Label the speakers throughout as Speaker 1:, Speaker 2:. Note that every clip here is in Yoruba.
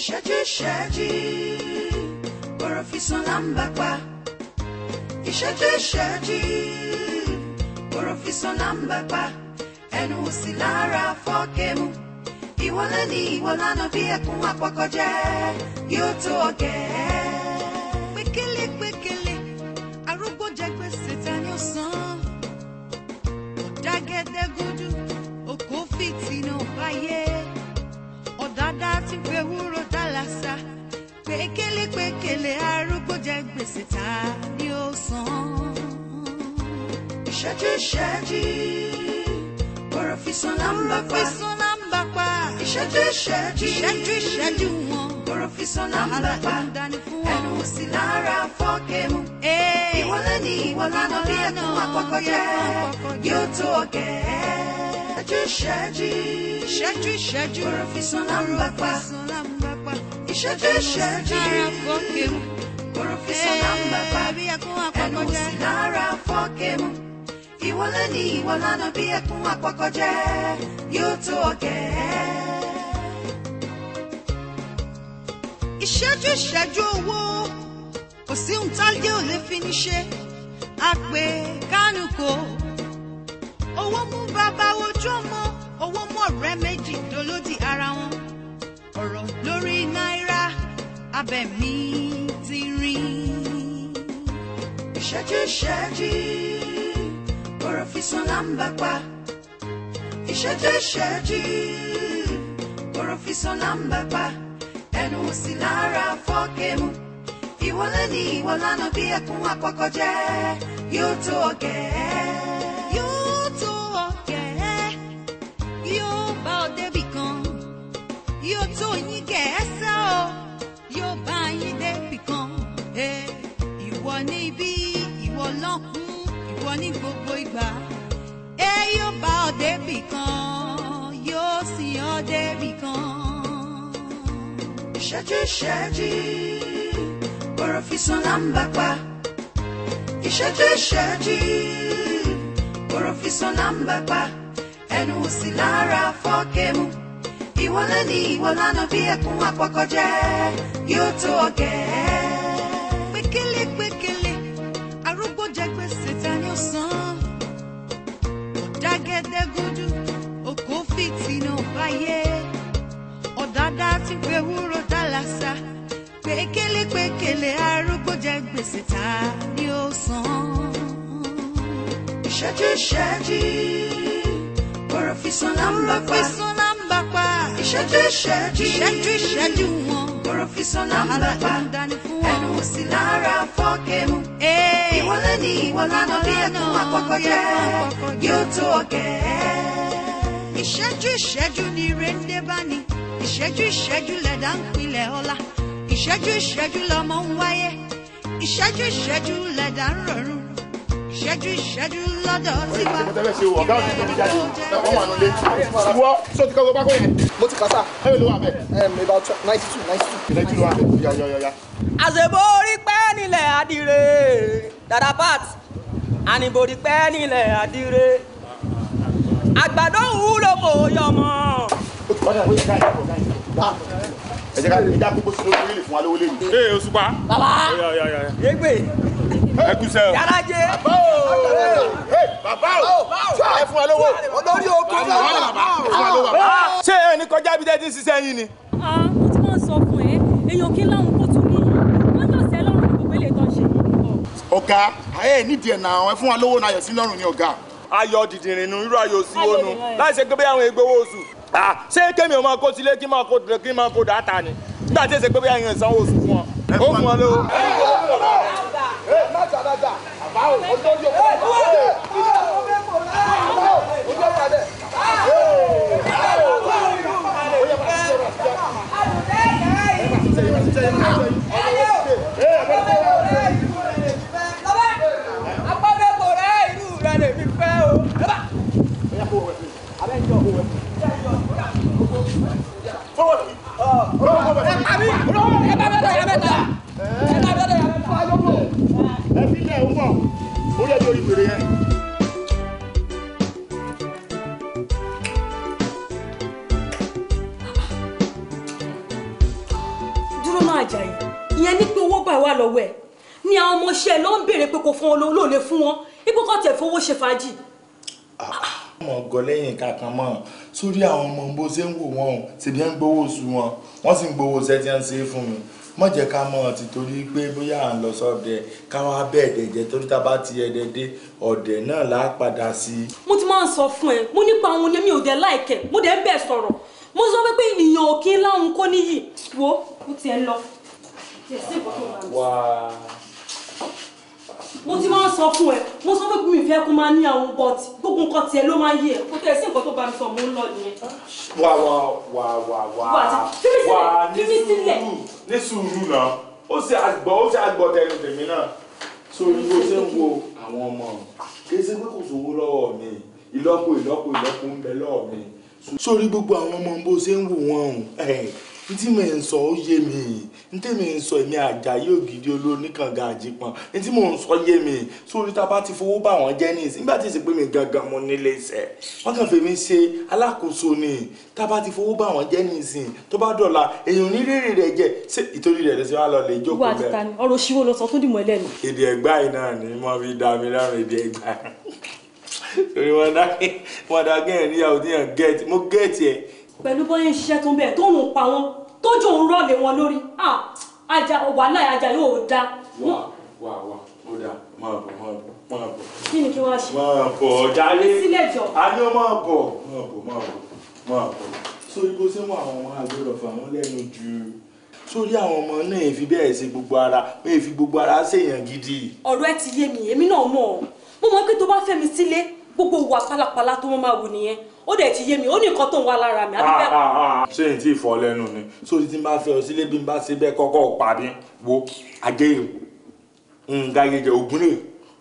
Speaker 1: ìṣẹ́jú-ìṣẹ́jú
Speaker 2: ọ̀rọ̀ fi sùn láǹbà pa ìṣẹ́jú-ìṣẹ́jú ọ̀rọ̀ fi sùn láǹbà pa ẹnu ò sí lára fọ́ọ̀kẹ́ mu ìwọlé ní ìwọlánà bí ẹkùn apọkọjẹ yóò tó
Speaker 1: ọgẹ́.
Speaker 2: pékélépékélé arúgbó jẹ gbèsè ta ni ó san. ìṣẹ́jú ìṣẹ́jú pa. pa. wọn. pa. ẹnu lára ni bí àkọ́kọ́ jẹ́ tó pa. ìṣẹ́jú ìṣẹ́jú yìí pòròfẹ́sọ̀nà bàbá ẹnu sí lára mu. ìwọlé ní ìwọlánà bí ẹkún àpọ̀kọ̀jẹ́ yóò tó ọ̀gẹ́. ìṣẹ́jú ìṣẹ́jú owó kò sí ohun táyé ò lè fi ní ṣe àpè kánú kò owó mú bàbá ojú ọmọ owó mú ọ̀rẹ́ méjì dolódì á. abẹ mi ti rìn. ìṣẹ́jú ìṣẹ́jú ọ̀rọ̀ físun là ń pa. ìṣẹ́jú ìṣẹ́jú ọ̀rọ̀ físun là ń pa. ẹnu sì lára fọ́ọ̀kẹ́ mu. ìwọlé ni ìwọlánà bí ẹkùn àkọ́kọ́ jẹ́ yóò tó ọ̀gẹ́. yóò bá ọ débì kan yóò tó yín gẹ̀ẹ́sà o. ìwọ ní gbogbo ìgbà ẹ yóò bá ọ débì kan yóò sì ọ débì kan. ìṣẹ́jú ìṣẹ́jú ọ̀rọ̀ fi sùn là pa ìṣẹ́jú ìṣẹ́jú ọ̀rọ̀ fi sùn là pa ẹnu ò sí lára fọ́ọ̀kẹ́ mu ìwọlé ní ìwọlánà bí ẹkún apọkọjẹ yóò tó ọgẹ́. ti gbé wúro dálásà pékélé pékélé arúgbó jẹ gbèsè ta ni ó san. ìṣẹ́jú ìṣẹ́jú ọ̀rọ̀ fìsàn là ń bá pa. fìsàn là pa. ìṣẹ́jú ìṣẹ́jú ìṣẹ́jú ìṣẹ́jú wọn. ọ̀rọ̀ fìsàn là ń bá pa. ẹnu ò sí lára fọ́ọ̀kẹ́mu. ìwọlé ni ìwọlánà bí ẹkún àkọ́kọ́ jẹ́ yóò tó ọ̀kẹ́. ìṣẹ́jú ìṣẹ́jú ni rèé bá ni ìṣẹ́jú ìṣẹ́jú lẹ̀dá ń pilẹ̀ ọlá ìṣẹ́jú ìṣẹ́jú lọmọ ń wáyé ìṣẹ́jú ìṣẹ́jú lẹ̀dá ń rọ̀rùn
Speaker 3: ìṣẹ́jú ìṣẹ́jú lọ́dọ̀ tí wá. Eh, mo ti kásá. ẹ
Speaker 4: orí pẹ́ nílẹ̀ àdìrẹ́ dada pat
Speaker 3: àníbò orí pẹ́ nílẹ̀ àdìrẹ́. ẹ jẹ́ ká ẹ já gbogbo sínú orí lè fún wa lówó lẹ́nu. ee Òṣùpá. bàbá yégbè. ẹ kúṣẹ́ o. yàrá jẹ. bàbá o bàbá o ẹ fún wa lówó. olórí oko náà. ṣé ẹni kọjá bí dẹ́tí ṣiṣẹ́ yín ni. ah mo ti máa sọ fún ẹ
Speaker 5: èèyàn kí
Speaker 4: láwọn kó tún ní wọn yóò sẹ
Speaker 3: lọ́rùn gbogbo ilé tó ń ṣe yìí. ọ̀gá ayé nídìí ẹ̀ náà ẹ fún wa lówó náà ayọ̀ sí lọ́rùn ni ọ̀gá. ayọ̀ dìdìrín nu irú ayọ̀ sí wọnú láì ṣe gbé bẹ́ẹ̀ àwọn egbowó oṣù Ah, ṣé kémi ò máa kó sílé kí máa kó dùn kí máa kó dàtà ni nígbà tí èsè pé bóyá ìyẹn ìsanwó oṣù fún ọ ó fún ọ lówó. ẹ ẹ má ṣàdájà àbá ò ó lórí òkú. ẹ bá bẹ́ẹ̀ yà mẹ́ta ẹ bá
Speaker 4: dúró náà Àjàyí ìyẹn ní pé owó gbà wà lọ́wọ́ ẹ̀ ni àwọn ọmọọṣẹ́ ló ń béèrè pé kò fún wọn lóòlè fún wọn ibùkọ́ tẹ̀ fowó ṣe fàájì.
Speaker 3: Ah mọ̀ gọ lẹ́yìn kankan mọ̀ sórí àwọn ọmọ bó ṣe ń wò wọ́n o ṣèbí ń gbowó oṣù wọn wọ́n sì ń gbowó iṣẹ́ tí wọ́n ṣe fún mi mọ̀ jẹ́ ká mọ̀ ti torí pé bóyá à ń lọ sọ́dẹ káwá bẹ́ẹ̀ dẹ̀ jẹ́ torí tá a bá ti ẹ̀dẹ̀ dé ọ̀dẹ̀ náà là á padà sí i.
Speaker 4: mo ti máa ń sọ fún ẹ mo nípa àwọn onímì òde láìkẹ mo dẹ̀ ń bẹ̀ sọ̀rọ̀ mo sọ pé ìyàn òkè láwọn kò níyì wo ó ti ẹ lọ.
Speaker 3: wàá
Speaker 6: mo ti máa
Speaker 4: ń sọ fún ẹ mo sọ pé mi fẹ́ kó máa ní àwọn bọ́ọ̀tì gbogbo nǹkan tiẹ̀ ló máa yé ẹ kó tẹ̀ sí nǹkan tó bá mi sọ mo ń lọ nìyẹn.
Speaker 3: wà wà wà wà wà wà ní sùúrù ní sùúrù náà ó ṣe àgbọ̀ ó ṣe àgbọ̀ tẹnu tèmi náà sórí bó ṣe ń wo àwọn ọmọ kì í ṣe pé kò sówó lọ́wọ́ mi ìlọ́po ìlọ́po ìlọ́po ń bẹ lọ́wọ́ mi. sórí gbogbo àwọn ọmọ bó ṣe ń wò wọ́n n tí mo ń sọ ó yé mi ntẹ́mi ń sọ èmi Àjàyí Ògìdì olóníkànga àjípọn ní tí mò ń sọ yé mi sórí tá a bá ti fowó bá wọn jẹ́ ní ìsìn nígbà tí ìsìn pé mi gangan mo nílé iṣẹ́ wọ́n kàn fèmi ṣe alákòóso ni tá a bá ti fowó bá wọn jẹ́ ní ìsìn tó bá dọ̀la èèyàn ní rèrè rẹ̀ jẹ́ ṣé ìtorí rẹ̀ lẹ́sẹ̀ wá lọ lè jókòó bẹ́ẹ̀. ìwà àti tani
Speaker 4: ọ̀rọ̀ ṣíwó lọ sọ tó dìmọ̀ ẹlẹ́nu.
Speaker 3: èdè ẹ̀gbá yìí náà ni wọ́n fi dá mi láwọn èdè ẹ̀gbá torí wọn dá wọn dá gẹ́yìn níyàwó mo gẹ́ẹ̀tì ẹ̀.
Speaker 4: pẹ̀lú bọ́yẹ̀ ń ṣiṣẹ́ tó ń bẹ̀ tó ń pa wọn tójú òun rọ̀lẹ̀ wọn lórí ajá wàhálà ajá yóò da. wà
Speaker 3: wà wà ó dáa máa bọ̀ máa bọ̀ máa bọ̀.
Speaker 4: kí ni kí wọ́n ṣe. máa bọ̀ jálé sílẹ̀ jọ.
Speaker 3: ayọ́ máa bọ̀ máa bọ̀ máa bọ̀ máa bọ̀ sórí bó ṣe mọ àwọn ọmọ àgbẹ̀rọ̀ fún àwọn lẹ́nu jù sórí àwọn ọmọ náà fi bẹ́ẹ̀ ṣe gbogbo ara bẹ́ẹ̀ fi gbogbo ara ṣèyàn gidi.
Speaker 4: ọ̀rọ̀ ẹ ti yé mi èmi náà mọ̀ ọ́ mo mọ̀ pé tó bá fẹ́ mi sílé gbogbo ìwà pálapàla tó mọ́ máa wù nìyẹn ó dẹ̀ ti yé mi ó ní nǹkan tó ń wá lára mi. Ah, ah,
Speaker 3: ah. ṣé n tí ì fọ lẹ́nu ni sórí tí n bá fẹ́ ọ sílé bí n bá ṣe bẹ́ẹ̀ kọ́kọ́ pàdé wo ajé nǹkan ayẹyẹ ògùn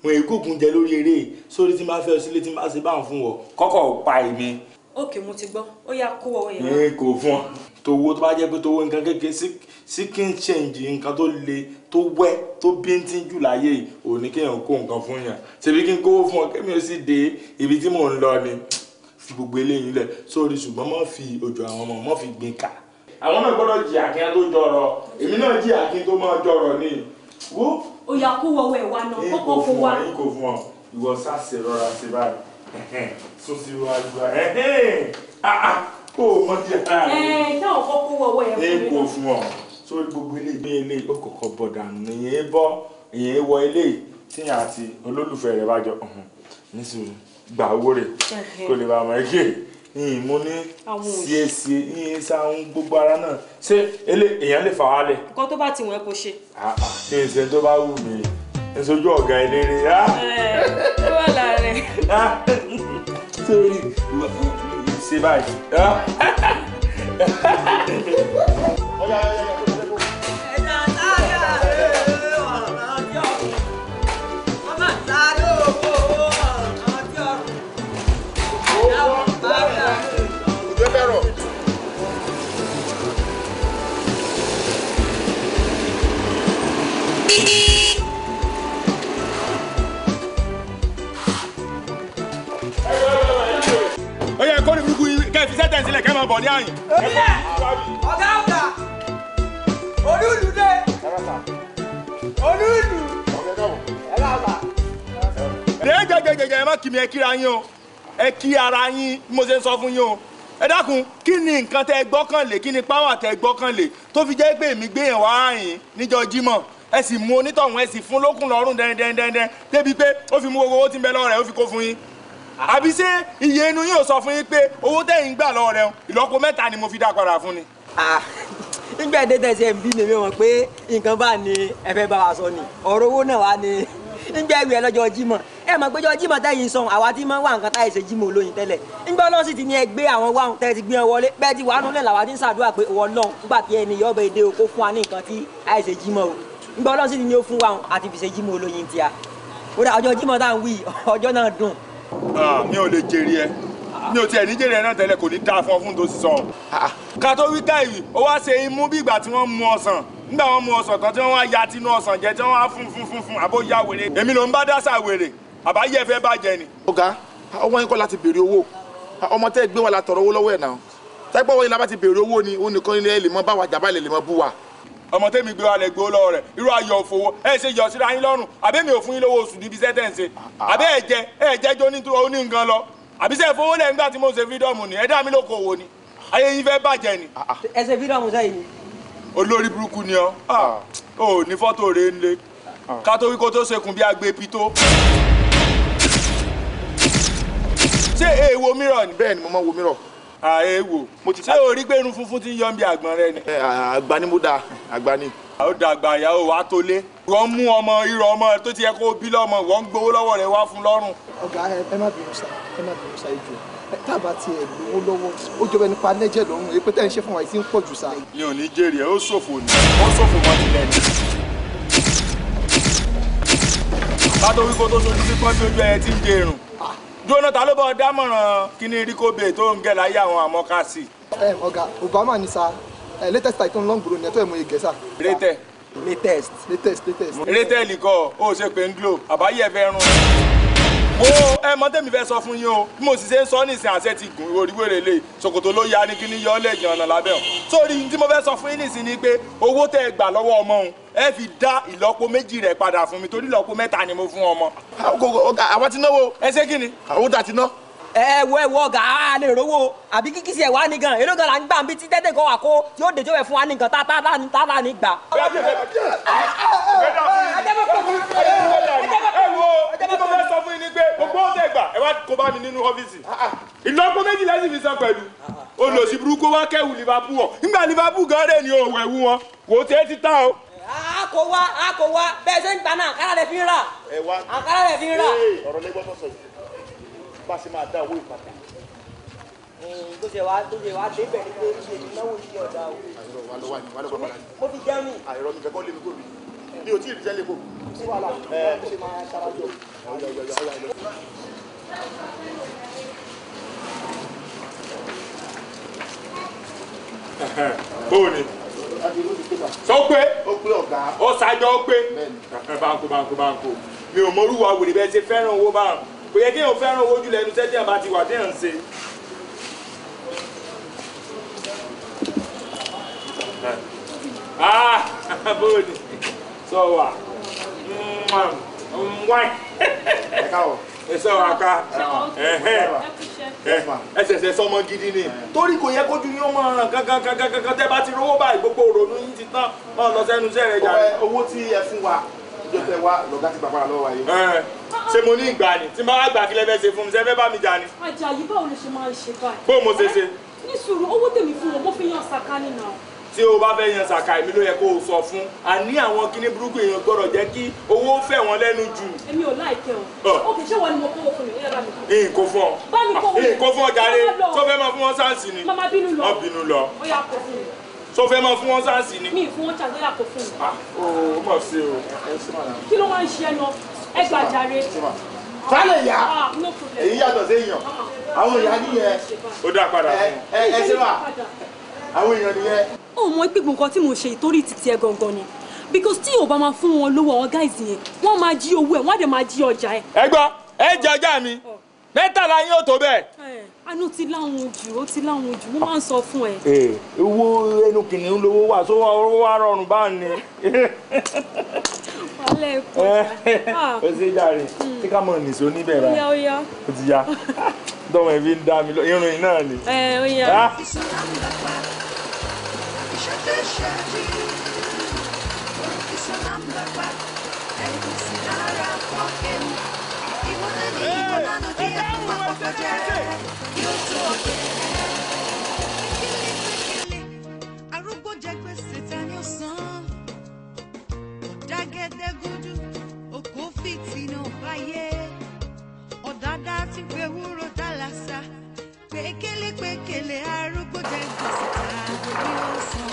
Speaker 3: wọn èyí kòkun jẹ lórí eré sórí tí n bá fẹ́ ọ sílé tí n bá ṣe báwọn fún ọ kọ́kọ́ pa èmi.
Speaker 4: òkè mo ti gbọ́ ó yá kó ọwọ́ yẹn. ẹ kò fún ọ
Speaker 3: tòwó tó bá jẹ́ pé tòwó nǹkan kékeré sí kí nǹkan tó le tó wẹ́ tó bíntín jù láyé yìí òní kéèyàn kó nǹkan fún yàn ṣèbí kí n kówó fún ọ kémi ó sì dé ibi tí mò ń lọ ni fi gbogbo eléyìí lẹ̀ sórí ṣùgbọ́n má fi òjò àwọn ọmọ má fi gbìn ká. àwọn náà gbọ́dọ̀ jìyà kí n tó jọrọ èmi náà jìyà kí n tó máa jọrọ ni. wo
Speaker 4: òyà kó wọ ẹ̀ wá náà kókó kó wá. èyí kò
Speaker 3: fún ọ ìwọ sáṣẹ rọra ṣe báyìí sún sí iwájú ah, ah, ó mọ díẹ̀ ara rẹ. ẹ
Speaker 4: táwọn kọ́kọ́ wọ̀wọ́ ẹ̀ fún mi. èkó fún ọ
Speaker 3: sórí gbogbo ilé ìgbé ilé ìkókòkò bọ̀dà nìyẹn bọ́ ìyẹn wọ ilé tí àti gbà owó rẹ̀ kò lè bàmọ́ ẹ̀kẹ́ yìnyín mo ní ṣíṣe yìnyín sáwọn gbogbo ara náà ṣé èèyàn lè fà wá lẹ̀.
Speaker 4: nǹkan tó bá ti wọ̀n ẹ́ kò ṣe.
Speaker 3: ṣé ìṣẹ́ tó bá wù mí ẹ sojú ọ̀gá eléré. ẹ ẹ wà lára rẹ. sórí ṣe báyìí. bọ̀ ní àyìn. ìbílẹ̀ ọ̀gá ọ̀gá olúùlù dé olúùlù ẹ̀ lọ́la. jẹjẹjẹjẹ ẹ má kì mí ẹ kíra yín o ẹ kí ara yín mo ṣe ń sọ fún yín o ẹ dákun kí ni nǹkan tẹ gbọ́kànlé kí ni páwà tẹ gbọ́kànlé tó fi jẹ́ pé èmi gbé yẹn wá àyìn níjọ́ jímọ̀ ẹ sì mú onítọ̀hún ẹ sì fún lókun lọ́rùn dẹ́ndẹ́ndẹ́ndẹ́ débi pé ó fi mú owó tí ń bẹ lọ́rẹ̀ ó fi kó fún yín àbí ṣé iye inú yóò sọ fún yín pé owó tẹ̀yìn gbà lọ́wọ́ rẹ̀ ìlọ́po mẹ́ta ni mo fi dá padà fún ni. nígbà èdè tẹ̀sí ń bí lèmi wọn pé
Speaker 4: nǹkan bá ní ẹ bá wa sọ ni ọ̀rọ̀ owó náà wà ní nígbà ẹ̀wì ẹ lọ́jọ́ jímọ̀ ẹ mọ̀ pé jọ jímọ̀ tẹ̀yìn sọ àwa tí máa ń wá nǹkan táyì ṣe jímọ̀ olóyin tẹ́lẹ̀ nígbà ọlọ́run sì ti ní ẹgbẹ́ àwọn wá tẹ́ ti gbé wọn wọlé bẹ́ẹ̀ ti wàánu lẹ̀ làwa ti ń ṣàdúrà pé wọ́n lọ́n nígbà tí ẹni yọ̀bẹ èdè o kó fún wa ní nǹkan tí àyè ṣe jímọ̀ o nígbà ọlọ́run sì ti ní ó fún wa àti fi ṣe jímọ̀ olóyin tíya ó dà ọjọ́ jímọ̀ tá à ń wí
Speaker 3: ọjọ́ náà dùn Ah, mi ò lè jèrè ẹ mi ò tiẹ̀ ní jèrè ẹ náà tẹ́lẹ̀ kò ní dáa fún ọ fún tó sì sọ. Ah, ah. ká tó wí káyìí ó wá ṣe imú bí ìgbà tí wọ́n mu ọsàn nígbà wọ́n mu ọsàn tán tí wọ́n wá ya tinú ọsàn jẹ tí wọ́n wá fún fún fún fún àbó ya wèrè èmi ló ń bá dáṣà wèrè àbáyé fẹ́ bàjẹ́ ni. ọ̀gá ọmọ yín kọ́ láti béèrè owó ọmọ tẹ́ gbé wọn la tọrọ owó lọ́wọ́ ẹ̀ náà tẹ́gbọ́n wọ́n yín lábá ti owó ni òun nìkan ilé lè mọ báwa jàbá lè lè mọ bú wa ọmọ tẹ́mi gbé wa lẹ̀ gbé lọ́wọ́ rẹ̀ irú ayọ̀ òfowó ẹ ṣe yọ síra yín lọ́rùn àbí mi ò fún yín lówó oṣù níbi iṣẹ́ tẹ̀ ń ṣe àbí ẹ jẹ ẹ jẹ jó ní ó ní nǹkan lọ àbí sẹ́ fowó lẹ̀ ńgbà tí mo ṣe fídọ́ọ̀mù ni ẹ dá mi lóko òwò ni ayé yín fẹ́ bàjẹ́ ni. Ah, ah. ẹ ṣe fídọ́ọ̀mù sẹ́yìn ni. olórí burúkú ni ọ ah, ò ní fọ́tò rẹ̀ ń le ká tó wí kó tó ṣekùn bí agbe pító ṣé èèwọ̀ mìíràn ni. bẹ́ẹ̀ ni mo máa wo mìíràn àyè wò ṣé o rí gbẹ̀rún funfun ti ń yọ bí àgbọn rẹ ni. àgbà ni mo da àgbà ni. ó da àgbà ìyàwó wa tó lé wọ́n mú ọmọ irọ́ ọmọ tó ti yẹ kó bí lọ́mọ wọ́n ń gbowó lọ́wọ́ rẹ wá fún lọ́rùn. ọ̀gá ẹ má bínú sá ẹ má bínú sá ìjọ tábà ti ẹ̀ lówó lọ́wọ́ ó jọba nípa nẹ́jẹ̀ lọ́rùn èpè tẹ́ ń ṣe fún wa ìsín pọ̀ jù sá. mi ò ní jèrè ó ṣòfò ní ó ṣòfò mọ́ tilẹ̀ ní. bá tó wí kó tó sojú sí kọ́ńtì ojú ẹ ti ń jẹ irun jóná ta ló bọ̀ dámọ̀ràn kí ni ríkó bè tó ń gẹ̀ láyé àwọn àmọ́kásì. ẹ ọ̀gá obama ni sa latest titan lọ́ngbòrò ni ẹ tó ẹ̀ mọ iye gẹ̀ẹ́sà. latest latest latest latest. kọ o ṣe pé ń glo àbáyẹ fẹ́ rún wo ẹ mọ tẹ́mi fẹ́ sọ fún yín o bí mo sì ṣe ń sọ ní ìsìn àṣẹ ti gùn oríwèrè lè ṣòkòtò ló ya ni kí ni yọ ọ́ lẹ́yìn ọ̀nà lábẹ́ ọ̀ sórí tí mo fẹ́ sọ fún yín nìsín ni pé owó tẹ́ gbà lọ́wọ́ ọmọ òun ẹ fi dá ìlọ́po méjì rẹ̀ padà fún mi torí ìlọ́po mẹ́ta ni mo fún ọmọ. àwa ti náwó. ẹ ṣé kí ni. àwọn ta ti ná. ẹ wo ẹ wo ọgá a lè rówó àbí kíkí sí ẹ
Speaker 4: wá ní gan èrò gan la ń gbà ń bí tí tẹ́tẹ̀ kọ́ wà kó tí ó dèjọ́ ẹ̀ fún wa ní gan tá tá tá tá tá ní gbà. ẹ jẹ́ bá
Speaker 3: kọ́ mi ẹ jẹ́ bá kọ́ mi ẹ jẹ́ bá kọ́ mi pé gbogbo ọ̀tẹ̀ gbà ẹ wá kó bá mi nínú ọ́fíìsì ìlọ́po méjìlá sì fi san pẹ̀lú olòsì burúkú wá kẹ́wù liverpool wọn nígbà liverpool gan rè ní òwò ẹ̀wù wọn wò ó tẹ́ ti tán o. a kò wá a kò wá bẹ́ẹ̀ ṣe ń gbaná àkàrà rẹ̀ fi ń rà àkàrà rẹ̀ fi ń rà. ọ̀rọ̀ lẹ́gbọ́n tó sọ yìí bá a ṣe máa dá owó ìpàdé bó ṣe wá tó ṣe wá débẹ̀ ni pé ṣe ìnáwó ìṣe ọ̀dà o. àìrọ̀ wà ní wàlúùkọ́ padà. mo fi mi mi ò tí ì rí sẹ́lẹ̀ kò sí wàhálà ẹ ṣe máa ṣàràjọ. bóòni sọ pé ó ṣàjọ ó pé báńkò báńkò báńkò mi ò mọrú wa wèrè bẹ́ẹ̀ ṣe fẹ́ràn owó báwọn kò yẹ kéèyàn fẹ́ràn owó jùlọ ẹnu sẹ́tì àbá ti wà déèyàn ṣe. ah bóòni sọ wà wáì ẹsẹ wa ká ẹsẹsẹ sọmọ gidi ni torí kò yẹ kójú yín ó máa ràn kankankankan tẹ bá ti rówó báyìí gbogbo òrònú yín ti tán máa lọ sẹnu sẹrẹ jà. owó tí ẹ fún wa ìjọ tẹ wá lọgá ti gbàgbára lọ́wọ́ wa yìí. ṣé mo ní ìgbà ni tí n bá wá gbà kí lẹ fẹ́ ṣe fún mi ṣe fẹ́ bá mi jà ni.
Speaker 4: Àjàyí báwo ló ṣe máa ń ṣe báyìí. bó o mo ṣe ṣe. ní sùúrù owó tèmi fún wọn bó fi yan sàkánì náà
Speaker 3: tí o bá fẹ́ yan sàkà èmi ló yẹ kó o sọ fún a ní àwọn kíní burúkú èèyàn gbọ́dọ̀ jẹ́ kí owó fẹ́ wọn lẹ́nu jù.
Speaker 4: èmi ò láìpẹ́ o òkè ṣé wọn ni mo kówó fún mi ní ẹ̀rọ mi.
Speaker 3: ìyìn kò fún ọ ìyìn kò fún ọ jàre tó fẹ́ máa fún wọn sáǹsì ni mama bínú lọ ọ bínú lọ
Speaker 4: ó yà kó fún mi.
Speaker 3: tó fẹ́ máa fún wọn sáǹsì ni.
Speaker 4: mi ì fún wọn ṣàgbé yà kó fún mi. o ah,
Speaker 3: ò mọ̀ sí o.
Speaker 4: kí ló máa ń ṣe ẹnu ẹgbàá jàre. sálẹ̀ ah, yá ah,
Speaker 3: èyí yàtọ̀ sí èèyàn àwọn ìyá nìyẹn. ó dá padà fún un. ẹ ẹ ṣe
Speaker 4: àwọn èèyàn nìyẹn. ó mọ pípọ̀ nǹkan tí mo ṣe ìtorí títí ẹ gangan ni because tí yorùbá máa fún wọn lówó àwọn guys yẹn wọ́n máa jí owó ẹ̀ wọ́n á dẹ̀ máa jí ọjà ẹ̀. ẹ gbọ́ ẹ jẹ
Speaker 3: ọjà mi mẹ́tàlá yín ò tó bẹ́ẹ̀.
Speaker 4: anú ti láwọn jù ó ti láwọn jù wọ́n
Speaker 3: máa ń sọ fún ẹ. owó ẹnu kìnìún lówó wà sówó wà rọrùn báà ni. alẹ́ ikú ọ̀sán. o ṣe jàre tí hmm. ká mọ̀ nìṣó níbẹ̀ rà o ti ya dọ́mọ ẹbí ń dá mi lọ irun yìí náà ni. ẹ
Speaker 4: eh, ó yà. Ah. Hey!
Speaker 1: Hey! Hey! Hey!
Speaker 2: Hey! Hey! Ẹ̀ẹ́dẹ́gúdú òkú fìtínà báyé ọ̀dádá ti pé wúro dálásà pékélé pékélé arúgbó
Speaker 1: jẹ gbèsè àgbò bí ó sàn.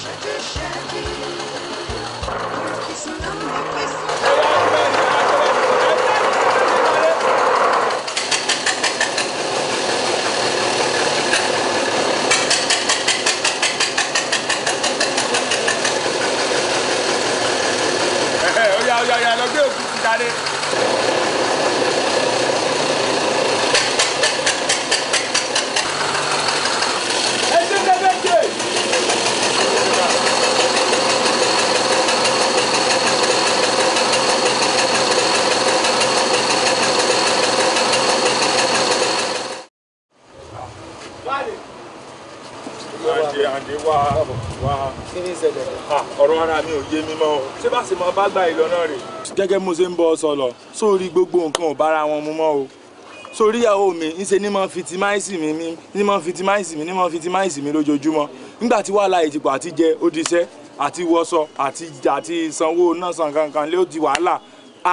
Speaker 1: ṣẹ́jú ṣẹ́jú ìsúná ń pé.
Speaker 3: kí ni ìṣẹ̀lẹ̀. Ah, ọ̀rọ̀ ara gẹ́gẹ́ mo ṣe ń bọ́ sọ̀lọ̀ sórí gbogbo nǹkan ò bára wọn mu mọ́ o sórí ìyàwó mi ńṣe ní máa ń fitimáìsì mi ní máa ń fitimáìsì mi ní máa ń fitimáìsì mi lójoojúmọ́ nígbà tí wàhálà ìtìpọ̀ àti jẹ ó àti wọṣọ àti àti sanwó náà san kankan lé ó di wàhálà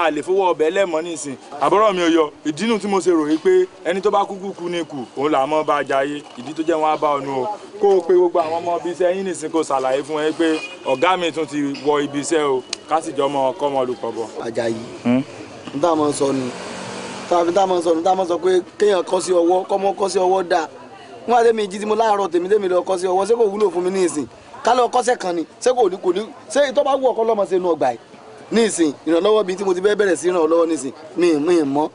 Speaker 3: a lè fowó ọbẹ̀ lẹ́mọ́ nísìn àbúrò mi ò yọ ìdínú tí mo ṣe ròyìn pé ẹni tó bá kúkú kú ní kù òun là mọ́ bá jayé ìdí tó jẹ́ wọn á bá ọnu o kó o pe gbogbo àwọn ọmọ ibi iṣẹ́ yín nísìn kó ṣàlàyé fún ẹ pé ọ̀gá mi tún ti wọ ibi o ká sì jọ mọ ọkọ mọ olùkọ́ bọ̀. Hmm? n tá a mọ sọ ni tàbí tá a mọ sọ ni tá a mọ sọ pé kéèyàn kọ́ sí ọwọ́ kọ́mọ kọ́ sí ọwọ́ dáa wọn àti èmi jí tí mo láàárọ̀ tèmi tèmi lọ kọ́ sí ọwọ́ ṣé kò wúlò fún mi ní ìsìn ìrànlọ́wọ́ bíi tí mo ti bẹ́ẹ̀ bẹ̀rẹ̀ sí ìrànlọ́wọ́ ní ìsìn mi mi mọ́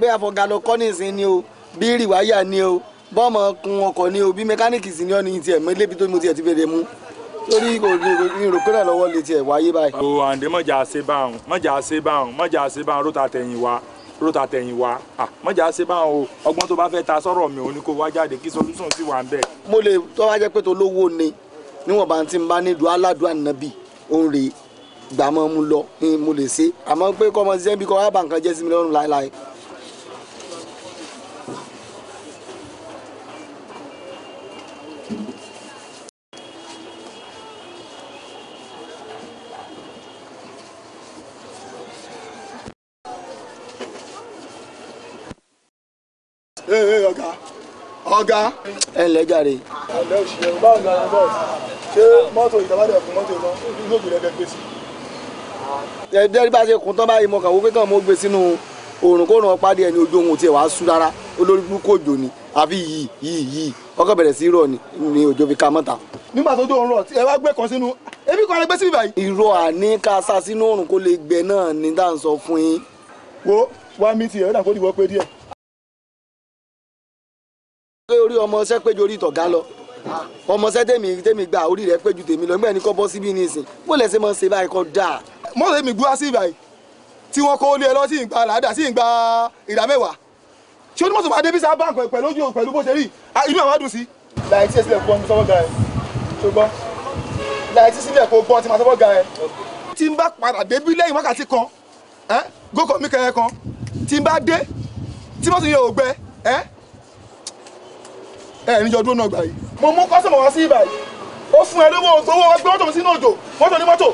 Speaker 3: bí afọ̀gá lọ kọ́ ní ìsìn ni o bí rìwáyà ni o bọ́ọ̀mọ̀ kun ọkọ̀ ni o bí mẹkáníìkì sì ni ọ́ ní tiẹ̀ mọ́ ilébi tó mo tiẹ̀ ti fèrè mú lórí ìròkè náà lọ́wọ́ lè tiẹ̀ wáyé báyìí. o àǹdé mọ̀jà ṣe báwọn mọ̀jà ṣe báwọn mọ̀jà ṣe báwọn rótà tẹ̀yìn wa rótà tẹ̀yìn wa mọ̀jà ṣe báwọn o ọgbọ́n tó bá fẹ́ ta sọ̀rọ̀ mi ò ní kó wá jáde kí solution sì wà ń bẹ̀. mo lè tọ́wájẹ́ pé tó lówó ni níwọ̀nba tí n bá ní dualádùn ànábì òun rèé gbà mọ́ mu lọ ni mo lè ṣe àmọ́ pé kọ́ ọmọ ṣiṣẹ́ bí kọ́ wá bà nǹkan jẹ́ sí mi lọ́rùn láéláé. ọ̀gá ẹ ǹlẹ́ jàre. ẹ ǹlẹ́ báwo ni a ń bọ̀ ṣé mọ́tò ìtàbádẹ́ fún mọ́tò náà inú òkè rẹ̀ kẹ́ gbèsè ẹ̀ẹ́dẹ́rì bá ṣe kún tán báyìí mọ̀kàn wọ́n pé kàn mọ́ gbé sínú òrùn kó ràn ọ́ pàdé ẹni ojú ohun tiẹ̀ wàá sú rárá olórí burúkú òjò ni àfi yìí yìí yìí ọkọ̀ bẹ̀rẹ̀ sí rọ̀ ni ni òjò fi ka mọ́ta. nígbà tó dóorùn rọ̀ ẹ wá gbé kan sínú ebi kan lè gbé síbi báyìí. irọ́ àní ká sá sínú òrùn kó lè gbẹ náà ni dá ń sọ fún yín. wo wá mi tiẹ̀ ó dà kó dìbò pé díẹ̀. pé orí ọmọ ṣẹ́ péjú orí ìtọ̀gá lọ ọmọ ṣẹ́ tèmi tèmi gba orí rẹ̀ péjú tèmi lọ nígbà ẹni kọ́ bọ́ síbí nísìn bó lẹ ṣe máa ń ṣe báyìí kọ́ dáa mọ́tò mi gbúra sí ìbàyí tí wọ́n kó lé ẹ lọ sí ìgbà làádà sí ìgbà ìdá mẹ́wàá tí ó ní mọ́tò máa dé bísà báǹkì pẹ̀lú ojú pẹ̀lú bó ṣe rí inú àwọn àdùn sí. láì tí ẹ sílẹ̀ kó bọ́n mi sọ́wọ́ ga ẹ ṣùgbọ́n láì tí sílẹ̀ kó bọ́n ti máa sọ́wọ́ ga ẹ. tí n bá padà débí lẹ́yìn wákàtí kan gókò mi kẹrẹ kan tí n bá dé tí mọ́tò yẹn ò gbẹ ẹ ẹ níjọ dúró náà gbà yìí. mo mú kọ́sọ̀mọ̀ wá sí ìbàyí ó fún ẹ lówó owó ọgbẹ́ mọ́tò mi sínú òjò mọ́tò ní mọ́tò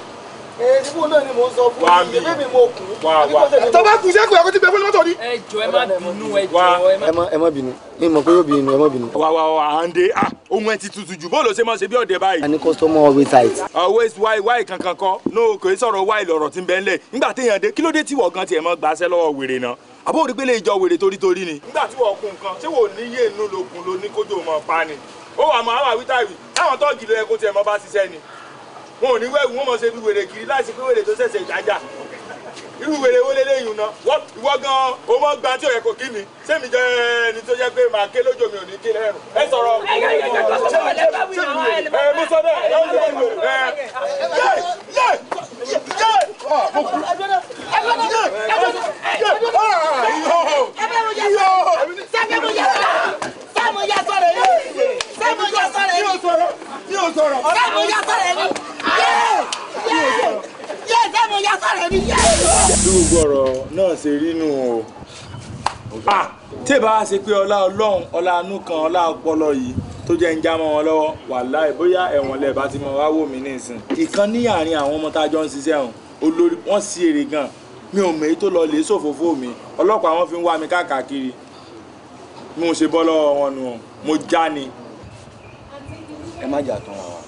Speaker 3: ìdíbò eh, náà ni mò ń sọ fún mi ìdíbò mi mo kù. tó bá kù sẹ́kù ẹ̀kọ́ ti bẹ fún mọ́tò ni. ẹ jọ ẹ má bínú ẹ jọ ẹ má bínú mi mọ̀ pé yóò bínú ẹ má bínú. wà wà wà à ń de ah ohun ẹ ti tutù jù bóòlù ṣe máa ṣe bí ọ̀dẹ̀ báyìí. a ní customer always tight. always why why kankan kọ no kò í sọ̀rọ̀ why lọ̀rọ̀ ti ń bẹ́ ńlẹ̀ nígbà téèyàn dé kí ló dé tí wọ̀ gan tiẹ̀ mọ́ gbàṣẹ́ lọ́wọ́ wèrè náà àbó òdi pélé ìjọ wèrè torítorí ni. nígbà tí wọ́n kun nǹkan ṣé wò ní yé inú lòkun ló ní kójú mọ̀ pa ni. ó wà mọ́ àwọn àwítàwí táwọn tọ́ọ̀gì ló yẹ wọn ò ní wẹ̀wù wọn mọ̀ ṣe bí wèrè kiri láti pé wèrè tó ṣẹ̀ṣẹ̀ jájà irú wèrè wo lélẹ́yìn náà ìwọ gan o mọ̀ gba tí o yẹ kó kí mi sẹ́mi jẹ́ ẹni tó yẹ pé màá ké lójó mi ò ní ké lẹ́rù ẹ sọ̀rọ̀ ẹ mo sọ bẹ́ẹ̀ ẹ mo sọ bẹ́ẹ̀ ẹ yẹ yẹ yẹ. tí ìbá ṣe pé ọlá ọlọ́run ọlá anú kan ọlá ọpọlọ yìí tó jẹ́ ń já mọ́ wọn lọ́wọ́ wàláhì bóyá ẹ̀wọ̀n lẹ̀ bá ti mọ wá wò mí nísìn. ìkan ní àárín àwọn ọmọ tá a jọ ń ṣiṣẹ́ ọ̀hún olórí wọ́n sí èrè gan mi ò mèyí tó lọ lè ṣòfófó mi ọlọ́pàá wọn fi ń wá mi káàkiri mi ò ṣe bọ́ lọ́wọ́ wọn nù mo já ni. ẹ má jà tán wa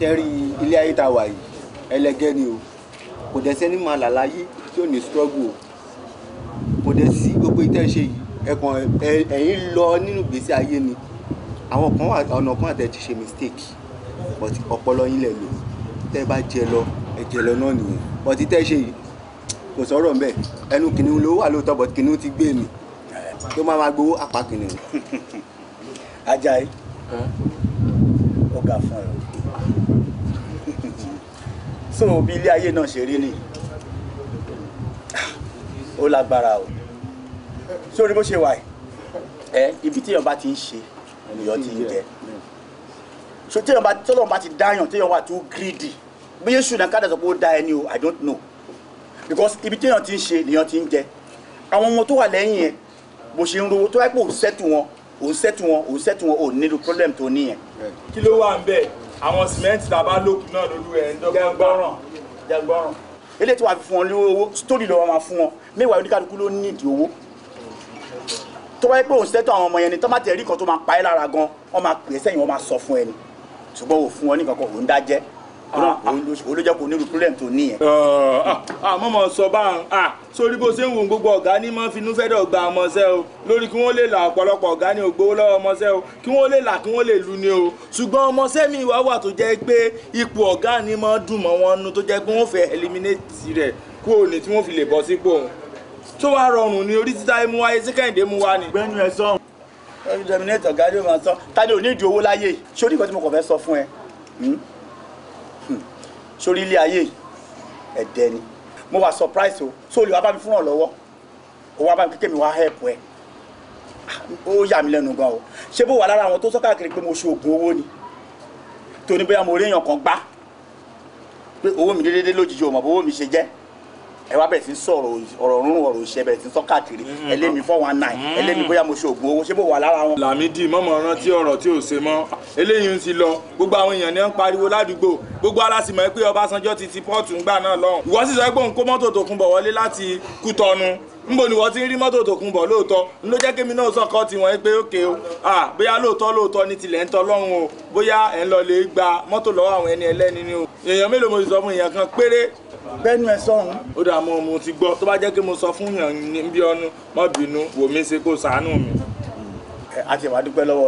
Speaker 3: kẹrí ilé ayé tá a wà yìí ẹlẹgẹ́ ni o kò dẹ̀ sẹ́ni máa là láyé tí struggle o kò gbogbo ìtẹ́ ṣe yìí ẹ̀kàn ẹ̀yìn lọ nínú ìgbésí ayé ni àwọn kan ọ̀nà kan àtẹ̀ ti ṣe mistake but ọpọlọ yín lẹ̀ lò tẹ́ bá jẹ lọ ẹ jẹ lọ náà nìyẹn but ìtẹ́ ṣe yìí kò sọ̀rọ̀ mbẹ́ ẹnu kìnìún ló wà lóòótọ́ but kìnìún ti gbé mi tó máa ma gbowó apá kìnìún. Ajayi ó ga fún ẹ so bí ilé ayé náà ṣe rí nìyí ó lágbára o sórí bó ṣe wà ẹ ibi téèyàn bá ti ń ṣe ènìyàn ti ń jẹ so téèyàn bá tọ́lọ́run bá ti dáyàn téèyàn wà too greedy bí yéṣu náà káàdà sọ pé ó da ẹni o i don't know because ibi téèyàn ti ń ṣe ènìyàn ti ń jẹ àwọn ọmọ tó wà lẹ́yìn yẹn bó ṣe ń rówó tó wáyé pé òun sẹ́tù wọn òun sẹ́tù wọn òun sẹ́tù wọn ò nílò problem tó ní yẹn. kí ló wà ń bẹ àwọn sìmẹ́ǹtì tàbá lókun náà lólu ẹ̀ ń dọ́gbọ́n jẹgbọ́ràn. eléyìí tí wàá fi fún wọn lówó story lọ́wọ́ máa fún wọn mẹ́wàá oníkálukú ló ní ìdí owó tó wáyé pé òun ṣètò àwọn ọmọ yẹn ni tó má tẹ̀ rí kan tó máa pa ẹ́ lára gan wọ́n máa pè é sẹ́yìn wọ́n máa sọ fún ẹ ni ṣùgbọ́n ò fún ọ nìkan kan òun dájẹ́ olójẹ́ ah, ah. kò nílùú problem tó níyẹn. àmọ́ uh, ah, mọ̀ sọ bá ń sórí bó ṣe ń wo gbogbo ọ̀gá ní mọ́ finú fẹ́dọ̀ gba ọmọọṣẹ́ o lórí kí wọ́n lè là ọ̀pọ̀lọpọ̀ ọ̀gá ní ògbówó lọ́wọ́ ọmọọṣẹ́ o kí wọ́n lè là kí wọ́n lè lu ni o ṣùgbọ́n ọmọọṣẹ́ mi wá wà tó jẹ́ pé ipò ọ̀gá ni mọ́ dùn mọ́ wọn nu tó jẹ́ pé wọ́n fẹ́ eliminate rẹ̀ kúrò ní tí wọ́n fi lè bọ́ sípò òun tó wàá rọrùn ni orí títa mú wáyé sí kẹ́hìndé mú wá ni. gbẹ́nu ẹ sọ̀hún. dọ́mínẹ́tọ̀ gájọ́ máa sọ tádé ò ní ìdí owó láyé sórí nǹkan tí mo kàn fẹ́ sọ fún ẹ sórí hmm? hmm. ilé ayé ẹ̀dẹ́ ni mo wà surprise o so olùwà bá mi fún ọ̀lọ́wọ́ òun wà bá mi kékeré mi wá help ẹ ah, ó yà mí lẹ́nu gan o ṣé bó wà lára àwọn tó sọ káàkiri pé mo ṣe oògùn owó ni tó bóyá mo rí èèyàn kan gbá pé owó mi déédéé lójijì ò mọ̀ bó owó mi ṣe jẹ́ ẹ wá bẹ̀rẹ̀ sí sọ̀rọ̀ ọ̀rọ̀ rúnrún ọ̀rọ̀ òṣìṣẹ́ bẹ̀rẹ̀ sí sọ mm-hmm. ẹlẹ́mi four one nine ẹlẹ́mi bóyá mo ṣe oògùn owó ṣé mo wà lára wọn. Lámídì mọ́mọ́ rántí ọ̀rọ̀ tí ò ṣe mọ́ eléyìí ń ti lọ gbogbo àwọn èèyàn ni wọ́n pariwo ládùúgbò gbogbo alásìmọ̀ pé Ọbásanjọ́ ti ti pọ́ọ̀tù ńgbà náà lọ́hùn ìwọ nbo ni wọ́n ti ń rí mọ́tò tó bọ̀ lóòótọ́ n ló jẹ́ kémi náà sàn kọ́ tiwọn pé ókè o bóyá lóòótọ́ lóòótọ́ ní tilẹ̀ ń tọ́lọ́run o bóyá ẹ̀ ń lọ lè gba mọ́tò lọ́wọ́ àwọn ẹni ẹlẹ́ni ni o èèyàn mélòó mo ti sọ fún èèyàn kan péré. bẹ́ẹ̀ni ẹ sọ̀hún. ó dà mọ́ mo ti gbọ́ tó bá jẹ́ kí mo sọ fún yàn ní bí ọnu má bínú wò mí ṣe kó sàánú mi. àti ìwà dúpẹ́ lọ́wọ́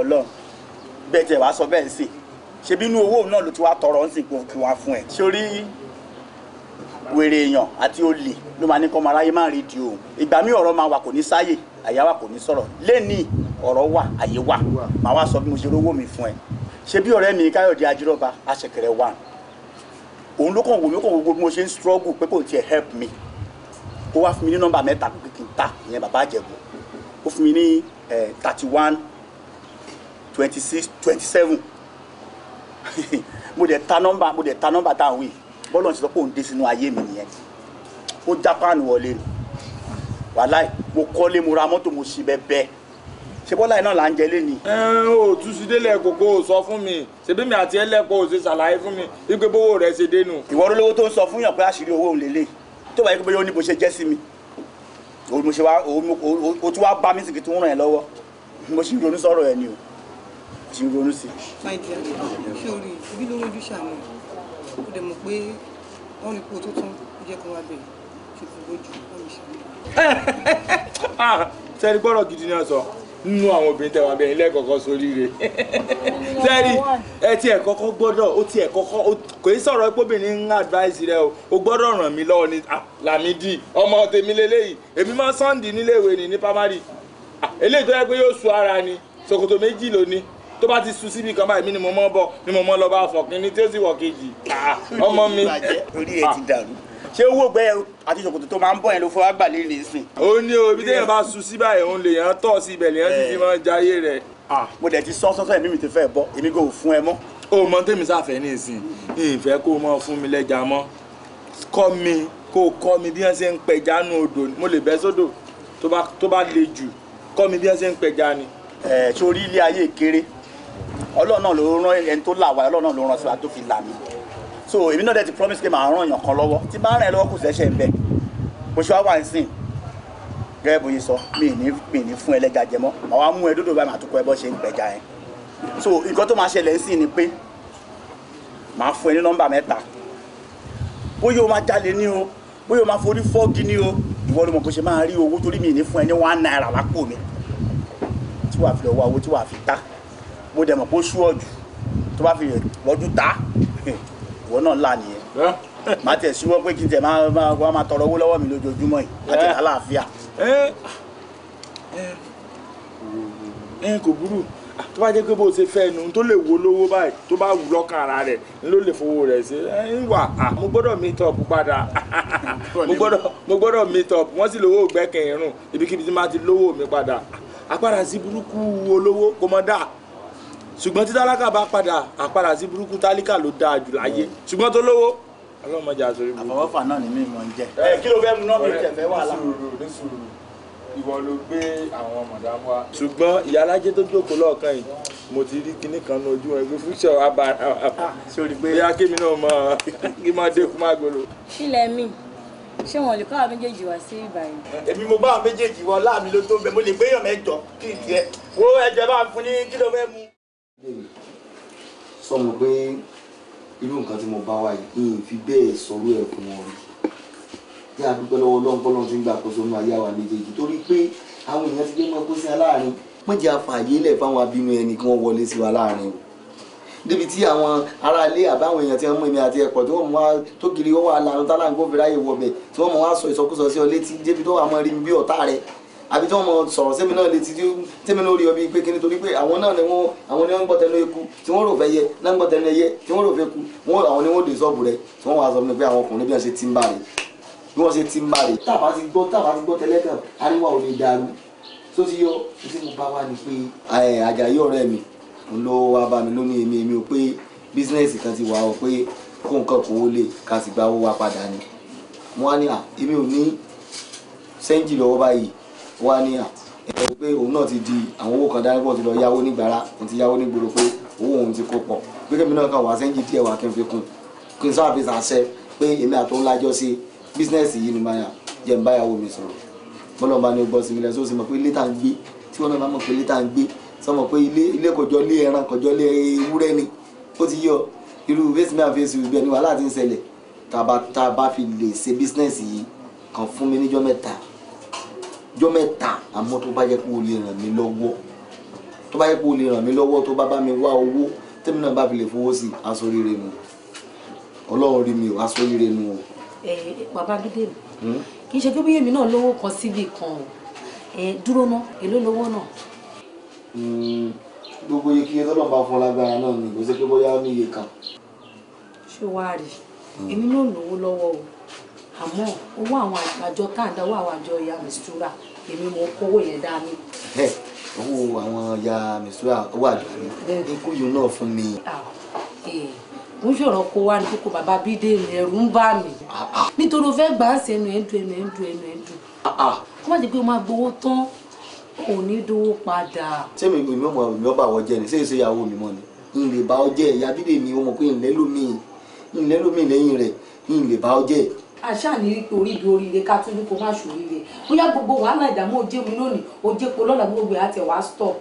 Speaker 3: Ọlọ́run wèrè èèyàn àti olè ló máa ní kọ́ ọmọ aráyé máa rí di òun ìgbà mi ọ̀rọ̀ máa wà kò ní sáyè àyà wà kò ní sọ̀rọ̀ lẹ́nìí ọ̀rọ̀ wà àyè wà màá wá sọ bí mo ṣe rówó mi fún ẹ ṣe bí ọ̀rẹ́ mi káyọ̀dé ajírọ́ba aṣẹ̀kẹ̀rẹ̀ wà òun ló kàn wò mí kàn wò bí mo ṣe ń struggle pé kò tiẹ̀ help me ó wá fún mi ní nọ́mbà mẹ́ta pé kí n ta ìyẹn bàbá àjẹ̀bù ó fún mi ní thirty one twenty six twenty seven mo dẹ̀ ta nọ́mbà mo dẹ̀ ta nọ́mbà tá à wí bọ́lọ̀ ti sọ pé òun dé sínú ayé mi nìyẹn ó japan wọlé ni wàláì mo kọ́lé mo ra mọ́tò mo ṣì bẹ́ẹ̀ bẹ́ẹ̀ ṣe bọ́lá iná là ń jẹ lé ni. ẹ ò tún sí délẹ̀ kókó ò sọ fún mi ṣèbí mi àti ẹlẹ́kọ̀ ò ṣe ṣàlàyé fún mi wípé bówó rẹ̀ ṣe dénú. ìwọ olówó tó ń sọ fún yàn pé àṣírí owó òun lélẹ̀ tó bá yẹ kó bẹ́ẹ̀ ó ní bó ṣe jẹ́ sí mi òun mo ṣe wá o tún wá bá mi sìnkì tó ń ràn ẹ́ lọ́wọ́ mo ṣì ń ronú sọ̀rọ̀ ẹ̀ ni o ṣì ń ronú sí i
Speaker 5: ó dẹ̀ mọ̀ pé wọ́n rí pé o tó tún jẹ́ kó wá bẹ̀rẹ̀ ṣùgbọ́n lójú wọ́n mi ṣàlùyẹ.
Speaker 3: Ah, sẹ́ni gbọ́dọ̀ gidi náà sọ nínú àwọn obìnrin tẹ̀wọ̀n abẹ́yìn lẹ́ẹ̀kọ̀ọ̀kan sóríire sẹ́ni ẹ tiẹ̀ kọ́kọ́ gbọ́dọ̀ ó tiẹ̀ kọ́kọ́ kò í sọ̀rọ̀ pé obìnrin ń advice rẹ o ó gbọ́dọ̀ ràn mí lọ́wọ́ ni ah, Lámídì ọmọ tèmi lélẹ́yìí èmi máa Sunday níléèwé ni ní primary ah, eléyìí tó yẹ pé yóò sun ara ni ṣòkòtò méjì lónìí tó bá ti sun síbi kan báyìí mi ni mo mọ́ bọ̀ ni mo mọ́ lọ bá fọ̀ ni tí ó sì wọ̀ kejì ah, ọmọ mi. orí ẹ ti dàrú ṣé owó ògbẹ́ yẹn àti ṣòkòtò tó máa ń bọ̀ yẹn ló fọwọ́ gbà lé lè sìn. ó ní o ibi téèyàn bá sun sí báyìí òun lè yàn tọ̀ sí ibẹ̀ lèyàn sì ti eh. máa ń jayé rẹ̀. Ah. mo dẹ̀ ti sọ sọ́sọ́ ẹ̀mí mi ti fẹ́ bọ́ èmi kò fún ẹ mọ́. o mọ tèmi sáfẹ́ ní ìsìn ìfẹ́ kó o mọ fún mi lẹ́jà mọ́ kọ́ mi kó o kọ́ mi bí wọ́n ṣe ń pẹja nù odò mo lè bẹ́ sódò tó bá le jù kọ́ mi bí wọ́n ṣe ń pẹja ni. ẹ eh, ọlọ́run náà ló rán ẹni tó là ọlọ́run náà ló rán síwájú tó fi là mí so èmi náà dẹ̀ ti promise pé màá ràn èèyàn kan lọ́wọ́ tí bá ràn ẹ́ lọ́wọ́ kù sẹ́sẹ̀ ń bẹ bó ṣe wá wà nísìn gẹ́gẹ́ bó ṣe sọ mi ní mi ní fún ẹlẹ́ja jẹ mọ́ màá wá mú ẹ dódò báyìí màá tún kọ ẹ bọ́ ṣe ń gbẹ̀jà yẹn so nǹkan tó máa ṣẹlẹ̀ sí ni pé màá fún ẹ ní nọ́mbà mẹ́ta bóyá o máa jalè ní o bóyá o máa forí fọ́ọ̀gì ní o ìwọ ló mọ̀ bó ṣe máa rí owó torí mi ní fún ẹ ní one naira lápò mi tí wàá fi lọ wá owó tí wàá fi ta mo dẹ̀ mọ̀ pé ó sú ọ̀jù tó bá fi rọ́jú ta ìwọ náà là nìyẹn má tiẹ̀ síwọ́ pé kí n tẹ̀ máa máa tọrọ owó lọ́wọ́ mi lójoojúmọ́ yìí má tiẹ̀ lálàáfíà. ẹ kò burú tó bá jẹ́ pé bó ṣe fẹ́ nu tó lè wo lówó báyìí tó bá wù lọ́kàn ara rẹ̀ ló lè fowó rẹ̀ ṣe ń wà mo gbọ́dọ̀ meet up padà mo gbọ́dọ̀ meet up wọ́n sì lówó gbẹ́kẹ̀ irun ibikíbi tí má ti lówó mi padà apára sí burúkú olówó kò mọ̀ dáa ṣùgbọ́n tí tálákà bá padà àpadà sí burúkú tálákà ló dáa jù láyé mm. ṣùgbọ́n tó lówó ọlọ́mọdé àsọ̀rí burúkú. àfọwọ́fà náà ni mímọ ń jẹ. ẹ kí ló fẹ́ mu náà mi tẹ̀ fẹ́ wà láàrú. ní sùúrù ìwọ ló gbé àwọn mọ̀dámù wa. ṣùgbọ́n ìyá alájẹ tó jókòó lọ́ọ̀kan yìí mo ti rí kinní kan ní ojú ẹ ah, pé fúnṣọ àbá sórí pé
Speaker 6: bí ṣé wọn lè kọ́ àwọn méjèèjì
Speaker 3: wá sí ìbàyìí. èmi mo bá àwọn méjèèjì wọ láàmì ló tó bẹ mo lè gbéyàn mẹ́jọ kí n tiẹ̀ wo ẹjọ́ bá fún ní kí ló fẹ́ mu sọmọ pé irú nǹkan tí mo bá wà yìí n fi bẹ́ẹ̀ sọ̀rọ̀ ẹ̀ fún wọn rí ní adúpẹ́ lọ́wọ́ ọlọ́run bọ́lọ́run ti ń gbàkóso nínú ayé àwa méjèèjì torí pé àwọn èèyàn ti dé mọ́ kó sí aláàárín wọ́n jẹ́ àfààyè lẹ̀ fáwọn abínú ẹni kí wọ́n wọlé sí wa láàárín o débi tí àwọn aráalé àbáwọn èèyàn ti ń mú èmi àti ẹ̀pọ̀ tí wọ́n mú wa tó kiri wọ́n wà lànà tálàǹgó fìráyè wọ̀bẹ̀ tí wọ́n mú wa sọ ìsọkúsọ sí ọ létí débi tó àbí tí wọ́n mọ sọ̀rọ̀ sẹ́mi náà létí tí sẹ́mi náà rí ọ bíi pé kíni torí pé àwọn náà ni wọ́n àwọn ni wọ́n ń gbọ́ tẹnu eku tí wọ́n rò fẹ́ yẹ náà ń gbọ́ tẹnu ẹyẹ tí wọ́n rò fẹ́ ku wọ́n àwọn ni wọ́n dé sọ́ọ̀bù rẹ tí wọ́n wàá sọ fún mi pé àwọn ọkùnrin bí wọ́n ṣe ti ń bá rè bí wọ́n ṣe ti ń bá rè. tábà ti gbọ́ tábà ti gbọ́ tẹ́lẹ́kàn àríwá ò lè dàrú tó ti yọ tí mo bá wà ní pé àjàyí ọ̀rẹ́ mi ló wá bá mi lónìí èmi èmi ò pé bísínẹ́sì kan ti wà ó pé kó nǹkan kò ó lè ká sì gba owó wa padà ni wọ́n á ní à èmi ò ní sẹ́ńjì lọ́wọ́ báyìí wá ní à ẹ pé òun náà ti di àwọn owó kan dání bọ̀ ti lọ yáwó nígbàrá òun ti yáwó nígboro pé owó òun ti kó pọ̀ pé kẹ́mi náà kàn wá sẹ́ńjì díẹ̀ wá kí n fi kún kí n sábà fi sàṣẹ pé èmi àtòun lájọ sí bísínẹ́sì yìí ni máa jẹ́ ń báyàwó mi sọ̀rọ̀ bọ́lọ̀ bá ní gbọ́ sí mi lẹ́sọ́ sí mọ̀ pé ilé tá à ń gbé tí wọ́n náà bá mọ̀ pé ilé tá à ń gbé sọmọ pé ilé ilé kọjọ lé ẹran kọjọ lé ewúrẹ́ ni ó ti yọ irú fésìmí àfẹsì ìgbẹ́ ni wàhálà ti ń ṣẹlẹ̀ tá a bá fi lè ṣe bísínẹ́sì yìí kàn fún mi níjọ́ mẹ́ta jọ́ mẹ́ta àmọ́ tó bá yẹ kó o lè ràn mí lọ́wọ́ tó bá yẹ kó o lè ràn mí lọ́wọ́ tó bá bá mi wá owó tẹ́mi náà bá fi lè fowó sí aṣọ rere nu ọlọ́run rí mi ò aṣọ rere nu o.
Speaker 6: ẹ bàbá gídé mi hmm? kì í ṣe pé bóyá èmi náà lówó kan síbi kan o ẹ dúró ná èló lówó náà.
Speaker 3: Hmm, gbogbo iye kíye tọ́lọ́ bá fún ọ lágbára náà ni kò sí pé bóyá ó ní iye kan. ṣé wàá rí èmi
Speaker 6: náà lówó lọ́wọ́ o àmọ́ owó àwọn àjọ tá à ń dáwọ́ àwọn àjọ ìyá mistura èmi mo kówó yẹn dání.
Speaker 3: owó àwọn ìyá mistura owó àjọ mi ní kó yun náà fún mi.
Speaker 6: mo ṣòro kó wá ní kókó bàbá bídé ẹ̀rù ń bà mí nítorí o fẹ́ gbà á sí ẹnu ẹ̀ ń dùn ẹnu ẹ̀ ń dùn ẹnu ẹ̀ ń dùn kó o máa gbowó tán kò ní dúró padà.
Speaker 3: ṣé mi mi mọ̀ mi ọba àwọ̀ jẹ ni ṣé èso ìyàwó mi mọ̀ ni n lè bá ọ jẹ ìyá bídè mi o pé n lẹ́lómi n lẹ́lómi lẹ́yìn rẹ̀ n lè bá ọ jẹ
Speaker 6: àṣà ní orí ibi oríire ká tún ní kó má ṣòríire bóyá gbogbo wàhálà ìdààmú òjé mi lónìí òjé po lọ́la gbogbo ẹ̀ àti ẹ̀ wá stop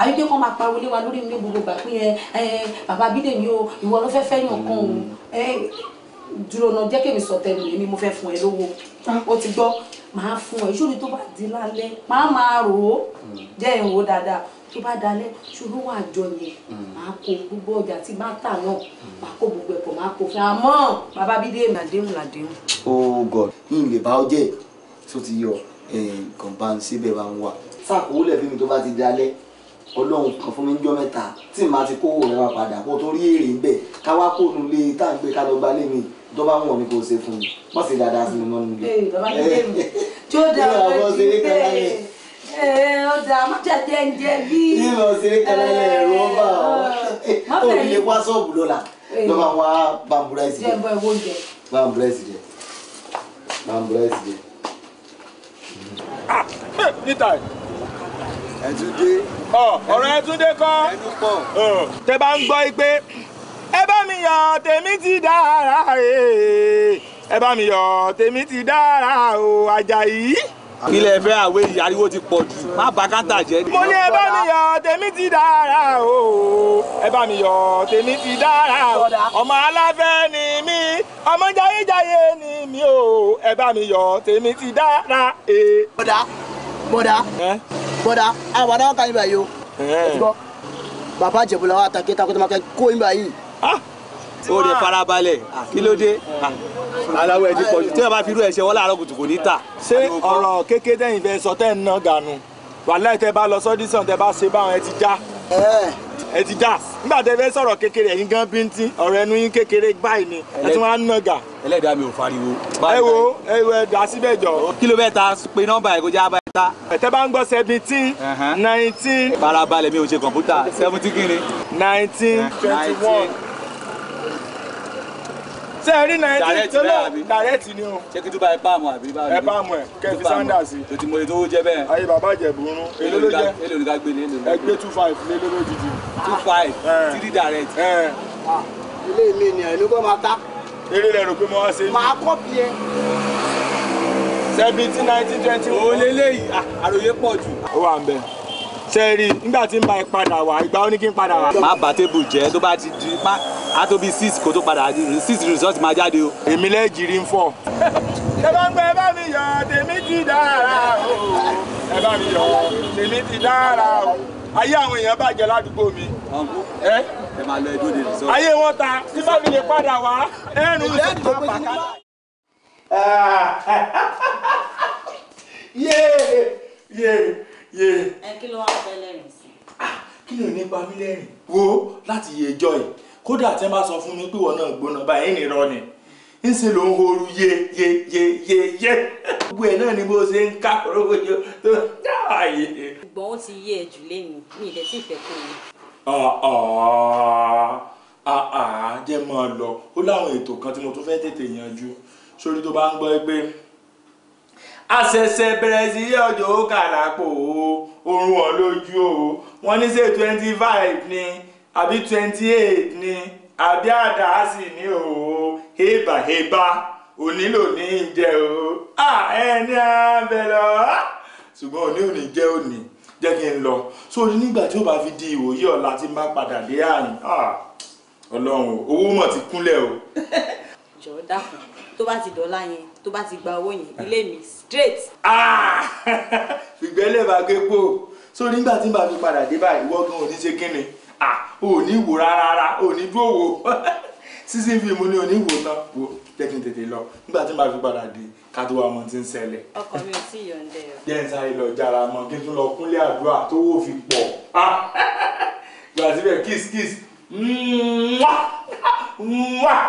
Speaker 6: àyíké kan máa pariwo lé wa lórí mi ní gbogbo gbà pé ẹ bàbá bídèmí o ìwọ ló fẹ́ fẹ́yàn kan o mm dúró náà jẹ́ kí èmi sọ tẹnu èmi mo fẹ́ fún ẹ lówó ah. ó ti gbọ́ màá fún ẹ ṣóri tó bá di lálẹ́ màá máa rò ó hmm. jẹ́ ìwò dáadáa tó bá dalẹ́ ṣòro wà jọ yẹn màá kó gbogbo ọjà tí bá tà náà hmm. màá kó gbogbo ẹ̀pọ̀ màá kó fún àmọ́ bàbá bídé mi àdéhùn làdéhùn.
Speaker 3: oh god yín lè bá ọ jẹ tó ti yọ nǹkan bá ń síbẹ̀ bá ń wà. sáàkó wúlẹ̀ fún mi tó bá ti dalẹ́ ọlọ́run kan fún mi níjọ́ mẹ́ta tí màá ti kówó rẹ̀ wá padà kó tó rí èrè ń bẹ̀ ká wá kó nulẹ̀ tá à ń gbé ká lọ gbalé mi tó bá wọ̀ ni o ṣe fún mi má ṣe dáadáa sí mi mọ́ nílé. ee bàbá mi lè mú tí ó dáa ọ̀rọ̀ ti bẹ́ẹ̀
Speaker 6: ee ó dáa má jàjẹ́ ń jẹ bí.
Speaker 3: nílò ṣeré kẹlẹ́lẹ́ ẹ̀rọ bá ọ òbí lè wá ṣọ́ọ̀bù lọ́la lọ́ máa wá bambúrẹ́sì jẹ bambúrẹ́sì jẹ bambúrẹ́sì jẹ. Ah, níta ẹ̀túndé oh, ọ̀rọ̀ ẹ̀túndé kọ́ oh, tẹ bá ń gbọ́ pé ẹ bá mi yọ̀ tèmi ti dára ee ẹ bá mi yọ̀ tèmi ti dára o Àjàyí. ilé ẹfẹ àwẹ ariwo ti pọ̀ jù má bá kántà jẹ́. mo ní ẹ bá mi yọ̀ tèmi ti dára o ẹ bá mi yọ̀ tèmi ti dára o ọmọ aláfẹ́ ni mí ọmọ jayéjayé ni mí o ẹ bá mi yọ̀ tèmi ti dára ee. bọ́dà bọ́dà bọ́dà àwọn àdáwọ̀ kan yín báyìí o bàbá àjẹbùlà wa ta kí takọ́tàmọ́kẹ́ kó yín báyìí. Ah, ó lè farabalẹ̀ ah, kí ló dé ah, aláwọ̀ ẹ̀ ti pọ̀ jù tí wọ́n bá fi irú ẹ̀ ṣe wọ́n láàárọ̀ kùtùkù ní ta. ṣé ọ̀rọ̀ kékeré tẹ̀yìn fẹ́ sọ tẹ́ ń ná gànù wàhálà tẹ bá lọ sọ́dísàn tẹ bá ṣe báwọn ẹ ti já ẹ ti já nígbà tẹ fẹ́ sọ̀rọ̀ kékeré ẹ̀yin gan bíntín ọ̀rọ̀ ẹnu yín kékeré báyìí ni ẹ tún wá ń nàgà. ẹlẹ́dàá mi ò fariwo. ẹ wo ẹ wo ẹ dà síbẹ̀ jọ. kí ló bẹ́ẹ̀ ta pé nọ́mbà ẹ̀ kó já báyìí ta. ẹ̀tẹ́ bá ń gbọ́ seventeen nineteen. farabalẹ̀ mi ò ṣe kọ̀ǹpútà seventeen kí nineteen twenty one ṣe ẹ rí nineteen tó lọ direct ni o. ṣé kí tó bá ẹ páàmù àbí báwo. ẹ páàmù ẹ kẹfì sanders. tó ti mọ ètò owó jẹ bẹ́ẹ̀. ayé bàbá ìjẹ̀bù èlò ló jẹ èlò ní ká gbé ní èlò. ẹ gbé two five lé lójijì. two five three direct. ilé mi ni ẹ̀ ló kọ́ máa ta. eré rẹ̀ rò pé mo wá ṣe. màá kọ́ bí ẹ seventeen nineteen twenty one. òun lélẹ́yìí àròyé pọ̀ jù. ó wà ń bẹ ṣe rí nígbà tí ń bá ẹ padà wá ìgbà ó ní kí n padà wá. má bà jẹ́ tó bá ti di má a tó bí six kó tó padà six result máa jáde o. èmi lẹ́ẹ̀jìrì ń fọ̀. ẹ bá ń gbẹ ẹ bá mi yọ tèmi ti dára o ẹ bá mi yọ tèmi ti dára o ayé àwọn èèyàn bàjẹ́ ládùúgbò mi. ẹ máa lọ ẹjọ́ de result. ayé wọn ta tí bá mi lè padà wá ẹnu ìṣèjọba pàkàlà. yéé yéé yéé.
Speaker 5: ẹ kí ló wá fẹ́ lẹ́rìn sí.
Speaker 3: Ah, kí ló ní pa lẹ́rìn wo láti yẹ ẹjọ́ yìí kódà tí ẹ bá sọ fún mi pé wọn náà gbóná báyìí ní irọ́ ni ń ṣe ló ń horu yé yé yé yé yé gbogbo ẹ náà ni bó ṣe ń ká korokojo tó dáàyè.
Speaker 5: ṣùgbọ́n ó ti yé ẹ̀jú lẹ́nu mi ìdẹ́
Speaker 4: tí ìfẹ́ kò ní.
Speaker 3: àà jẹ́ máa lọ ó láwọn ètò kan tí mo tún fẹ́ tètè yanjú sórí tó bá ń gbọ́ pé àṣẹ̀ṣẹ̀ bẹ̀rẹ̀ sí yẹ ọjọ́ kàràpọ̀ oorun ọ̀ lójú o wọ́n ní ṣe twenty five ni àbí twenty eight ni àbí àdáàsì ni o hébà hébà onílò ní jẹ o ẹni abẹ lọ ṣùgbọ́n òní òní jẹ́ òní jẹ́ kí n lọ sórí nígbà tí ó bá fi di ìwòye ọ̀la tí n padà dé àyìn ọlọ́run owó mọ̀ ti kúnlẹ̀ o.
Speaker 5: jọ̀ọ́ dákun tó bá ti dọ́là yẹn tó bá ti gba owó yẹn ilé mi straight.
Speaker 3: ìgbẹ́lẹ̀ bá gbé pò so nígbà tí n bá fi padà dé báyìí wọ́gán òní ṣe kí ni à ò ní wò rárá rárá ò ní dúró wò sísìn fi mo ní ò ní wò tán wò jẹ́ kí n tètè lọ nígbà tí n bá fi padà dé ká tó wá mọ tí ń ṣẹlẹ̀. ọkọ
Speaker 5: mi ò tí ì yọ̀ǹde
Speaker 3: o. jẹ́ ń sáré mọ kí n tún lọ kúnlé àdúrà tó wò fi pọ̀ ah! gbà síbẹ̀ kiss kiss mwah mwah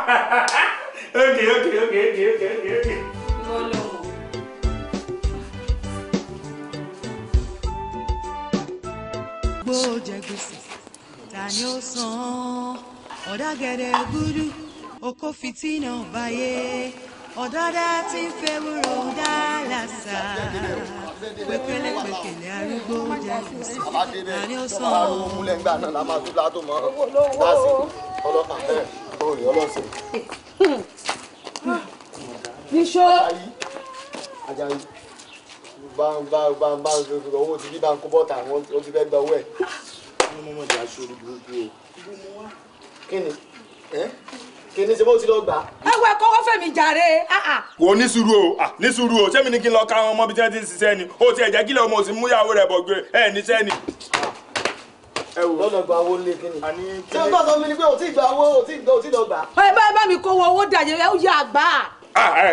Speaker 3: okay okay okay okay okay okay. mo lọ mọ.
Speaker 2: gbọ́dọ̀ ni ó san ọ̀dàgẹ̀dẹ̀ gúdú oko fìtínà báyé ọ̀dọ́dá tí ń fẹ́ wúrò ń dá làṣà
Speaker 3: pẹ̀kẹ́lé pẹ̀kẹ́lé arúgbó jẹ́ ìsìn àní ó san owó. múlẹ̀ ńgbà náà la máa tún látò mọ́ láti ọlọ́pàá bẹ́ẹ̀ olè ọlọ́sẹ̀. níṣó. Ajayi bá ń bá ń bá ń owó ti bí bá ń kó bọ́ta wọn ti fẹ́ gba owó ẹ̀ ní mọ́mọ́ ìjà sórí burúkú o. kí ni kí ni ṣe bó ti lọ gbà.
Speaker 4: ẹ wọ ẹkọ wọn fẹmi jàre. Ah, ah.
Speaker 3: wo ní sùúrù o ah, ní sùúrù o sẹ́mi ni kí n lọ ka àwọn ọmọ bíi tí wọ́n ti ń ṣiṣẹ́ ni o ti ẹ̀jẹ̀ kílẹ̀ ọmọ òsì múyàwó rẹ̀ bọ̀ gbé ẹ̀ níṣẹ́ ni. lọ́nà gba owó lé kí ni. ṣé o tọ́ sọ mi ni pé o ti gba owó o ti lọ gbà. ẹ bá ẹ
Speaker 4: bá
Speaker 5: mi kó owó owó dàjẹ́ ẹ yà gbà.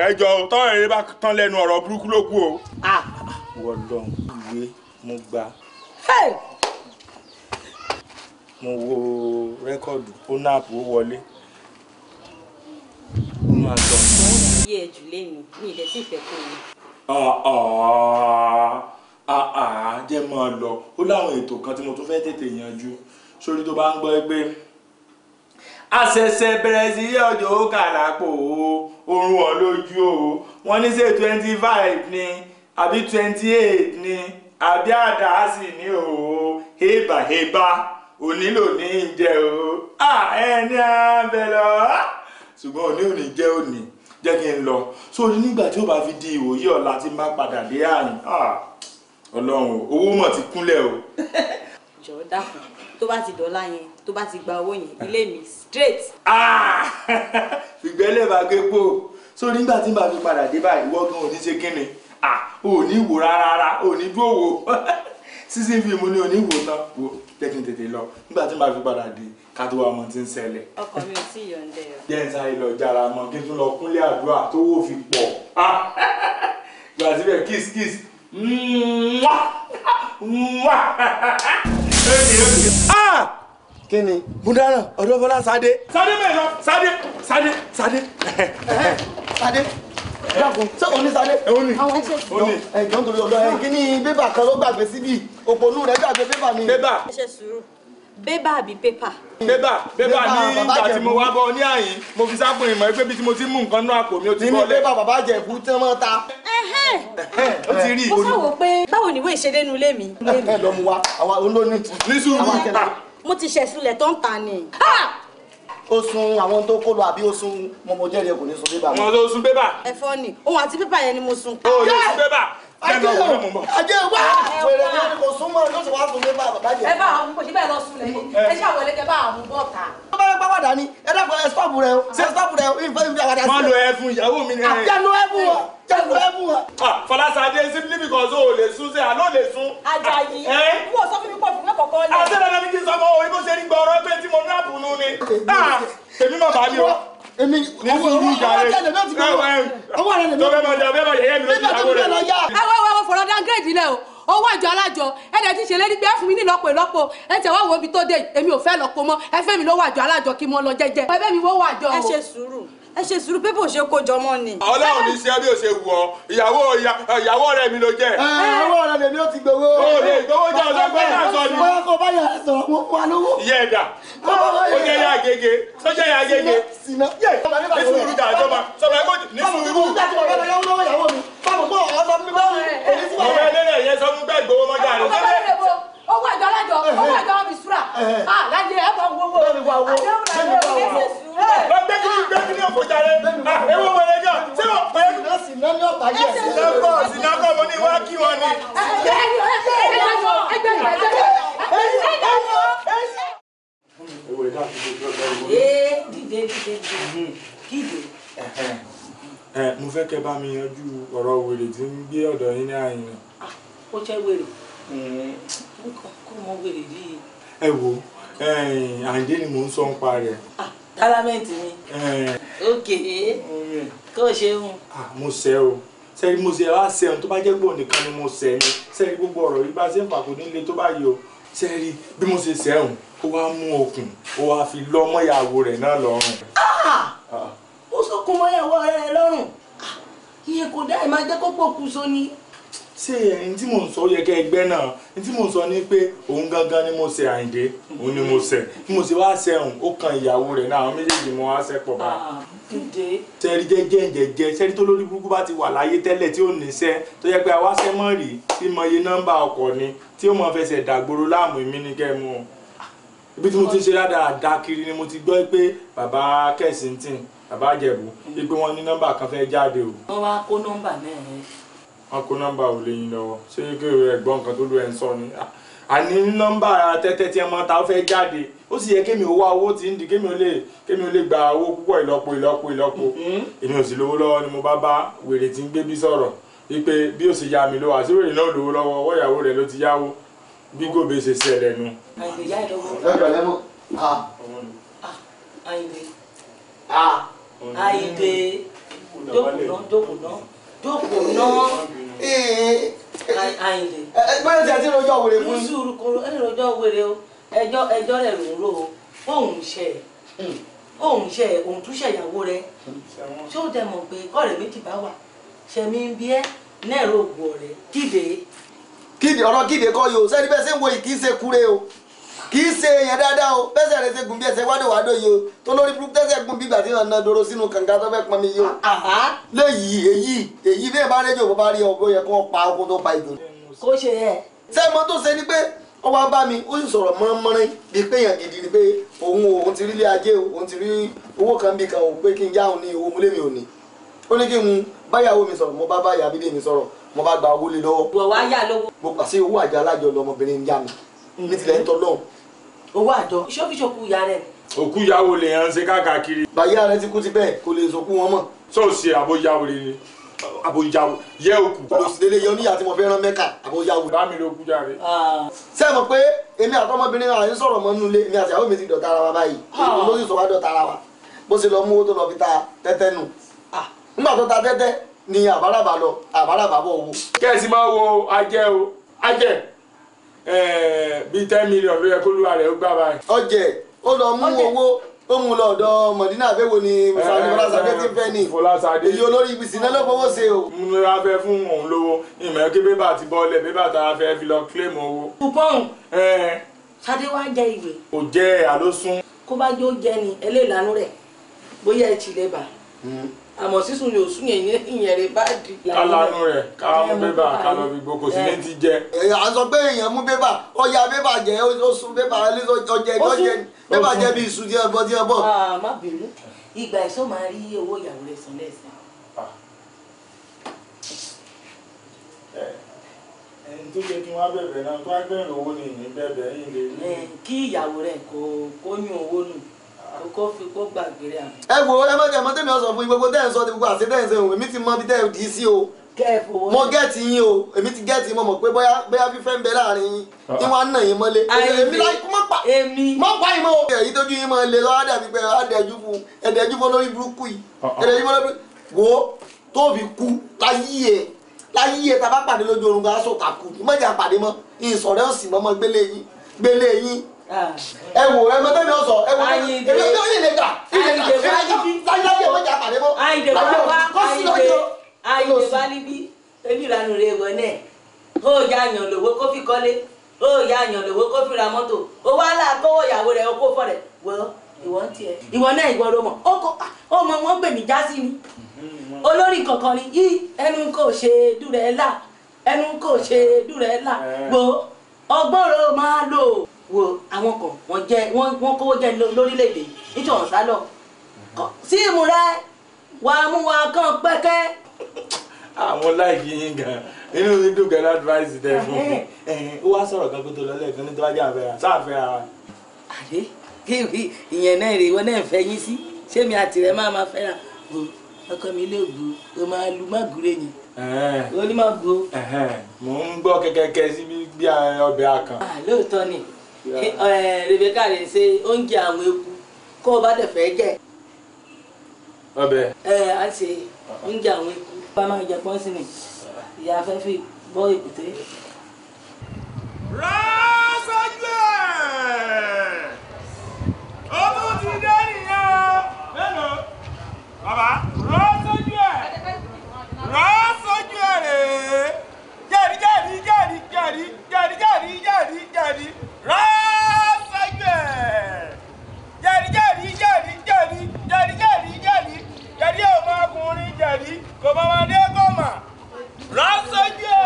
Speaker 3: ẹ jọ tọ́ ẹ bá tán lẹ́nu ọ̀rọ̀ burúkú ló kú o. wọ́n lọ ìwé mo gbà mo wo rẹ́kọ̀dù ó náàpù ó wọlé ó máa sọ.
Speaker 4: yí ẹ e jù lẹ́nu mi ìdẹ sí ìfẹ́ kò ní.
Speaker 3: jẹ́ máa lọ ó láwọn ètò kan tí mo tún fẹ́ tètè yanjú sórí tó bá ń gbọ́ pé àṣẹ̀ṣẹ̀ bẹ̀rẹ̀ sí yẹ ọjọ́ ó kà lápò o oorun wọn lójú o wọ́n ní ṣe twenty five ni àbí twenty eight ni àbí àdá sì ní o hébàhébà onílò ní í jẹ o ẹni abẹ lọ ṣùgbọ́n òní ò ní jẹ́ òní jẹ́ kí n lọ sórí nígbà tí ó bá fi di ìwòye ọ̀la tí má padà dé àyìn ọlọ́run owó mọ̀ ti kúnlẹ̀ o.
Speaker 5: jọ dákun tó bá ti dọ́là yẹn tó bá ti gba owó yẹn ilé mi straight.
Speaker 3: fìgbẹ́lẹ̀ bá gé pò So nígbà tí n bá fi padà dé báyìí ìwọ gan ò ní ṣe kí ni ò ní wò rárá ò ní dúró wò sísìn fíìmù ni ò ní wò tán wò jẹ́ kí n tètè lọ nígbà tí màá fi padà dé ká tó wá mọ tí ń ṣẹlẹ̀.
Speaker 5: ọkọ mi ò tí ì yọ̀ǹde o.
Speaker 3: jẹ́ ń sáré lọ jára mọ kí n tún lọ kúnlẹ̀ àdúrà tó wò fi pọ̀ ah! gbà síbẹ̀ kiss kiss mwá mwá. Ah! kí ni bùdáràn ọ̀dọ́ fọlá sáde. sáde mẹ́rin lọ sáde sáde sáde. sáde. dákun ṣé onísàlẹ̀. òní òní ẹ̀jọ̀ nítorí ọ̀dọ́ ẹ̀ kí ni bébà kan ló gbàgbé síbi òpònú rẹ̀ gbàgbé bébà mi. bébà. ẹ ṣe
Speaker 4: sùúrù
Speaker 5: bébà àbí pépà.
Speaker 3: bébà bébà ní ìgbà tí mo wá bọ ní àyín mo fi sápò ìmọ̀ ẹgbẹ́ bí tí mo ti mú nǹkan náà àpò mi ó ti bọ́lẹ̀. nínú bébà bàbá jẹ̀bú tí wọ́n ta. ó ti rí ìkọlù. mo sáwò pé báwo ni ìwé ìṣedénú ilé mi. lọ́mú wa àwa olóní. ní sùúrù mo ti
Speaker 4: ṣẹ̀sùlẹ̀ tó ń ta ni
Speaker 3: ó sun àwọn tó kó lọ àbí ó sun mọ̀mọ́jẹ́rì ẹ kò ní sun bébà. wọn ló sun bébà. ẹ̀fọ́ ni òun àti pépà yẹn ni mo sun. o ò sun bébà ajé o ajé wa wèrè ní kò súnmọ́ ló ti wá sùn ní bàbá jẹ. ẹ bá àwọn kò sí bẹ́ẹ̀ lọ sùn lẹ́yìn ẹ ṣe àwọn ẹlẹ́kẹ̀
Speaker 4: bá àwọn bọ̀ ká.
Speaker 3: tó bá yẹ pa wàdà ni ẹ dàgbọ́ ẹ stọ́ọ̀bù rẹ o ṣe stọ́ọ̀bù rẹ o ìfẹ́ ìfẹ́ àwàdà sí. má lo ẹfun ìyàwó mi nìyẹn. àjẹnu ẹfun wa jẹnu ẹfun wa. Fọláṣadé simply because o lè sun ṣe àlọ́ lè sun. Àjàyí ah, eh? wọ́n sọ fún mi pọ̀ fún mi kọ̀ọ̀kan lẹ. àti ẹ̀rọ mi ti sọ fún ọ èmi ọwọ́ rẹ̀ lè mẹ́tì gbọ́dọ̀ ọwọ́ rẹ̀ lè mẹ́tì gbọ́dọ̀.
Speaker 6: ẹ wá wá wọ fọ̀rọ̀ dáńgẹ́ẹ̀dì lẹ o owó àjọ alájọ ẹ̀dẹ̀ ti ṣèlérí pé fún mi ní lọ́pọ̀ ìlọ́pọ̀ ẹ
Speaker 4: tẹ̀ wo ibi tó dé èmi ò fẹ́ lọ́pọ̀ mọ́ ẹ mi lówó àjọ alájọ kí mo lọ jẹ́jẹ́ ẹ mi wówó àjọ o. ẹ ṣe
Speaker 1: sùúrù
Speaker 3: ẹ ṣe sùúrù pé bò ṣe kójọ mọ́ ni. ọlọ́run ní sí ẹ bí o ṣe wù ọ ìyàwó ìyàwó rẹ mi ló jẹ. ìyàwó rẹ lèmi ò ti gbowó. o lè gbowó jẹ ọlọgbẹ náà sọ ni. wọn kò bá yàrá sọ wọn kó wa lówó. iye ẹ̀dà ó jẹ́ yà gègé ó jẹ́ yà gègé. sinna sinna ní sùúrù jà jọba sọba kó ní sùúrù. báwo báwo báwo báwo
Speaker 4: owó ẹjọ alájọ owó ẹjọ ọmọ
Speaker 3: ìṣúra láyé ẹ bọ wo wo àdéhùn láyé o ní ṣe sùúrù. bẹ́ẹ̀ni bẹ́ẹ̀ni ní òkúta rẹ ewu wẹrẹ ní ọ ṣé wọn pẹ. nọọsì náà ní ọ̀tá yẹ. sinakọ sinakọ mo ní wá kí wọn ni.
Speaker 5: ee dìde dìde dìde dìde
Speaker 3: mo fẹ́ kẹ́ bá mi yanjú ọ̀rọ̀ wèrè tí ń gbé ọ̀dọ̀ yín ní àyìn.
Speaker 5: ó jẹ́ wèrè kó mọ wèrè bíi.
Speaker 3: ẹ wo àǹdé ni mò ń sọ ń pa rẹ. tálámẹ́ǹtì mi. òkè kó o ṣe mú. mo ṣe o sẹ́ni mo ṣe wá ṣẹun tó bá jẹ́ gbọ̀n nìkan ni mo ṣẹ̀ ni sẹ́ni gbogbo ọ̀rọ̀ yìí bá ṣe ń pàkó nílé tó bá yọ sẹ́ni bí mo ṣe ṣẹ̀hùn ó wá mú okùn ó wá fi lọ́ mọ́yàwó rẹ̀ náà lọ́rùn.
Speaker 5: Ah! ó sọkún mọ́yàwó rẹ̀ lọ́rùn ìyẹn ah! kò dá ẹ̀ máa jẹ́ kó pòkùso ni
Speaker 3: ṣé ẹni tí mò ń sọ yẹ kẹ ẹgbẹ́ náà ẹni tí mò ń sọ ni pé òun gangan ni mo ṣe àyìndé òun ni mo ṣe tí mo ṣe wá ṣẹ̀hùn ó kan ìyàwó rẹ̀ náà àwọn méjèèjì mo wá ṣẹ́ pọ̀ bá. sẹ́rí ah, jẹ́jẹ́ jẹ́jẹ́ sẹ́rí tó lórí burúkú bá ti wà láyé tẹ́lẹ̀ tí ó níṣẹ́ tó yẹ pé àwa mọ́ rí tí mọ iye nọ́mbà ọkọ̀ ni tí ó mọ fẹsẹ̀ dàgbòrò láàmú èmi ní kẹ́ mu ibi tí mo ti ṣe dáadáa kiri ni mo ti gbọ́ pé bàbá Kensington bàbá Àjẹ̀bú pé wọ́n ní nọ́mbà kan fẹ́ wọn kó nọ́mbà ò lè yín lọ́wọ́ ṣé kí ẹ̀gbọ́n nǹkan tó lu ẹ ń sọ ni àní nọ́mbà tẹ́tẹ́ tí ẹ mọ ta ó fẹ́ jáde ó sì yẹ kémi owó owó ti ń di kémi ò lè kémi ò lè gba owó púpọ̀ ìlọ́po ìlọ́po ìlọ́po mm-hmm. èmi ò sì lówó lọ́wọ́ ni mo bá bá wèrè tí ń gbé bí sọ̀rọ̀ wípé bí ó sì ya mi lówó àti wèrè náà lówó lọ́wọ́ ọwọ́ ìyàwó rẹ̀ ló ti yáwó bí gòbè ṣe ṣe ẹlẹ́nu. àyìnbé jókòó náà
Speaker 5: jókòó náà jókòó náà. Àyìnlé. báyọ̀ tí a ti rọjọ́ wèrè fún. lùsù rukoro ẹ rọjọ́ wèrè o ẹjọ́ ẹjọ́ rẹ̀ ló ń rò ó bóun ṣe hmm. òun ṣe òun tún ṣèyàwó rẹ̀ hmm. ṣé ó dẹ̀ mọ̀ pé kọ́ọ̀rẹ́ méjì bá wà ṣẹ̀mí ń bí ẹ́ náà rògbò
Speaker 3: ọ̀rẹ́ kíde. kíde ọ̀rọ̀ kíde kọ́ yìí o sẹ́ni bẹ́ẹ̀ ṣe ń wo yìí kì í ṣe kúre o kì í ṣe èèyàn dáadáa o bẹ́sẹ̀ rẹ̀ ṣe gùn bí ẹsẹ̀ wádìí wádìí yìí o tó lórí burúkú tẹ́sẹ̀ gùn bí ìgbà tí yàn náà dòrò sínú kànga tó fẹ́ pọnmi yìí o. léyìí èyí èyí bí ẹ bá rẹ́jọ bó bá rí ọ bóyá kó pa ọkọ tó pa ìdò. kó ṣe yẹ. sẹ́mo tó ṣe ni pé ó wá bá mi ó sì sọ̀rọ̀ mọ́nmọ́rin bíi pé èèyàn gidi ni pé òun òun ti rí ilé ajé òun ti rí owó kan bí kan òun pé kí n yá òun ní owó múlẹ̀ mi ò ní. ó ní kí n báyàwó mi sọ̀rọ̀ mo bá báyà bídè mi sọ̀rọ̀ mo bá gba owó lé lọ́wọ́. wọ̀ wá yá lówó. mo pàṣẹ owó àjọ alájọ lọmọbìnrin ń yá mi ní tilẹ̀ ń tọ́lọ́hùn. owó àjọ
Speaker 5: iṣẹ́ fi ṣokú ìyá rẹ̀.
Speaker 3: òkú yàwó lè hàn ṣe káàkiri. bàyá rẹ ti kú ti bẹ́ẹ̀ kò lè sọkú wọn mọ̀. sọ́ọ̀sì àbójáwò rẹ ni àbójáwò yẹ òkú. olùsílélẹ yọ níyà tí mo fẹ́ rán mẹ́kà àbójáwò. bá mi ló kú járe. Ah. ṣé ẹ mọ̀ pé èmi àtọmọbìnrin àyín sọ̀rọ̀ mọ́ nulẹ̀ èmi àti àwọn mi ti dọ̀tà ara wa báyìí ah. èmi ló sì sọ wá dọ̀tà ara wa bó ṣe lọ mú owó tó lọ fi ta tẹ́tẹ́ nù. Ah. nígbà tó ta tẹ́tẹ́ ni àbáràbà lọ àbáràbà bọ̀ wò. kẹ́sì máa wo ajẹ́ o ajẹ́ Bi ten million ló kó lúwa rẹ̀ ó gbà báyìí. ọjẹ ó lọ mú owó ó mú lọ mọdínà ni fọlásadé ti fẹ́ ni èyí olórí ibi sí náà ló o. mo ra fẹ́ fún òun lówó ìmọ̀ kí ti bọ́lẹ̀ bébà tá a fẹ́ fi lọ claim owó. wá ìwé. kò jẹ
Speaker 5: kó bá jó jẹ ni rẹ̀ bóyá ẹ àmọ́ sísun yóò sún yẹn ìyẹn rẹ bá di. kálánú
Speaker 3: rẹ ká mú bébà ká lọ fi gboko sí ní ti jẹ. a sọ pé èèyàn mú bébà ó ya bébà jẹ ó sun bébà ọjẹ ọjẹ bébà jẹ bí iṣu díẹ̀ bọ díẹ̀ bọ. má bínú ìgbà èso máa rí owó ìyàwó rẹ sàn lẹ́sìn. ẹni tó jẹ kí wọn bẹ̀bẹ̀ náà tó á gbẹ̀rún owó ni ìní bẹ̀bẹ̀ yìí lè rí. kí ìyàwó rẹ kó kó owó nù kó fi kó gbàgbé rẹ àmì. ẹ wo ẹ má jẹ mọ tẹmí ọsàn fún yín gbogbo tẹ ẹ sọ ti gbogbo àṣẹ tẹ ẹ ń sẹwọn èmi ti mọ bí tẹ ẹ dì í sí o. mo gẹ́ẹ̀tì yín o èmi ti gẹ́ẹ̀tì mo mọ̀ pé bóyá bóyá fífẹ́ ń bẹ láàrin yín kí wọ́n á nà yín mọ́lé. èmi láì kú mọ́ pa èmi mọ́ pa yín mọ́ o. èyí tójú yín máa le lọ́wọ́ dàbí pé ẹ̀dẹ̀jú fún ẹ̀dẹ̀jú fún lórí burúkú yìí ah, ah. ẹ̀dẹ̀jú fún lórí wo tóbi kú láyé ẹ̀ láyé ẹ̀ tàbá pàdé lójú orun gan aṣọ kàkú ìmọ̀jà pàdé mọ́ ìsọ̀rẹ́ òsì mọ́ mọ́ gbélé yín gbélé yín ẹ wò ẹ mọ tẹ́lẹ̀ ọ̀sọ̀ ẹ wò ẹ bí ó yẹ lè gbà ilé ìgbà ilé ìgbà láyé láyé ọmọ ìjà pàdé mọ́ láyé ọmọ kó sí lọ́jọ́
Speaker 4: ayé bá níbí oníranú rẹ wọ náà ó yá àyàn lówó kó fi kọ́lé ó yá àyàn lówó kó fi ra mọ́tò ó wá
Speaker 5: láàkọ́wọ́ ìyàwó rẹ̀
Speaker 4: ó kó fọ́ rẹ̀ wọ́n ìwọ ń tiẹ̀ ìwọ náà ìwọ ló mọ̀ ó mọ wọn gbèmí já sí ni olórí kankan ni yí ẹnu kò ṣe dúrẹ́ là
Speaker 5: ẹnu kò ṣe dúrẹ́ là gbó
Speaker 6: ọgbọ́n ro máa lò wo àwọn
Speaker 5: kan wọ́n jẹ́ wọ́n kówó jẹ lórílẹ̀‐èdè nítorí ọ̀hún sálọ̀ síìmù rẹ wà á mú wa kàn pẹ́kẹ́.
Speaker 3: àwọn láìkí yín gan inú mi dùn gan advice tẹ fún mi ó wá sọ̀rọ̀ kan kó tó lọ lẹ́ẹ̀kan ní tó bá jẹ́ àfẹ́ra sáàfẹ́ ara. àyè kí ìyẹn náà rèé wọn náà fẹ́ yín sí ṣé mi àti rẹ máa ma fẹ́ra gbòó ọkọ mi lè gbó o máa lu mágùrè yìí o ní máa gbó. mo ń gbọ́ kẹ́kẹ́kẹ́ síbi bí ọbẹ̀ akàn.
Speaker 5: lóòótọ́ ni Eh, Rebecca rè ṣe oúnjẹ àwọn eku kó o bá dẹ̀ fẹ́ jẹ.
Speaker 3: ọbẹ̀. ẹ á ṣe oúnjẹ àwọn eku bá máa jẹ pọ́ńsì mi ìyá afẹ́fẹ́ bọ́ èkúté. rọ́ṣọ́jú ẹ̀ ó tún ti dé ẹ̀ rèé jẹ̀rí jẹ̀rí jẹ̀rí jẹ̀rí jẹ̀rí jẹ̀rí jẹ̀rí jẹ̀rí rásẹ̀gbẹ̀ jẹ̀rí jẹ̀rí jẹ̀rí jẹ̀rí jẹ̀rí jẹ̀rí jẹ̀rí jẹ̀rí ọmọ ọkùnrin jẹ̀rí kò mọ ọmọdé kò mà
Speaker 1: rásẹ̀gbẹ̀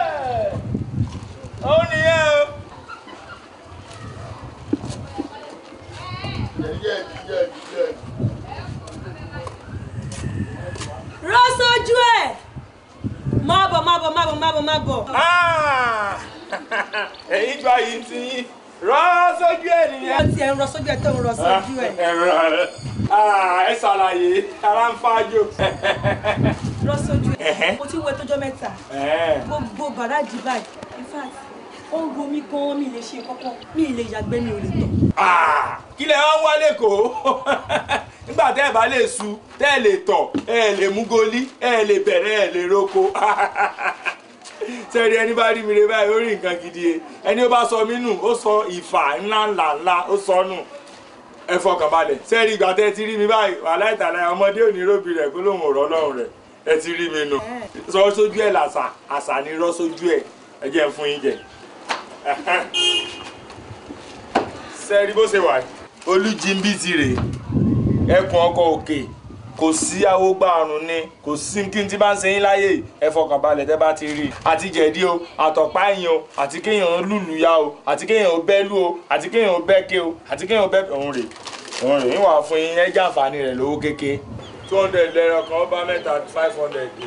Speaker 3: òun nìyẹn o. jẹ̀rí jẹ̀rí
Speaker 4: ẹ̀ má bọ̀ má bọ̀ má bọ̀ má bọ̀ má bọ̀. èyí ah! gba yìí ti yín rọ sójú ẹ nìyẹn. wọ́n ti ẹ̀ ń rọ sójú ẹ̀ tó ń rọ sójú ah, ẹ̀. Ah, ẹ ṣàlàyé
Speaker 3: ara ń fájò. rọ sójú ẹ̀
Speaker 4: mo ti wọ ẹtọ́jọ́ mẹ́ta gbogbo bàrá jì báyìí in fact ó ń ro mí mi lè ṣe kọ́kọ́ mi lè yàgbẹ́ mi ò lè
Speaker 3: tọ̀. kí lẹ wá wá lẹ́kọ̀ọ́ nígbà tẹ́ ẹ̀ bá lè su tẹ́ ẹ̀ lè tọ̀ ẹ̀ lè mú goli ẹ̀ lè bẹ̀rẹ̀ ẹ̀ lè roko sẹ́ẹ̀rí ẹni bá rí mi rẹ báyìí ó rí nǹkan gidi e ẹni ó bá sọ mí nù ó sọ ìfà ńlá ńlá ńlá ó sọ nù ẹ fọkàn balẹ̀ sẹ́ẹ̀rí ìgbà tẹ́ ẹ ti rí mi báyìí wàhálà ìtàlá ọmọdé ò ní róbì rẹ̀ kó lóun ò rọ́ lọ́rùn rẹ̀ ẹ ti rí mi nù sọ sójú ẹ̀ làṣà àṣà ni rọ́ sójú ẹ̀ ẹ jẹ́ fún yín jẹ sẹ́ẹ̀rí bó ṣe wà olújìmbìtì rèé ẹkùn ọkọ̀ òkè kò sí awógbà àrùn ni kò sí kí n ti bá ń ṣe yín láyè ẹ fọkàn balẹ̀ tẹ́ bá ti rí i àti jẹ̀dí o àtọ̀pá èèyàn o àti kéèyàn lùlù ya o àti kéèyàn bẹ́lú o àti kéèyàn bẹ́ke o àti kéèyàn bẹ́ òun rèé òun rèé wà fún yín ẹ jàǹfààní rẹ̀ lówó kéke. two hundred lẹ́rọ kan ó bá mẹ́ta five hundred dé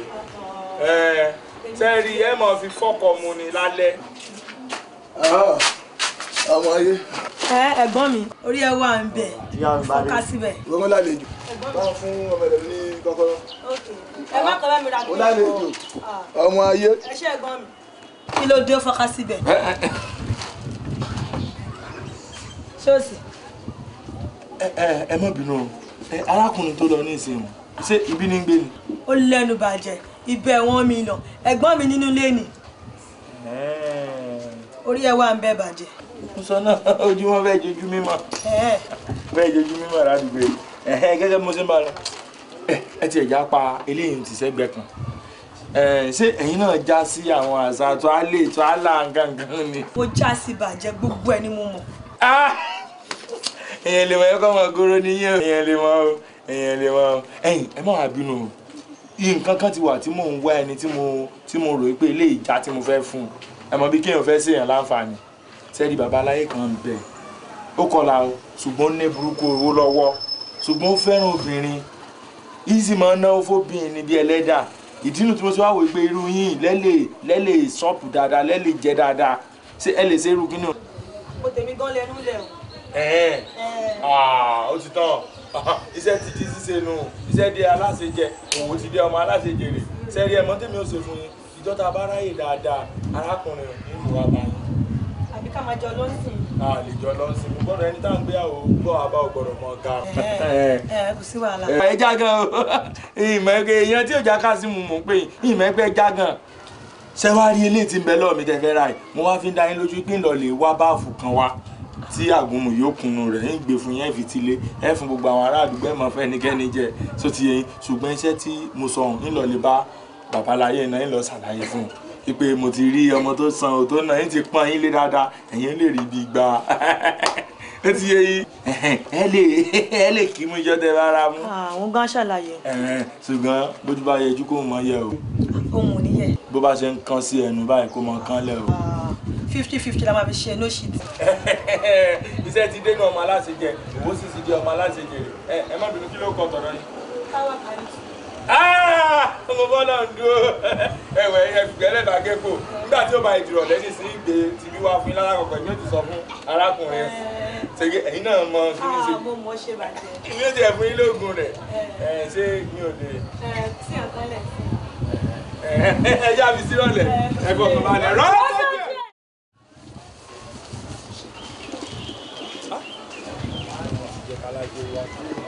Speaker 3: ẹ tẹ́rì ẹ mọ̀ fi fọ́kọ̀ mu ni lálẹ́. Ah, ọmọ ayé. ẹ
Speaker 4: ẹ̀gbọ́n mi orí ẹ wà ń bẹ fọkà síbẹ̀.
Speaker 3: ìwọ mọ lálejò báwọn fún ọmọ ẹlẹmi ní kọ́kọ́rọ́. ẹ má kọ bá mi ra kí n bá lọ ọmọ ayé.
Speaker 4: ẹ ṣé ẹ̀gbọ́n
Speaker 3: mi kí ló dé fọkà síbẹ̀. ṣọ́ọ̀ṣì. ẹ ẹ ẹ má bínú o arákùnrin tó lọ ní ìsinmi ṣé ibi ní ń gbé ni. ó lẹ́nu bàjẹ́ ibẹ̀ wọn mi lọ ẹ̀gbọ́n mi nínú ilé ni orí ẹ wá ń bẹ bàjẹ́. mo sọ náà ojú wọn fẹ́ẹ́ jojú mímọ́ fẹ́ẹ́ jojú mímọ́ ládùúgbò yìí gẹ́gẹ́ bí mo ṣe ń bá lọ ẹ ti ẹ̀já pa eléyìí ti sẹ́gbẹ̀ẹ́ kan ṣé ẹ̀yin náà já sí àwọn àṣà tó á lè tó á là gangan ni. mo já sí bàjẹ́ gbogbo
Speaker 4: ẹni mo mọ̀. èèyàn
Speaker 3: ah! lè mọ ẹ̀kọ́ ọmọ goro níyẹn èèyàn lè mọ o èèyàn lè mọ o ẹ̀yin ẹ má wàá bínú o nǹkan kan ti wà tí mò ń wá ẹni tí mo rò pé ilé ìjà tí mo fẹ́ fún un ẹ mọ̀ bí kéèyàn fẹ́ ṣe èèyàn láǹfààní sẹ́ẹ̀dì bàbá aláyé kan ń bẹ̀ ó kọlà o ṣùgbọ́n ó ní burúkú owó lọ́wọ́ ṣùgbọ́n ó fẹ́ràn obìnrin ìsì máa ń náwó fóbìnrin níbi ẹlẹ́dà ìdí nu tí mo ti wá wò irú yín lẹ́lẹ̀ lẹ́lẹ̀ ṣọ́ọ̀pù dáadáa lẹ́lẹ̀ jẹ́ dáadáa ṣé ẹ lè ṣe irú kí ni.
Speaker 4: o tèmi gan lẹnu lẹ o.
Speaker 3: ẹ ẹ ah, ó ti tán iṣẹ́ ti di ṣíṣe nu iṣẹ́ di aláṣejẹ òun ti di ọmọ aláṣejèrè sẹ́ẹ̀rì ẹ̀mọ́tẹ́mi ò ṣe fún yín ìjọ́ ta bá ráyè dáadáa arákùnrin ní ìmúwa báyìí.
Speaker 4: àbí ká máa jọ lọ́sìn.
Speaker 3: a lè jọ lọ́sìn mo gbọ́dọ̀ ẹni tá à ń gbéyàwó gbọ́ àbá ò gbọ́dọ̀ mọ ga. ẹ
Speaker 5: ẹ kò sí wàhálà. ẹ
Speaker 3: jágan o ìmọ̀ ẹgbẹ́ èèyàn tí òjá ká sí mu mò ń pè ìmọ̀ ẹgbẹ́ jágan ṣé wàá rí eléyìí tí ń bẹ lọ́ọ̀ mi tẹ́ fẹ́ ra ẹ̀ mo wá fi ń dá yín lójú pé ńlọ wá báàfù kan wá tí àgùnmù yóò kunu rẹ̀ ń gbé fún yẹn fìtílé ẹ fún gbogbo àwọn ará àdúgbò ẹ̀ mọ̀ fẹ́ ẹnikẹ́ni jẹ sótìyẹn ṣùgbọ́n iṣẹ́ tí mo sọ ọ̀hún bá babaláyé náà ń lọ ṣàlàyé fún un pé mo ti rí ọmọ tó san òtó náà ń ti pọ́n yín lé dáadáa ẹ̀yin lè rí ibi gbà ó ti yé yín ẹ lè ẹ lè kí mú ijọ́ rárá mú.
Speaker 4: àwọn ah, gan ṣàlàyé.
Speaker 3: ṣùgbọ́n bójú bá yẹjú kó mọ yẹ o. ohun ò ní yẹ. bó bá ṣe ń kan sí ẹnu báyìí kó mọ kán lẹ o ah, fifty fifty la máa fi ṣe no shit. iṣẹ́ ti dé ní ọmọ aláṣẹ bó sì ti di ọmọ aláṣẹ ẹ má bínú kí ló kọ tọ̀rọ̀
Speaker 5: yìí.
Speaker 3: Ah! mo bọ́lá ń dúró ẹ̀wẹ̀ ẹ̀fùgẹ́lẹ̀ bá gẹ́kò nígbà tí ó bá ìdìrọ̀ lẹ́sìn sí ìgbé ti bí wá fún ilé alákọ̀ọ́kọ́ ìyẹn ti sọ fún arákùnrin ṣègbè ẹ̀yin náà mọ kí ni ṣe
Speaker 4: ah, mo mọ ṣe bàjẹ́
Speaker 3: kí ni ṣe fún ilé oògùn rẹ̀ ẹ̀ eh. eh, ṣé mi ò lè.
Speaker 4: Eh, tí ọ̀kan lẹ̀ sí.
Speaker 3: ẹ yá mi sí rọ̀lẹ́ ẹ bọ̀ kọ́ balẹ̀ rọ́lá tó bẹ̀. Thank you.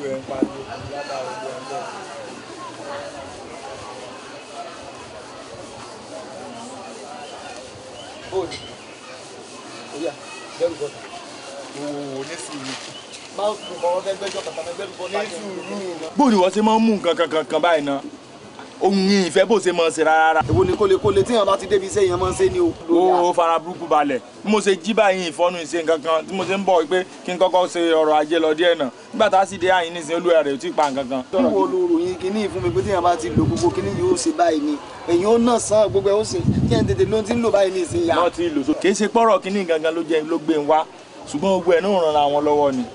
Speaker 3: gbogbo ẹ̀ ń pariwo látara gbogbo ẹ̀ ń bọ̀. bóòlù oyà bẹ́ẹ̀rù bọ́tà òwò nísìnyí báwo kò kọ́ ọ́ fẹ́ gbẹ́jọ́ kàtà máa ń mú nǹkan kankan báyìí náà òyìn ìfẹ́ bó ṣe mọ̀ ṣe rárá. èwo ni kólekóle tíyan bá ti débi iṣẹ́ yẹn mọ̀ ṣe ni o. o fara burúkú balẹ̀ bí mo ṣe jí báyìí ìfọ́nù ìṣe nǹkan kan tí mo ṣe ń bọ̀ pé kí n kọ́kọ́ ṣe ọrọ̀ ajé lọ díẹ̀ náà nígbà tá a sì dé àyín nísìnyí olúwa rẹ̀ ò tí ì pa nǹkan kan. wíwo olùròyìn kìíní fún mi pé tíyan bá ti lo gbogbo kìíní yóò ṣe báyìí ni èyí ó náà san gbogbo ẹ̀ ó sì kí ẹ̀ ń tètè ló ti ń lò báyìí ní ìsinyìí. náà ti lò so kì í ṣe pọ́rọ̀ kìíní gangan ló jẹ́ ló gbé ń wá ṣùgbọ́n gbogbo ẹ̀ náà ràn ra wọn lọ́wọ́ ni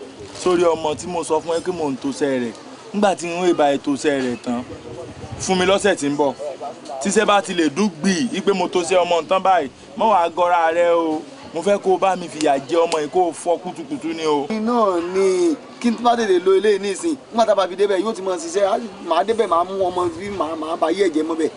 Speaker 3: nígbà tí n ó ìbá ètò iṣẹ́ rẹ̀ tán fún mi lọ́sẹ̀ tí ń bọ̀ tíṣẹ́ bá ti lè dún gbì í pé mo tó ṣe ọmọ nǹkan báyìí mọ́ wàá gọra rẹ o mo fẹ́ kó o bá mi fìyà jẹ ọmọ yìí kó o fọ́ kùtùkùtù ni o. náà ni kí n bá tètè lo eléyìí nísìn nígbà tá a bá fi débẹ̀ yóò ti mọ ṣiṣẹ́ màá débẹ̀ màá mú ọmọ bí màá bá yí ẹ̀jẹ̀ mọ́ bẹ̀.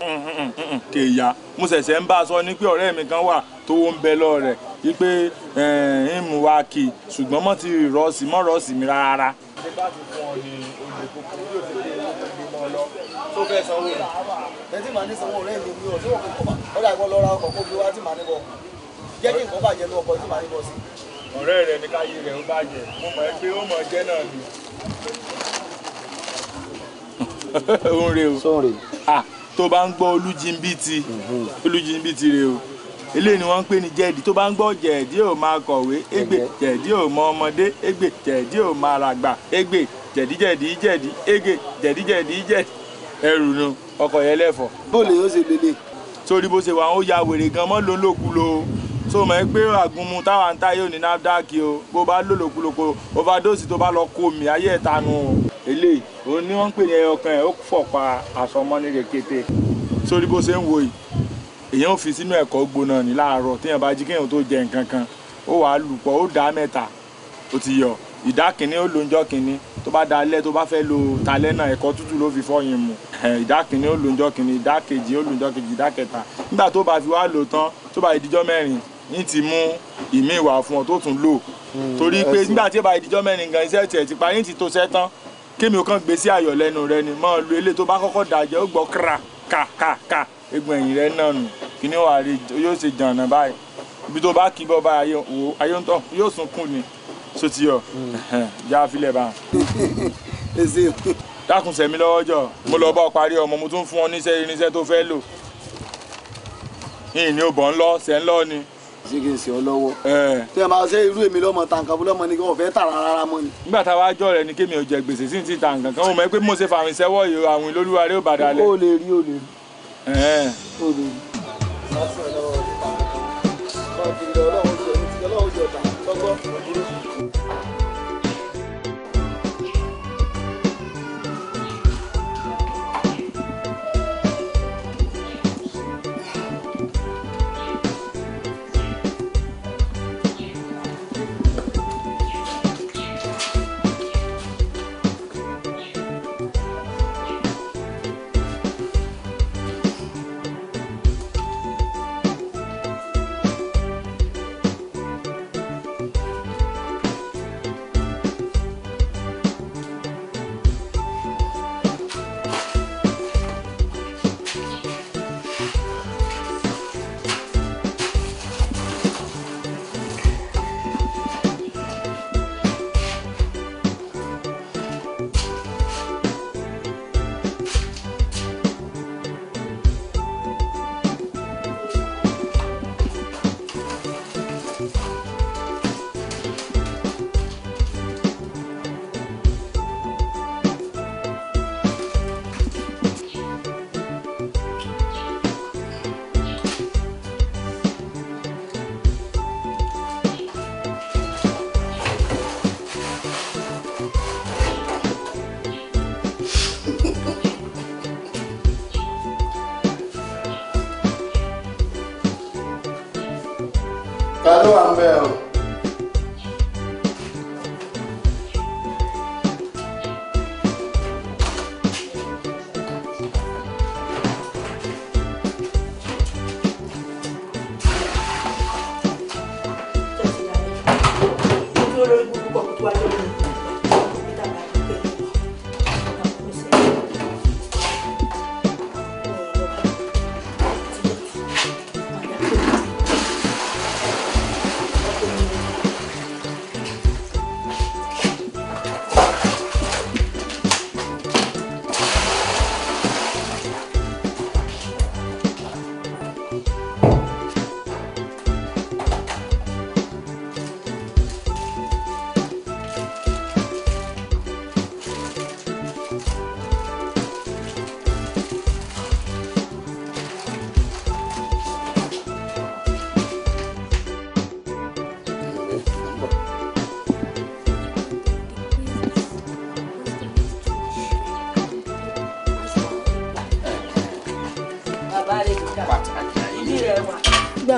Speaker 3: kèèyà mo ṣẹ̀ṣẹ̀ ń bá a sọ ni pé ọ̀rẹ́ mi kan wà tó ń bẹ lọ rẹ̀ wípé ń mú wa kì ṣùgbọ́n mọ́ ti rọ̀ sí mọ́ rọ̀ mi rárá. ṣé bá ti fún ọ ní olè kókó tó fẹ́ sanwó rẹ̀ tẹ́tí màá ní sanwó ọ̀rẹ́ mi mi ò sí òkú ọ̀dà ìwọ lọ́ra ọkọ̀ kó fi wá tí ní bọ̀ jẹ́ kí nǹkan bàjẹ́ ní ọkọ̀ tí màá ní bọ̀ sí. ọ̀rẹ́ rẹ̀ ní káyé rẹ̀ ó bàjẹ́ mo mọ̀ ẹ́ pé ó mọ̀ jẹ́ náà ni. òun rè o tó bá ń gbọ́ olújìnbìtì mhm. olújìnbìtì rè o eléyìí ni wọ́n ń pè ní jẹ̀dí tó bá ń gbọ́ jẹ̀dí ò máa kọ̀wé égbè jẹ̀dí ò mọ ọmọdé égbè jẹ̀dí ò máa ràgbà égbè jẹ̀díjẹ̀dí jẹ̀dí égbè jẹ̀díjẹ̀dí jẹ̀dí ẹrù nu ọkọ̀ yẹn lẹ́fọ̀. bó lè yóò ṣe lélẹ̀. sórí bó ṣe wà ó ya wèrè gan mọ́ ló lòkulò o so mọ̀ ẹ́ pé àgùnmu táwa ń ta yóò ní NAFDAC o bó bá lò lòkulò kò overdose tó bá lọ kó mi ayé ẹ̀ tanu o. eléyìí òun ni wọ́n ń pè ní ọkàn ẹ̀ ó fọ̀ pa àsọmọ́ni rẹ̀ kété sórí bó ṣe ń wo yìí èèyàn fi sínú ẹ̀kọ́ gbóná ní láàárọ̀ téèyàn bá jí kéèyàn tó jẹ nǹkan kan ó wàá lùpọ̀ ó dá mẹ́ta ó ti yọ ìdá kìíní ó lo njọ́ kìíní tó bá dalẹ́ tó bá fẹ́ lo talẹ́ náà ẹ̀kọ́ tútù ló fi fọyín mu ìdá kìíní ó lo njọ́ kìíní ìdá kejì ó lo njọ́ kejì ìdá kẹta nígbà tó bá fi wá lò tán tó bá ìdíjọ́ mẹ́rin ní ti mú ìmí ìwà fún ọ tó tún lò hmm, torí pé nígbà tí ó bá ìdíjọ́ mẹ́rin gan iṣẹ́ tiẹ̀ ti parí ní ti tó sẹ́ tán kémi ò kàn gbé sí ayọ̀ lẹ́nu rẹ ni mọ́ lu ilé tó bá kọ́kọ́ dàjẹ́ ó gbọ́ kra ka ka ka egun ẹ̀yìn rẹ náà nù kí wàá rí yóò ṣe jàǹnà báyìí ibi tó bá kí bọ́ báyìí ayé ń tọ́ yóò sunkún ni sotí ọ já filẹ̀ bá dákun sẹ̀mí lọ́wọ́ jọ mo lọ bá ọ parí ọmọ mo tún fún ọ níṣẹ́ irinṣẹ́ tó fẹ́ lò yìnyín ni ó bọ̀ ń lọ sẹ́ ń lọ ni ṣé kí n ṣe ọ lọ́wọ́. tí ẹ máa ṣe irú èmi lọ́mọ tàǹkàbù lọ́mọ ni wọ́n fẹ́ tà rárá mọ́ ni. nígbà táwa jọ rẹ ni kémi ò jẹ gbèsè sí ti tàǹkàn kan ó mọ pé mo ṣe fàwìn sẹ́wọ́ yìí àwìn lólúwa rẹ ó bàdà lẹ. o lè rí o lè rí. o lè rí. ọlọ́run ṣe ọlọ́run ṣe ọlọ́run ṣe ọ̀tà lọ́gbọ́n.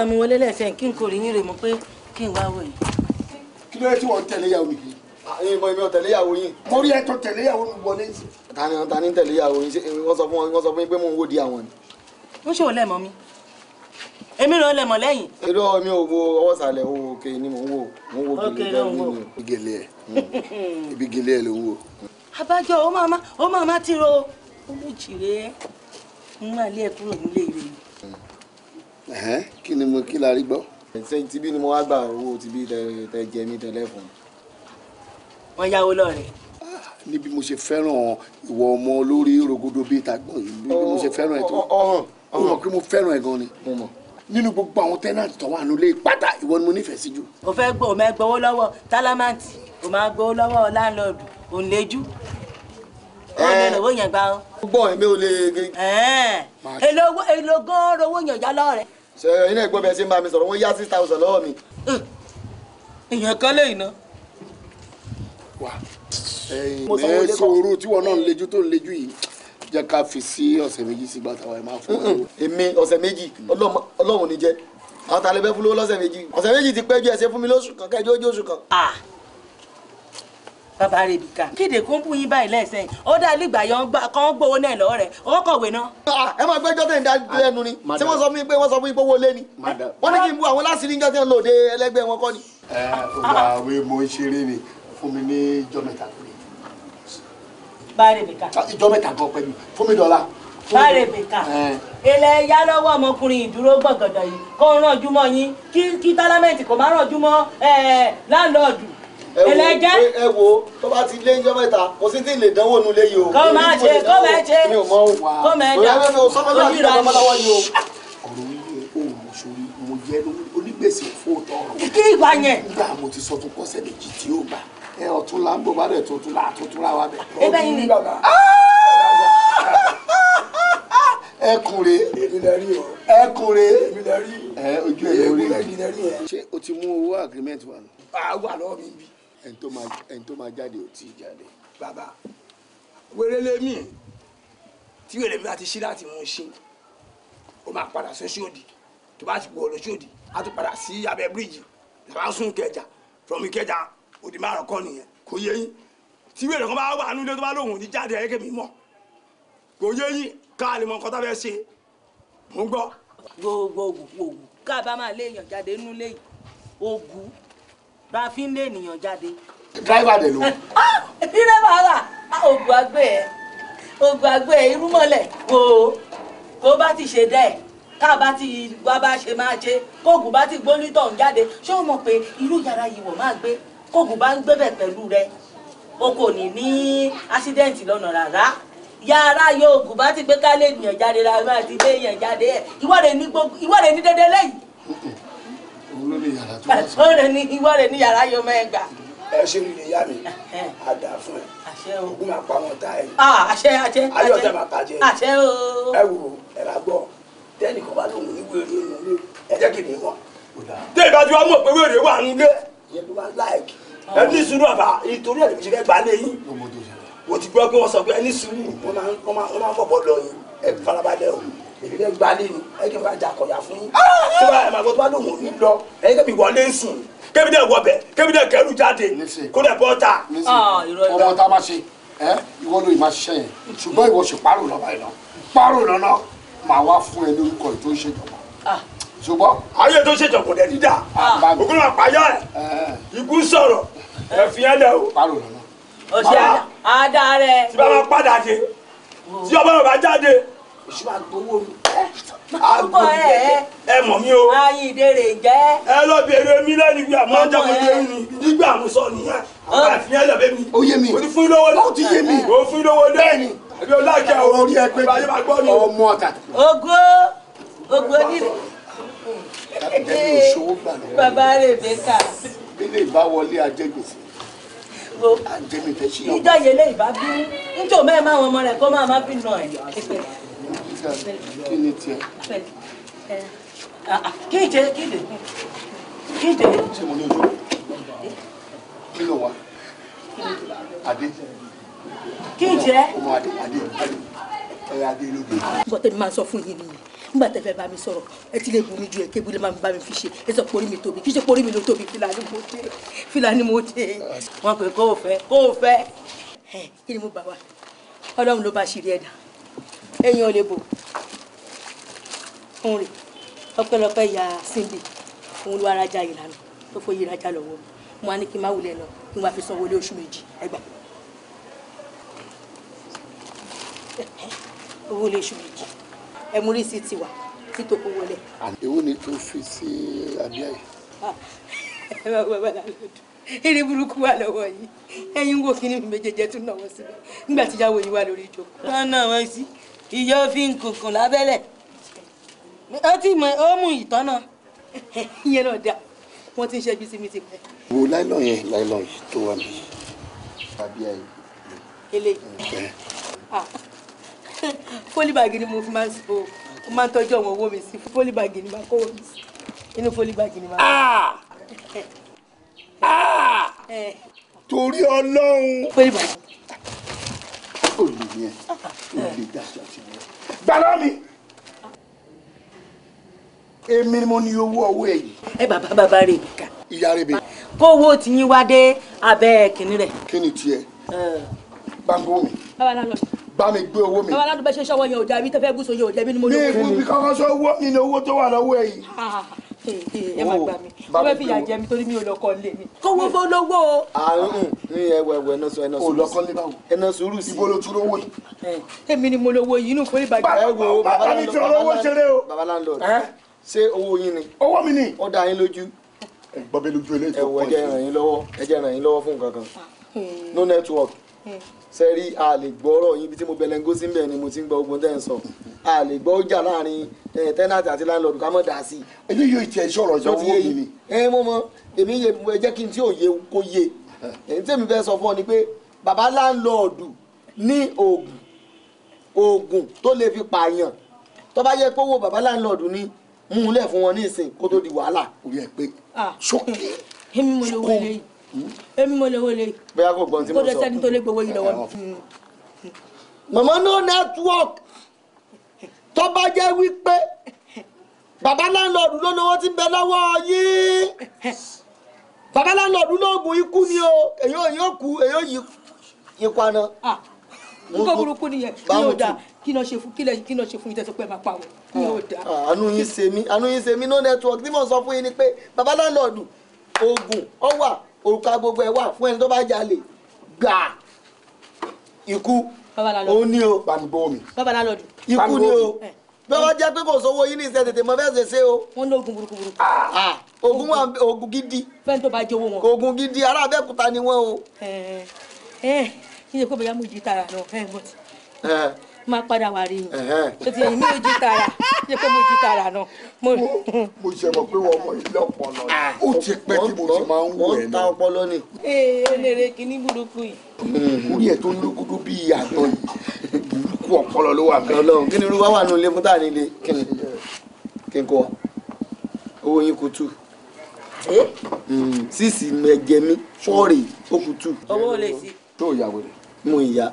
Speaker 5: ìyá mi wọlé lẹ́sẹ̀ kí n kò rí yín rè mọ́ pé
Speaker 3: kí n wá wò yín. kí ló yẹ tí wọ́n tẹ̀lé ìyàwó mi yìí. àyìn ìbọn ìbọn tẹ̀lé ìyàwó yín. mo rí ẹtọ tẹ̀lé ìyàwó mi wọlé. tani tani tẹ̀lé ìyàwó yín ṣe eh, wọ́n sọ fún wọ́n sọ fún yín pé mò ń wò di àwọn ni. ń ṣe òlẹ̀ mọ́ mi èmi rò lẹ̀ mọ́ lẹ́yìn. irú mi ò wo ọwọ́ sàlẹ̀ wo òkè ni mò ń wò mò ń wò gèlè ibi hmm. gèlè ibi gèlè ẹ̀ ló wò kí ni mo kí la rí gbọ́. ṣẹ́yìn tibí ni mo wá gba owó tibí tẹ jẹ mí tẹ́lẹ̀ fún.
Speaker 5: wọ́n yáwó lọ́ọ̀rẹ́.
Speaker 3: Ah, níbi mo ṣe fẹ́ràn ìwọ ọmọ olórí rogodo bíi tàgbọ̀n yìí bí mo ṣe fẹ́ràn ẹ̀ tó o mọ̀ pé mo fẹ́ràn ẹ̀ gan ni nínú gbogbo àwọn tẹ́nàtì tó wà nílé pátá ìwọ ni mo nífẹ̀ẹ́ sí jù.
Speaker 5: o fẹ́ gbọ́ o máa gbowó lọ́wọ́ tálámàǹtì o máa gbowó lọ́wọ́ láńlọ́ọ̀dù òun léjú
Speaker 3: wọ́n ní owó yẹn gbá o. gbọ́ ẹ̀mí o lè. ẹ̀ẹ́n
Speaker 5: èlò owó èlò gan-an owó yẹn yá lọ́rẹ̀ẹ́
Speaker 3: ṣe iná ìgbọ́ bẹ́ẹ̀ ṣe ń bá mi sọ̀rọ̀ wọ́n yá six thousand lọ́wọ́ mi. Hmm. èèyàn kan lè ná. wà ẹ sọ̀rọ̀ tí wọn náà ń lejú tó ń lejú yìí jẹ́ ká fi sí ọ̀sẹ̀ méjì sígbà táwa ẹ̀ máa fún wọn. èmi ọ̀sẹ̀ méjì ọlọ́run ni jẹ́ àwọn tàlẹ́ bẹ́ẹ̀ fún lọ́sẹ̀ méjì ọ̀sẹ̀ méjì ti pẹ́ ju ẹ̀ṣẹ̀ fún mi lóṣù kan kẹ́ẹ̀jọ́ ojú oṣù kan bàbá rẹ̀ bìkà kéde kó ń bù yín báyìí lẹ́sẹ̀ ó dá ilé ìgbà yẹn kan ń gbowó náà lọ́wọ́ rẹ̀ ó kọ̀wé náà. Ah, ẹ máa gbẹ́jọ́ tẹ̀ ń dá ah, lẹ́nu ni tí wọ́n sọ fún mi pé wọ́n sọ fún mi pé owó lé ni wọ́n ní kí n bu àwọn láṣìírí níjọ́ tí wọ́n lòde ẹlẹ́gbẹ́ wọn kọ́ ni. ẹ ọgbà àwọn èèmọ̀ ìṣeré ni fún mi ní ìjọ mẹ́ta péré. báyìí bìkà. ìjọ mẹ́ta gan pẹ̀lú fún mi dọ́là bárẹ̀bẹ̀kà
Speaker 4: ilẹ̀ ẹ̀yá lọ́wọ́ ọmọkùnrin ìdúró gbọ̀gàdàn yìí kó ń rànjú mọ́ yín kí tálámẹ́ǹtì kò má
Speaker 5: ẹlẹgẹ
Speaker 3: ẹ wo tó bá ti lé yọ mẹ́ta kò sí tí ì lè dánwò nu lé yìí o kọ́ máa ṣe kọ́ máa ṣe mi ò mọ wà kọ́ máa dà olùrà ni ọ̀rọ̀ yìí o òmùsùlùmí mo jẹ́ onígbèsè fóòtọ́ ọ̀rọ̀ kí ìgbà yẹn nígbà mo ti sọ tún kọ́sẹ̀ méjì tí ó gbà ẹ ọ̀tún la ń bọ̀ bá dẹ̀ tuntun la tuntun la wa bẹ̀. ebe yìí ni ẹkùn rè ẹkùn rè ojú ẹ̀ lórí ṣé o ti mú owó agreement wa. àwa lọ́ọ́ mi bí ẹni tó máa jáde ò tí ì jáde. bàbá wéré lémi tí wèrè mi bá ti ṣí láti mú un ṣe ó máa padà sí ṣòdì tó bá ti wọ̀ lọ ṣòdì á tún padà sí abẹ́ bíríìjì làbá sún kẹjà from ìkẹjà òdì márùn kọ́ nìyẹn kò yé yín tí wèrè kan bá wà nílé tó bá lóhùn ní jáde ẹ̀yẹ́kẹ́ mi mọ̀ kò yé yín ká lè mọ nǹkan tó fẹ́ ṣe mò ń gbọ́. gbogbo ògùn ògùn ká bá máa léèyàn jáde nínú léyìí ògùn la fi ń lé ènìyàn jáde. dírẹ́fà dẹ̀ ló. dírẹ́fà
Speaker 4: rà ògùn àgbẹ̀ ẹ̀ ògùn àgbẹ̀ ẹ̀ irúmọ̀lẹ̀ wò ó kó bá ti ṣe dẹ́ ẹ̀ ká bá ti wá bá ṣe máa ṣe kóògùn bá ti gbólítọ̀ ń jáde ṣé o mọ̀ pé irú yàrá yìí wọ̀ máa gbé kóògùn bá ń gbébẹ̀ pẹ̀lú rẹ̀ o kò ní ní ásídẹ́ǹtì lọ́nà rárá yàrá yòókù bá ti gbé kálẹ̀ ènìyàn jáde rárá ti gbé
Speaker 3: èèyàn jáde ẹ̀ ìwọ́de ní dédé lẹ́yìn òun ló ní yàrá tó wá sí.
Speaker 5: pàtó rẹ ní ìwọ rẹ ní yàrá yóò mẹ gbà.
Speaker 3: ẹ ṣe rí ìyá mi a dà fún ẹ ògùn máa pa wọn ta ẹ. àṣẹ àṣẹ àṣẹ ayé ọjà máa bàjẹ́ àṣẹ o. ẹ wo ẹ bá gbọ́ tẹ́nì kan bá lóun ní wèrè nílé ẹ jẹ́ kí ni wọn. tẹ́ ìbájú wa mọ̀ pé wèrè wà nílé yẹn ló bá láìkì ẹ ní sùúrù àbá ìtòrí ẹ̀dẹ̀ méjì fẹ́ gbà lé yín o ti gbọ́ pé wọ́n sọ pé ẹ ní sùúrù wọ́n máa ń fọ̀bọ̀ èmi gba lé ni ẹ kí n bá fún yín tí wàá ẹ̀ máa gbọ́ tó bá lóun ò ní lọ ẹ̀yin kẹ́mi wọlé ń sùn kẹ́mi dẹ̀ wọbẹ̀ kẹ́mi dẹ̀ kẹ́rù jáde kó dẹ̀ bọ́ ta. Ah, ọmọ ta ma ṣe ẹ ìwọ ló ìmá ṣiṣẹ́ yẹn ṣùgbọ́n ìwọ ṣe párò lọ́ba ìlọ párò lọ́nà màá wá fún ẹ lórúkọ ètò ìṣèjọba ah. ṣùgbọ́n. ayé tó ṣèjọba dẹ̀ dídà ah, ògùn àpáyọ eh, eh. ẹ ikú sọ̀rọ̀
Speaker 5: òṣù
Speaker 4: máa gbowó mi.
Speaker 3: ẹ mọ̀ mí o. ayíǹde rè jẹ́. ẹ lọ bèrè mi lẹ́nu ìwé àmọ́ ọjà mo yé mi nígbà mo sọ nìyẹn àwọn àfihàn ẹlẹ́bẹ̀ mi. ó yé mi o ti fún lówó náà. ó ti yé mi. o fún lówó náà. bẹ́ẹ̀ni àbí o lájà o. orí ẹ pé ọmọ ọ̀tà. ogo ogo ní. bàbá rẹ̀ bẹ́ẹ̀ ilé ìbáwọlé ajẹ́gbèsè ajẹ́gbèsè ìjọ
Speaker 4: yẹlé ìbá bí ń jò mẹ́ẹ̀ máa wọn ọmọ
Speaker 3: kí ni
Speaker 5: tiẹ̀. kéde kéde kéde.
Speaker 3: ṣé mo ní ojú kí ló wà adé. kéde. ọmọ adé adé adé
Speaker 4: ẹ adé lóde. nǹkan tẹ́mi máa ń sọ fún yín nìyẹn
Speaker 6: nígbà tẹ́ fẹ́ bá mi sọ̀rọ̀ ẹ ti lè bomi ju ẹ kébù lè máa bá mi fi ṣe ẹ sọ porí mi tóbi kí ṣe porí mi ló tóbi fìlà ni mo dé fìlà ni mo dé wọn pè kó o fẹ́ kó o fẹ́ kí ni mo bá wa Ọlọ́run ló bá ṣe rí ẹ̀dá èèyàn ò lè bò fún rè ọpẹ́lọpẹ́ ìyá síbi òun ló ara ja ìlànà tó fòye ìrajà lọ́wọ́ mo wá ní kí n má wulẹ̀ lọ kí n wá fi sanwó lé oṣù méjì ẹgbà owó lé oṣù méjì ẹmú rí
Speaker 5: sí tiwa
Speaker 3: tí tó kó wọlé. èwo ni tó fi sí abíyá yìí.
Speaker 5: Ah, ẹ bá wọ bàbá lọ́dún eré burúkú wà lọ́wọ́ yìí ẹ̀yin wo kí ni méjèèjì tún náwó
Speaker 4: síbẹ̀ nígbà tíyàwó yìí wà lórí ìjókòó. wọn náà wọn sí ìyá fi ń kùnkùn lábẹ́lẹ̀ ó ti mọ ó mú ìtọ́nà ìyẹn náà dà wọ́n ti ń ṣe
Speaker 3: bíi ti pẹ́. wo láìlọ́n yẹn láìlọ́n yẹn tó wà mí. tàbí ayé. ele fólíbàgì ni mo fi máa ń sọ
Speaker 6: mo máa ń tọ́jú ọmọ owó mi sí fólíbàgì ni máa kó owó mi sí inú fólíbàgì ni
Speaker 1: máa.
Speaker 3: torí ọlọ́run. fólíbàgì. olùyẹn olùdásá gbàlá mi èmi ni mo ní owó ọwọ́ ẹ̀ yìí. ẹ bàbá bàbá rè kà. ìyá rẹ̀ bẹ̀. kó owó tí yín wá dé abẹ́ kìnní rẹ̀. kí ni tiẹ̀.
Speaker 4: báńgó mi. bàbá náà lọ bá mi gbé owó mi. bàbá aládùn bẹ́ẹ̀ ṣe ṣọwọ́ yẹn ò jẹ́ àbí tẹ́fẹ́ gúúsù yẹn ò jẹ́ bí ni mo ní. mi ìwé bí kankan
Speaker 3: sọ owó mi ni owó tó wà lọ́wọ́ ẹ̀ yìí ẹ má gbà mí ó fẹ́ fìyà jẹ mi torí mi ò lọ́kọ lé mi. kówó bó lówó o. àrùn ní ẹwẹ ẹwẹ ẹnà sọ ẹnà sùúrù. olùkọ lé báwo. ẹnà sùúrù sí. ibo ló tún lówó yìí. èmi ni mo lówó yìí inú kórè bàjẹ́. ẹ wo bàbá mi ti olówó ṣeré o. bàbá landlord ṣé owó yín ni. owó mi ni. ó dá yín lójú. ẹ gbọ́ bẹ́ẹ̀ lójú eléyìí tó pọ̀ jù. ẹ wo ẹ jẹ́ ràn yín lọ́wọ́ ẹ jẹ́ ràn yín lọ́wọ́ fún nǹkan kan no network sẹ́rí a lè gbọ́rọ̀ yín bí tí mo bẹ̀rẹ̀ ń gó sí bẹ́ẹ̀ ni mo ti ń gbọ́ ogun tẹ́ ń sọ a lè gbọ́ ọjà láàrin tẹ́nàtì àti láńlọ́ọ̀dù ká mọ̀ dà sí i. èmi yóò tiẹ̀ sọ̀rọ̀ jọ owó mi ni. ẹ mọ mọ èmi yẹ jẹ́ kí n tí ò yẹ kó yẹ èyí tèmi fẹ́ sọ fún ọ ni pé bàbá láńlọ́ọ̀dù ní oògùn oògùn tó lè fi pààyàn tó bá yẹ pé owó bàbá láńlọ́ọ̀dù ní mú un lẹ̀ fún wọn ní ìsìn kó tó di wàhálà. orí èmi mo lè wọlé bóyá kò gbọ́n tí mo sọ kó lè sẹ́ni tó lè gbowó yìí lọ́wọ́ mama no network tó bá jẹ́ wípé bàbá láńlọ́ọ̀dù ló lówó tí ń bẹ lọ́wọ́ yín bàbá láńlọ́ọ̀dù lóògùn ikú ni o èyí ò yóò kú èyí ò yí ìpaná. Ah, nǹkan burúkú nìyẹn kí ló dáa kí ló ṣe fún kí ló kí ló ṣe fún ìtẹ́sọ́ pé máa pa wọ́n kí ló ah, àánú yín ṣe mí àánú yín ṣe mí no network tí mo sọ fún yín ni pé bàbá láńlọ́ọ̀dù oògùn ó wà òrùka gbogbo ẹ̀ wà fún ẹni tó bá jalè gbà ikú òun ni o ikú ni o eh. bí wọ́n jẹ́ pé kò sówó yín ní ìṣe tètè mọ fẹ́ ṣe o. wọ́n ní oògùn burúkú burúkú. Ah, ah. oògùn wa oògùn gidi. fẹ́ni tó bá jẹ́ owó wọn. oògùn gidi ará Abẹ́òkúta ni wọ́n o. ẹ eh, ẹ eh. kí ni kó bẹ
Speaker 4: yá
Speaker 6: mú ìdí tara lọ máa padà wà rí o tó ti ẹ̀yìn mi ò jí tara
Speaker 3: yẹ pé mo jí tara náà. mo ṣe mọ̀ pé wọ́n mọ ilé ọpọlọ ah, ó ti pẹ́ tí mo ti máa ń wù ẹ́ náà. wọ́n ta ọpọlọ ni.
Speaker 5: ee onere kìíní burúkú yìí.
Speaker 3: orí ẹ̀ tó ń lókùdú bíi àtọ̀ yìí burúkú ọpọlọ ló wà bẹ́ẹ̀. Ọlọ́run kí ni irú wá wà nínú ilé fún tàà nílé kí n kọ wa owó yín kò tù hmm, sísì mẹjẹ mi fọ́ọ̀rì ó kò tù. owó lè sí. tó ìyàwó rẹ̀. mo ìyá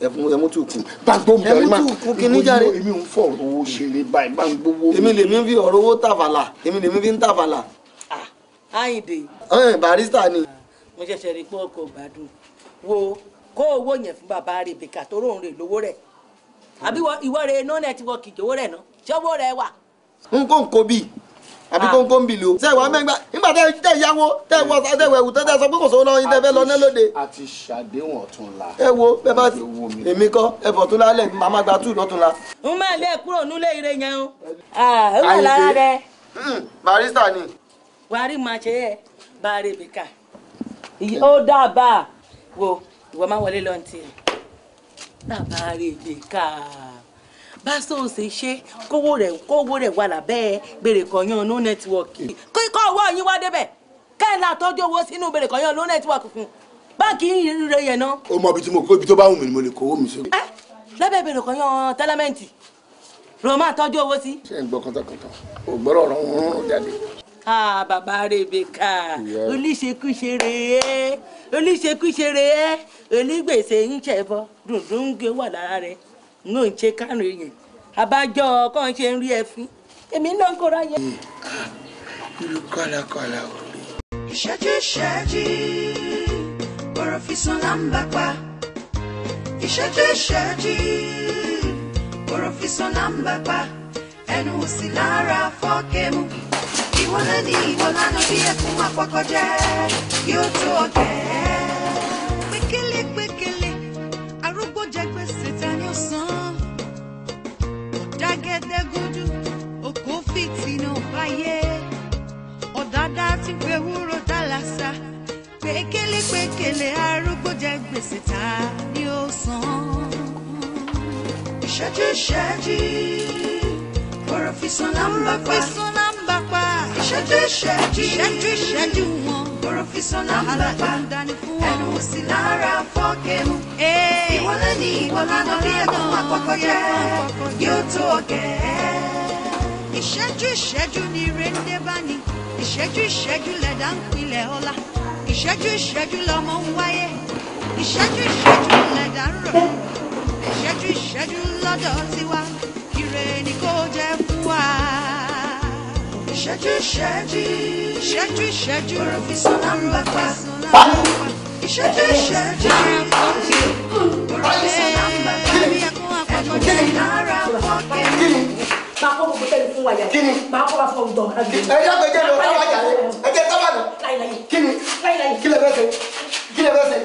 Speaker 3: ẹmú tí o kù. gbàgbó mi àrí máa ẹmú tí o kù kí ní jáde. èmi ń fọ owó ṣeré báyìí bá ń gbowó. èmi lèmi fi ọ̀rọ̀ owó tàfàlà èmi lèmi fi ń tàfàlà. Àyìndé. barista ni.
Speaker 5: mo ṣẹ̀ṣẹ̀ rí pé ọkọ̀ gbádùn wo kó
Speaker 3: owó yẹn fún bàbá Rebecca tó rò ń rè lówó rẹ̀ àbí ìwọ rẹ̀ nọ́ọ̀nẹ́tíwọ̀kì ìjòwó rẹ̀ náà ṣọ́wọ́ rẹ̀ wà. n kò bíi àbí ah. kóńkóńbìlì o. sẹ́wọ̀n amẹ́gbà ah. nígbà tẹ́ yáwó tẹ́ wọ tẹ́ wọ ẹ̀wù tẹ́ sọ pé kò sówó náà yín tẹ́ fẹ́ lọ ní lóde. a ti ṣàdéhùn ọ̀túnla. ẹ wo bẹ́ẹ̀ bá ti èmi kọ́ ẹ fọ̀ túnla lẹ̀ màmá gba tù lọ́túnla. n máa lé kúrò nílé ire yẹn o. Ah, ó wà lára rẹ. Hmm, barista ni. wàá rí màá ṣe
Speaker 5: é bá a rè
Speaker 4: mí ó dábàá wo ìwọ máa wọlé lọ́ntì rẹ̀ dábàá rè
Speaker 5: báṣọ ò ṣe ṣe kówó rẹ̀ kówó rẹ̀ wà lábẹ́ gbèrè kọ̀ọ̀yàn no nẹ́tíwọ̀kì kíkọ́ owó yín wá débẹ̀
Speaker 4: kẹ́hìn náà tọ́jú owó sínú gbèrè kọ̀ọ̀yàn no nẹ́tíwọ̀kì fún báńkì yìí rẹ yẹn náà.
Speaker 3: o mọ ibi tí mo kó ibi tó bá wù mí ni mo lè kówó mi sí. ẹ lábẹ́ gbèrè kọ̀ọ̀yàn tẹ́lẹ̀mẹ́ǹtì roma tọ́jú owó sí. ṣé ń gbọ́ kọ́ńtàkọ́ńtà ò gbọ́dọ̀ rán òun rún jáde. Ah, bàbá Rebeka oníṣekúṣe rèé oníṣekúṣe rèé
Speaker 5: n ò ń ṣe ọkọ ṣe ń rí ẹfin èmi náà ń kóra
Speaker 3: ìṣẹ́jú
Speaker 6: ìṣẹ́jú ọ̀rọ̀ fi pa
Speaker 2: ìṣẹ́jú ìṣẹ́jú ọ̀rọ̀ fi sùn láǹbà pa ẹnu ò lára fọ́ọ̀kẹ́mu ìwọ́lẹ́ ní ìwọ́lá bí ẹkún lásán ọ̀dàgẹ́dẹ́gúdú òkú fìtínà báyé ọ̀dàdá ti pé wúro dálásà pékélé pékélé jẹ gbèsè ta ni ó san. ìṣẹ́jú ìṣẹ́jú ọ̀rọ̀ fi sùn lámbàgbà lápá. ìṣẹ́jú ìṣẹ́jú ìṣẹ́jú wọn. ọ̀rọ̀ fi sọ́nà lápá ẹnu sì lára fọ́ọ̀kẹ́mu. ìwọlé ní ìwọlánà bí ẹ̀kọ́ àkọ́kọ́ jẹ́ yóò tó ọ̀gẹ́. ìṣẹ́jú ìṣẹ́jú ni rende bá ní ìṣẹ́jú ìṣẹ́jú lẹ̀dá ń pilẹ̀ ọlá ìṣẹ́jú ìṣẹ́jú lọmọ ń wáyé ìṣẹ́jú ìṣẹ́jú lẹ̀dá ń rọ̀ ìṣẹ́jú ìṣẹ́jú lọ́dọ̀ tiwa ire ni kò jẹ́ fún ìṣẹ́jú ìṣẹ́jú ìṣẹ́jú ìṣẹ́jú òròfisùn náà ń bá pa ìṣẹ́jú ìṣẹ́jú òròfisùn
Speaker 4: náà ń bá pa ẹ̀dùnkẹ́ ìnára fọ́ọ̀kẹ́. máa kọ́ gbogbo tẹ́lẹ̀ fún wa yà kí ni máa kọ́ wa fọ́ ọ̀dọ̀ ọ̀la gbé. ẹ yọ gbẹjẹ lọ káwá jà lé ẹ jẹ káwá lọ.
Speaker 3: kí ni kí lè bẹ́ẹ̀ ṣe kí lè bẹ́ẹ̀ ṣe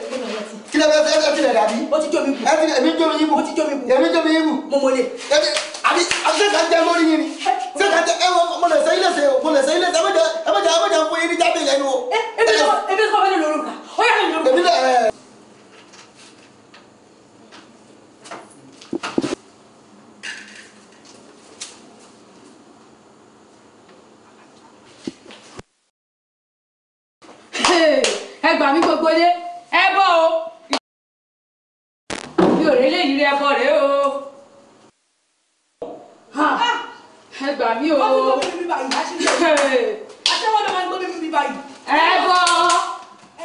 Speaker 3: kí lè bẹ́ẹ̀ ṣe ẹ ti lẹ̀ dàbí. ó ti jó mi bù. ẹ ti lẹ̀ mi jó mi bù. ó ti jó mi bù. èmi jó mi bù. mo mọ̀ lé àbí ṣé ká jẹ ni ṣé ká jẹ ẹ wọ mo lè sẹ ilé ṣe o mo lè sẹ ilé ṣe ẹbẹjẹ ẹbẹjẹ ẹbẹjẹ fún yín ní jáde lẹ́nu o. ebi sọ ebi sọ bẹ́ẹ̀ lórí òkúta ó yà mí lórí òkúta.
Speaker 6: ẹ gbà mí gbogbo
Speaker 4: mi ò rí lè yí rẹ bọ́ o. ẹ mí o. wọ́n ti gbọ́ mi bí báyìí àṣírí ẹ̀ àṣẹwọ́n ló máa ń gbọ́ mi bí báyìí. ẹ bọ́.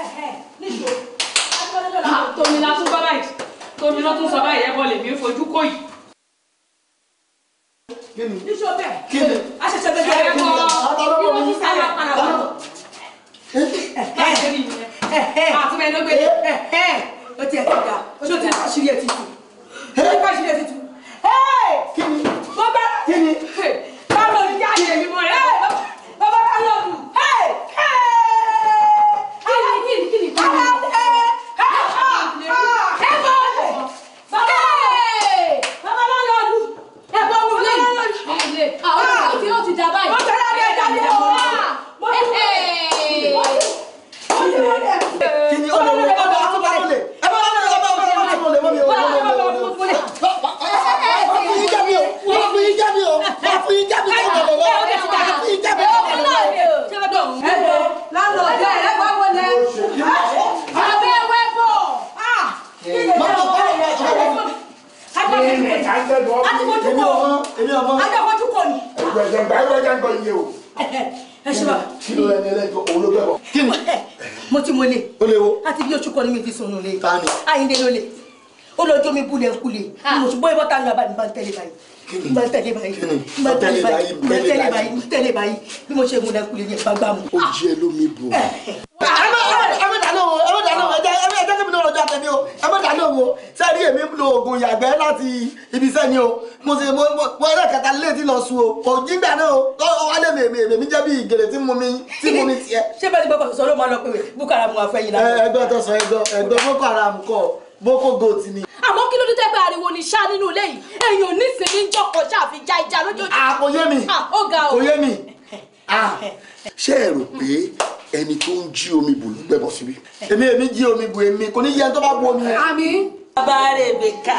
Speaker 4: ẹ ẹ níṣó àṣẹwọ́n ló máa ń ah, gbọ́ mi bí báyìí. tòmìnà tún bá báyìí tòmìnà tún sọ báyìí ẹ bọ́ lèmi ń fojú kó yìí. kíni kíni àṣẹṣẹ bẹ́ẹ̀ bẹ́ẹ̀ bọ́ ọ̀dọ́ ló o ti ẹ ti da o ti ẹ ti ṣírí ẹ ti tu o ti ẹ ti ṣírí ẹ ti tu. Hey! Kí ni? Mo bá. Kí ni? ò jáde mi mọ̀ ẹ́. à de tẹ́lu ọ́ fún mi èmi ọmọ ajá fojú kò ní.
Speaker 3: ẹgbẹ̀jẹ̀ gbà ẹgbẹ̀jẹ̀ gbọ́ iye o. ẹ ṣe bá. kí ló eh, mo ti mọlé. o lè wo. ni mi fi sunu
Speaker 4: máa tẹ̀lé báyìí máa tẹ̀lé báyìí máa tẹ̀lé báyìí máa tẹ̀lé báyìí bí mo ṣe mú náà kulè ní ẹ̀fà gbà mú. ó
Speaker 3: jí ẹ lómi bò. Ah. sẹ́rí èmi ń lo oògùn ìyàgbẹ́ láti ibiṣẹ́ ni o mo ṣe mo mo ẹlẹ́kẹta létí lọ sùn o kò nígbà náà o wá lé mèmè mèmí jẹ́ bí ìgèrè tí mo mi tí mo mi tiẹ̀.
Speaker 6: ṣé bẹ́ẹ̀
Speaker 4: ni
Speaker 3: boko sọ ló máa lọ pé boko haram wà fẹ́yìn náà. ẹgbẹ́ tó sọ ẹgbẹ́ ẹgbẹ́ boko haram boko goat ni.
Speaker 6: àmọ́ kí ló dé tẹ́gbẹ́ ariwo ní ṣá nínú ilé yìí èèyàn nísìnyí ń jọkọ̀ ṣáà fi ja ìjà lójoojúmọ́. a ah, kò yé mi ah, kò yé mi
Speaker 3: ah. ṣé ẹ rò pé ẹni tó ń jí omi bù ló gbẹbọ síbi. èmi èmi jí omi bù èmi kò ní yẹ ẹni tó bá bu omi. àmì.
Speaker 4: bàbá Rèbékà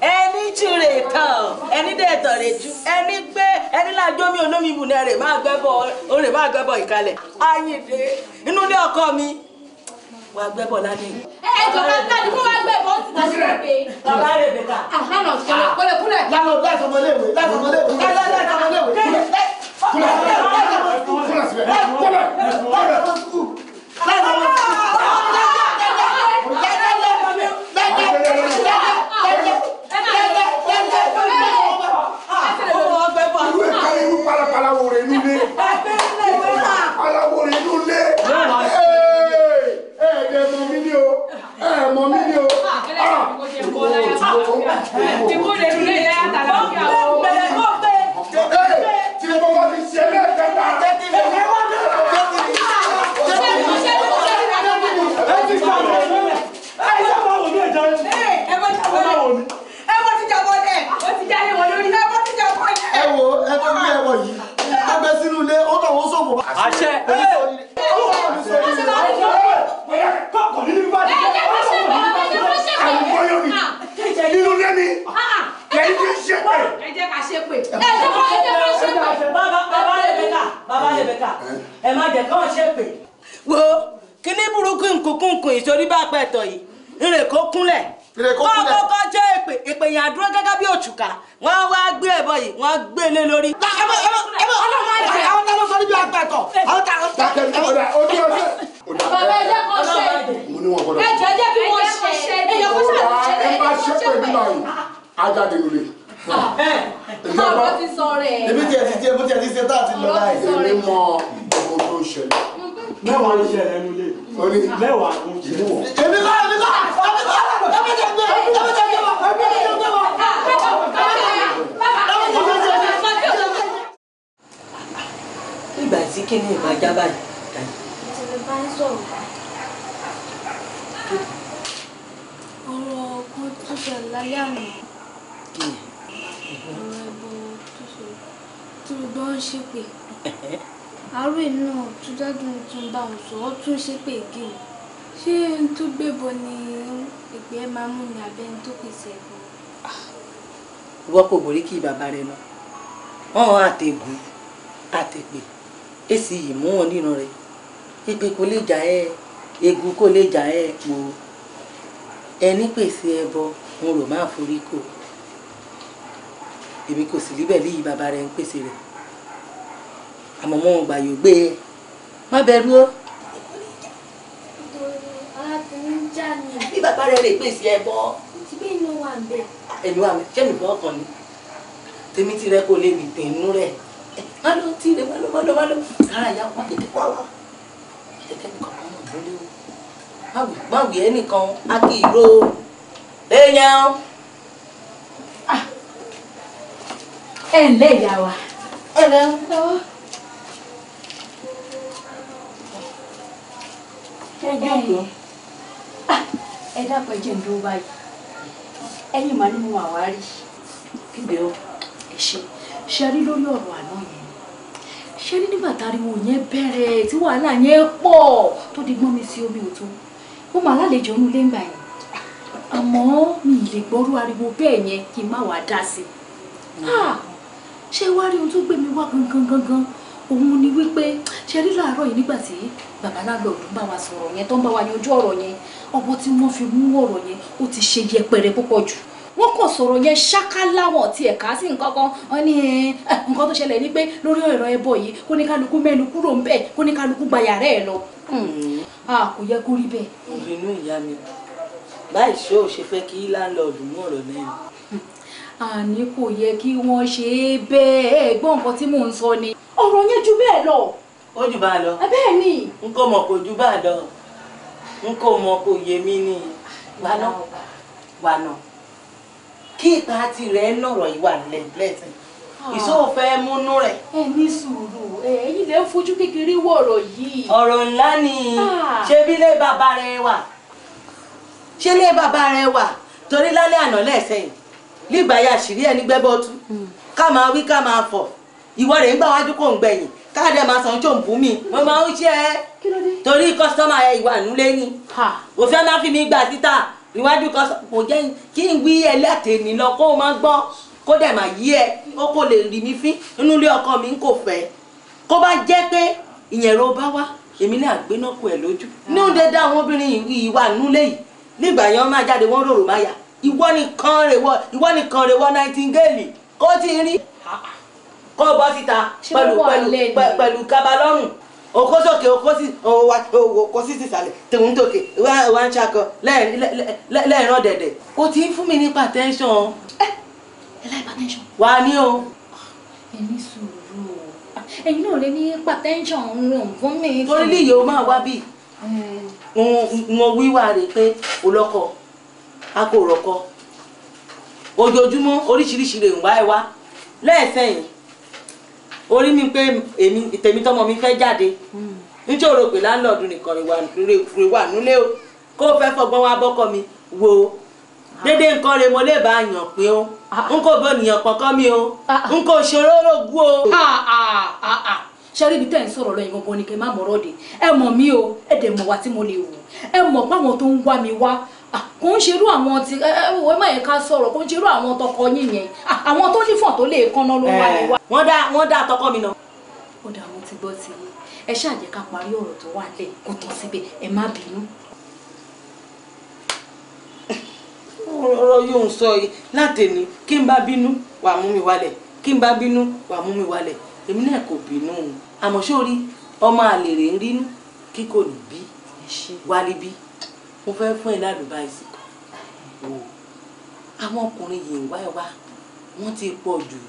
Speaker 4: ẹni jìrè tán ẹni dẹ̀tọ̀ rẹ̀ jù ẹni gbé ẹni lájọ́ mi olómi bù náà rè máa gbẹ́bọ̀ ìkàlẹ̀ ayíǹde inú ilé ọkọ mi wà á gbẹ́bọ̀ lálẹ́ yìí.
Speaker 6: ẹ ẹ jọ máa ń tàbí kó wá gbẹ́bọ̀ ó ti tà sí rèébé. bàbá rèébé ta. àhánà kẹlẹ kọlẹ
Speaker 4: kúlẹ. lánà lẹsọmọléèwé lẹsọmọléèwé lẹsọmọléèwé kúlẹ kúlẹ kúlẹ síbẹ̀ kúlẹ kúlẹ kúlẹ.
Speaker 3: Palawore nílé. ìwọ kò borí kí bàbá rẹ lọ
Speaker 5: wọn hàn àtẹgùn àtẹgbè èsì yìí mú wọn nínú rẹ pípé kò lè jà ẹ egun kò lè jà ẹ pò ẹni pèsè ẹbọ mo rò má forí kò èmi kò sì líbẹ̀
Speaker 6: líyìí bàbá rẹ ń pèsè rẹ àmọ́ mo gbà yóò gbé e má bẹ̀rù o. bí bàbá rẹ lè pèsè
Speaker 5: ẹbọ ẹ̀mí wa ṣé mi fọ́ ọkàn ni tèmi ti rẹ
Speaker 3: kó lè bì tẹ̀ inú rẹ̀
Speaker 6: má ló ti rẹ̀ má ló má ló má ló ara ìyá wọn tètè wá wá
Speaker 3: tètè nìkan kan náà ló
Speaker 5: léwu má wì ẹ́ nìkan á kì í ró èèyàn. Ah. ẹ
Speaker 6: ǹlẹ́ ìyá wa. ẹ ǹlẹ́ lọ́wọ́. ẹ jókòó ah, ẹ dákun ẹ jẹ́ ń báyìí ẹ̀yin màá ní mo máa wá rí bíbẹ̀ ọ ẹ ṣe ṣe rí lórí ọ̀rọ̀ àná yẹn ṣe rí nígbà táriwo yẹn bẹ̀rẹ̀ tí wàhálà yẹn pọ̀ tó di gbọ́n mi sí omi òtó ó mà lálejò ń lé ńgbà yẹn àmọ́ mi ì lè gbọ́rú ariwo bẹ́ẹ̀ yẹn kí n má wàá dá sí i ah! ṣé wá rí ohun tó gbé mi wá gangan gangan òun ni wípé ṣe rí láàárọ̀ yìí nígbà tí babaláwo ọ̀dún bá wa sọ̀rọ̀ yẹn tó ń bá wa yanjú ọ̀rọ̀ yẹn ọwọ́ tí wọ́n fi mú ọ̀rọ̀ yẹn ó ti ṣe yẹpẹrẹ púpọ̀ jù wọ́n kàn sọ̀rọ̀ yẹn ṣákáláwọ̀ tí ẹ̀ka sí nǹkan kan wọ́n ní eh, eh, nǹkan tó ṣẹlẹ̀ ni pé lórí ọ̀rọ̀ ẹbọ yìí kó ní kálukú mẹ́nu kúrò ń bẹ̀ kó ní kálukú gba yàrá ẹ̀ lọ. Hmm. a kò yẹ kó rí bẹ́ẹ̀.
Speaker 5: ìbínú ìyá mi
Speaker 6: báyìí ṣé ò ṣe fẹ́ kí láńlọ́ọ̀dù mú ọ̀rọ̀ náà àní kò yẹ kí wọ́n ṣe é bẹ́ẹ̀ gbọ́ nǹkan tí mò ń sọ ni.
Speaker 5: ọ̀rọ̀ yẹn ju bẹ́ẹ̀ lọ. ó jù bá a lọ. bẹ́ẹ̀ ni. n kò mọ̀ kò ju bá a lọ n kò mọ kò yé mi ní wàná wàná kí ìta tirẹ̀ nọ̀rọ̀ ìwà lẹ́ẹ̀lẹ́sìn ah. ìṣó fẹ́ múnú rẹ̀.
Speaker 4: ẹ ní sùúrù
Speaker 5: èyí lè ń fojú kékeré wọ ọ̀rọ̀ yìí. ọ̀rọ̀ ńlá ni ah. ṣé bílé bàbá rẹ wà ṣé lé bàbá rẹ wà torí lálẹ́ àná lẹ́sẹ̀ yìí nígbà yà ṣìrí ẹ̀ nígbẹ́bọ́tú hmm. ká máa wí ká máa fọ̀ ìwọ rẹ̀ ń gbà wájú kò ń gbẹ̀yìn káàdì ẹ̀ máa san ojú òǹbù mi mo máa ń ṣe é
Speaker 4: torí kọ́sítọ́mà ẹ̀ ìwà ìnúlé ni òfin máa fi mi gbà títà ìwájú
Speaker 5: kọ́sítọ́mà kò jẹ́ kí n wí ẹlẹ́tẹ̀ mi lọ kó o máa gbọ́ kó dẹ̀ máa yí ẹ ó kò lè rí mi fín inú ilé ọkọ mi kò fẹ́ kó bá jẹ́ pé ìyẹn ló bá wá èmi náà gbéná kú ẹ lójú ní òun dédé àwọn obìnrin ìwà ìnúlé yìí nígbà yẹn máa jáde wọ́n
Speaker 3: rorò máa yà ìwọ nìkan rèwọ ìwọ nìkan rèwọ nightingale kó ti rí kó bọ́ síta pẹ̀lú pẹ̀lú pẹ̀lú kabalọ́rùn oko sókè oko
Speaker 4: sí
Speaker 5: oko sí sísàlẹ̀ tòun tòkè wá ń ṣakọ lẹ́ẹ̀rán dẹ̀dẹ̀ kò tí ń fún mi nípa tẹ́ńṣọ̀n. ẹ eh, ẹ láì bá tẹ́ńṣọ̀n. wà á ní o.
Speaker 6: èmi sùúrù o ẹ̀yin náà lè ní pàtẹ́ńṣọ̀n rẹ̀ fún mi. torí lè yóò máa wá bí
Speaker 5: wọn eh. wíwá rè pé olọ́kọ a kò rọ̀kọ ojoojúmọ́ oríṣiríṣi lè ń wá ẹ wá lẹ́ẹ̀fẹ̀yìn orí mi pé èmi tèmi tọmọ mi fẹ́ jáde hmm. níjẹ́ òrò pé láńlọ́ọ̀dù nìkan rè wà nílé o kó fẹ́ fọgbọ́n wá bọ́kọ mi wo ah.
Speaker 6: dédé nǹkan rẹ̀ mo lè bá yàn pín o ah. n kò bọ nìyàn kankan mi o ah. n kò ṣòro rògbò o. ṣẹ́rí ibi tẹ́ ń sọ̀rọ̀ lọ́yìn gangan ni kẹ́ máa mọ̀rọ̀ dé ẹ mọ̀ mí o ẹ dẹ̀ mọ̀ wá tí mo lè wò ẹ mọ̀ páwọn tó ń wá mi wá kò ń ṣerú àwọn ti ẹwọ ẹ má yẹ ká sọ̀rọ̀ kò ń ṣerú àwọn tọkọ yín yẹn àwọn tó nífọ̀n tó lè kanná ló wà ní wa.
Speaker 4: wọ́n dá wọ́n dá tọkọ mi náà.
Speaker 6: ó dà wọ́n ti gbọ́ ti yín ẹ ṣáà jẹ́ ká parí ọ̀rọ̀ tó wà lẹ̀ kó tán síbẹ̀ ẹ má bínú.
Speaker 5: ọ̀rọ̀ yóò ń sọ yìí látẹ̀ni kí n bá bínú wà mú mi wálẹ̀ kí n bá bínú wà mú mi wálẹ̀ èmi náà kò bínú àmọ́ sórí ọmọ àlèrè
Speaker 6: mo fẹ́ fún ẹ ládùúbáyìí o àwọn ọkùnrin yìí ń wá ẹ wá wọ́n ti pọ̀ jù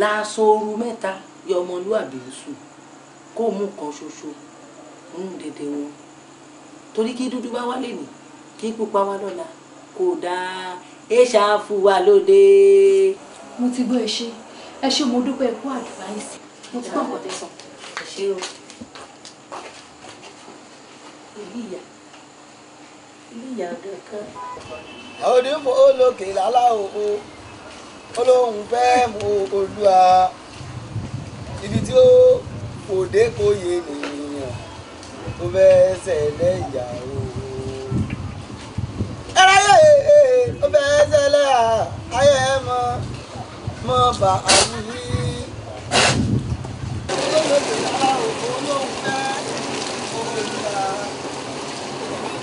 Speaker 6: láaṣọoru mẹ́ta yọ ọmọlúwàbí sùn kó mú kan ṣoṣo ń dẹdẹ wọn torí kí dúdú bá wálé nì kí pupa wá lọ́la kò dáa ẹ ṣáàfù wa lóde. mo ti gbọ́ ẹ ṣe ẹ ṣe mo dúpẹ́ kú àdùbáyìí mo ti gbọ́ ọ̀pọ̀ ẹ ṣe o
Speaker 3: níyà kankan. onímọ̀ olókè lálá olóhùn fẹ́ mú olúwa ibi tí ó kò dé kò yé nìyẹn tó fẹ́ ṣẹlẹ̀ ìyàwó. ẹ ráyè ó fẹ́ ṣẹlẹ̀ ayé ẹ mọ́ mọ́ bá a yí. olókè lálá òkú olóhùn fẹ́
Speaker 1: mú olúwa.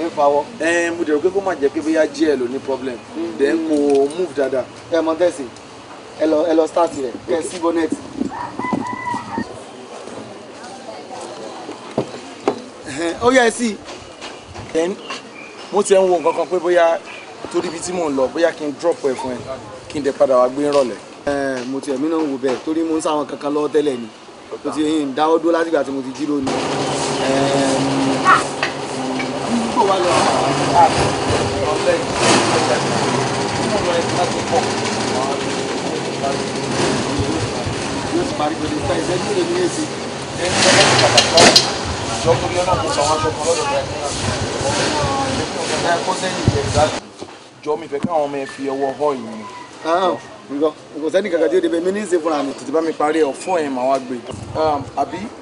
Speaker 3: ń fawọ́. ẹ mo dẹ̀rù pé kó má jẹ́ pé bóyá díẹ̀ ló problem hmm. then kò move dáadáa. ẹ mọ tẹ̀sí ẹ lọ ẹ lọ start rẹ kẹ sí bonnet. ó yẹ ẹ sí then mo ti ẹ ń wo nǹkan kan pé bóyá torí ibi tí mò ń lọ bóyá kí n drop ẹ fún ẹ kí n dẹ padà wá gbé rọlẹ. ẹ mo tiẹ̀ mí náà ń wo bẹ́ẹ̀ torí mo ń sáwọn kankan lọ́wọ́ tẹ́lẹ̀ ni mo ti dáwọ́ dúró látìgbà tí mo ti jí lónìí wá lọ sí àpò ọ̀fẹ́ ìgbésẹ̀ tí wọ́n lọ ẹ̀ka láti pọ̀ àwọn yóò sì parí pẹ̀lú ìta ìṣẹ́jú lè ní èsì ní ẹgbẹ́ tó pàtàkì láti ìjọ tó yẹ náà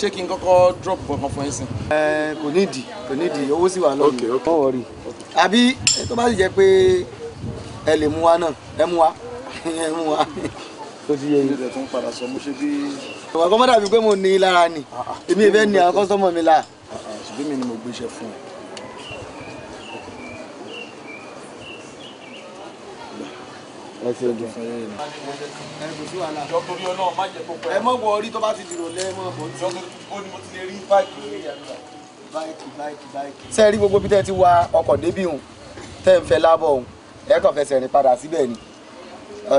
Speaker 3: ṣé kí n kọ́kọ́ drop kankan fún ẹ̀sìn. ẹ kò nídìí kò nídìí owó sì wà lọ́nà wọ́n wọ̀ rí àbí tó bá sì jẹ́ pé ẹ lè mú wa náà ẹ mú wa ẹ mú wa tó ti yẹ yìí. ilé tó ń padà sọ mo ṣe bí. àwọn akọ́mọ́dà bíi pé mo ní lára ni ah, ah. èmi ìfẹ́ ni àwọn kọ́sọ́mọ̀ mi là. Ah, ṣùgbọ́n mi ni mo gbéṣẹ́ fún ọ. ẹ ṣe jù. jọ torí Ọlọ́run má jẹ kó pẹ́. ẹ mọ̀ wọ orí tó bá ti dìrò lẹ́ mọ̀ bọ́. jọ torí ó ní mo ti lè rí báìkì lórí ìyàrá. báìkì báìkì báìkì. ṣé ẹ rí gbogbo bí tẹ́ ti wa ọkọ̀ débì hùn tẹ́ ń fẹ́ lábọ̀ hùn ẹ kàn fẹsẹ̀ rìn padà síbẹ̀ ni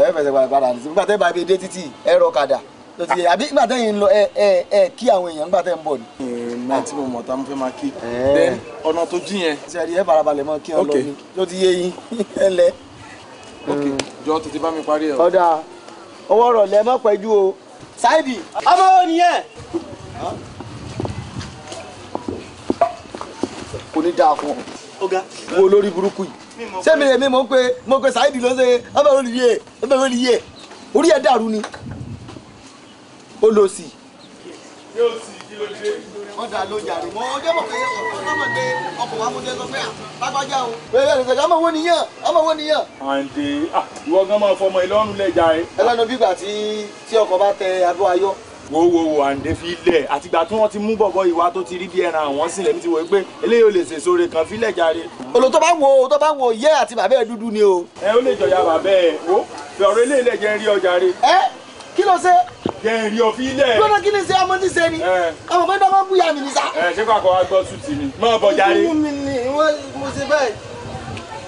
Speaker 3: ẹ fẹsẹ̀ rìn padà síbẹ̀ nígbà tẹ́ bá ibi dé títì ẹ rọ kàdà lọtí àbí nígbà tẹ́yìn ń lọ ẹ ẹ ẹ kí àwọn èèyàn nígbà tẹ́ ń bọ̀ ni. máa tí mo mọ̀ tá mo fẹ́ máa kí. ọ̀nà tó jí yẹn. sẹ́ẹ̀rì ẹ farabalẹ̀ mọ́ kí ọ lọ ni ló yé yín ẹ lẹ́ ok jọ tètè bá mi parí ẹ. ọ̀dà ọwọ́ rọ̀ lẹ́ mọ́ pẹ́jú o. ṣáìdì ọmọ wo nìyẹn. kò ní dáa fún ọ wo lórí burúkú
Speaker 1: yìí ṣé
Speaker 3: mi lè mi mọ̀ pé mo pe ṣáìdì ló ṣe ọmọ wo nìyẹn ọmọ wo nìyẹn orí ẹ̀ dàrú ni ó lọ sí. yóò sì kí ló dé wọ́n dà ló jàre mọ́ ọjọ́ mọ̀ pé ọkọ̀ sọ́mọ̀ dé ọkọ̀ wa mo jẹ́ sọ pé à lágbájá o. bẹ́ẹ̀ bẹ́ẹ̀ lọ́sẹ̀ ọmọ wo nìyàn ọmọ wo nìyàn. àǹdè ìwọ gan máa fọmọ ìlọrun wo wo wo àǹdè fi lẹ̀ àtìgbà tí wọ́n ti mú bọ̀bọ̀ ìwà tó ti rí bí ẹran àwọn sílẹ̀ mi ti wò pé eléyìí ò lè ṣèso rẹ̀ kàn fílẹ̀ jàre. olùtọ́ bá wo tó bá wo yẹ́ àti bàbá ẹ̀ dúdú ni o. ẹ ó lè jọ̀yà bàbá ẹ̀ o fẹ̀rọ̀ eléyìí lẹ̀ jẹ́ rí ọjà rẹ̀. ẹ kí ló ṣe jẹ́ rí ọfí gbọ́dọ̀ kí ni ṣe ọmọ ti ṣe ni ọmọ pé dọ́gbọ́n búyà mi ni sá. ẹ ṣé kàkọ́ wa gbọ́ sùtì ni mọ́ bọ̀ jáde. inú mi ni mo ṣe bẹ́ẹ̀.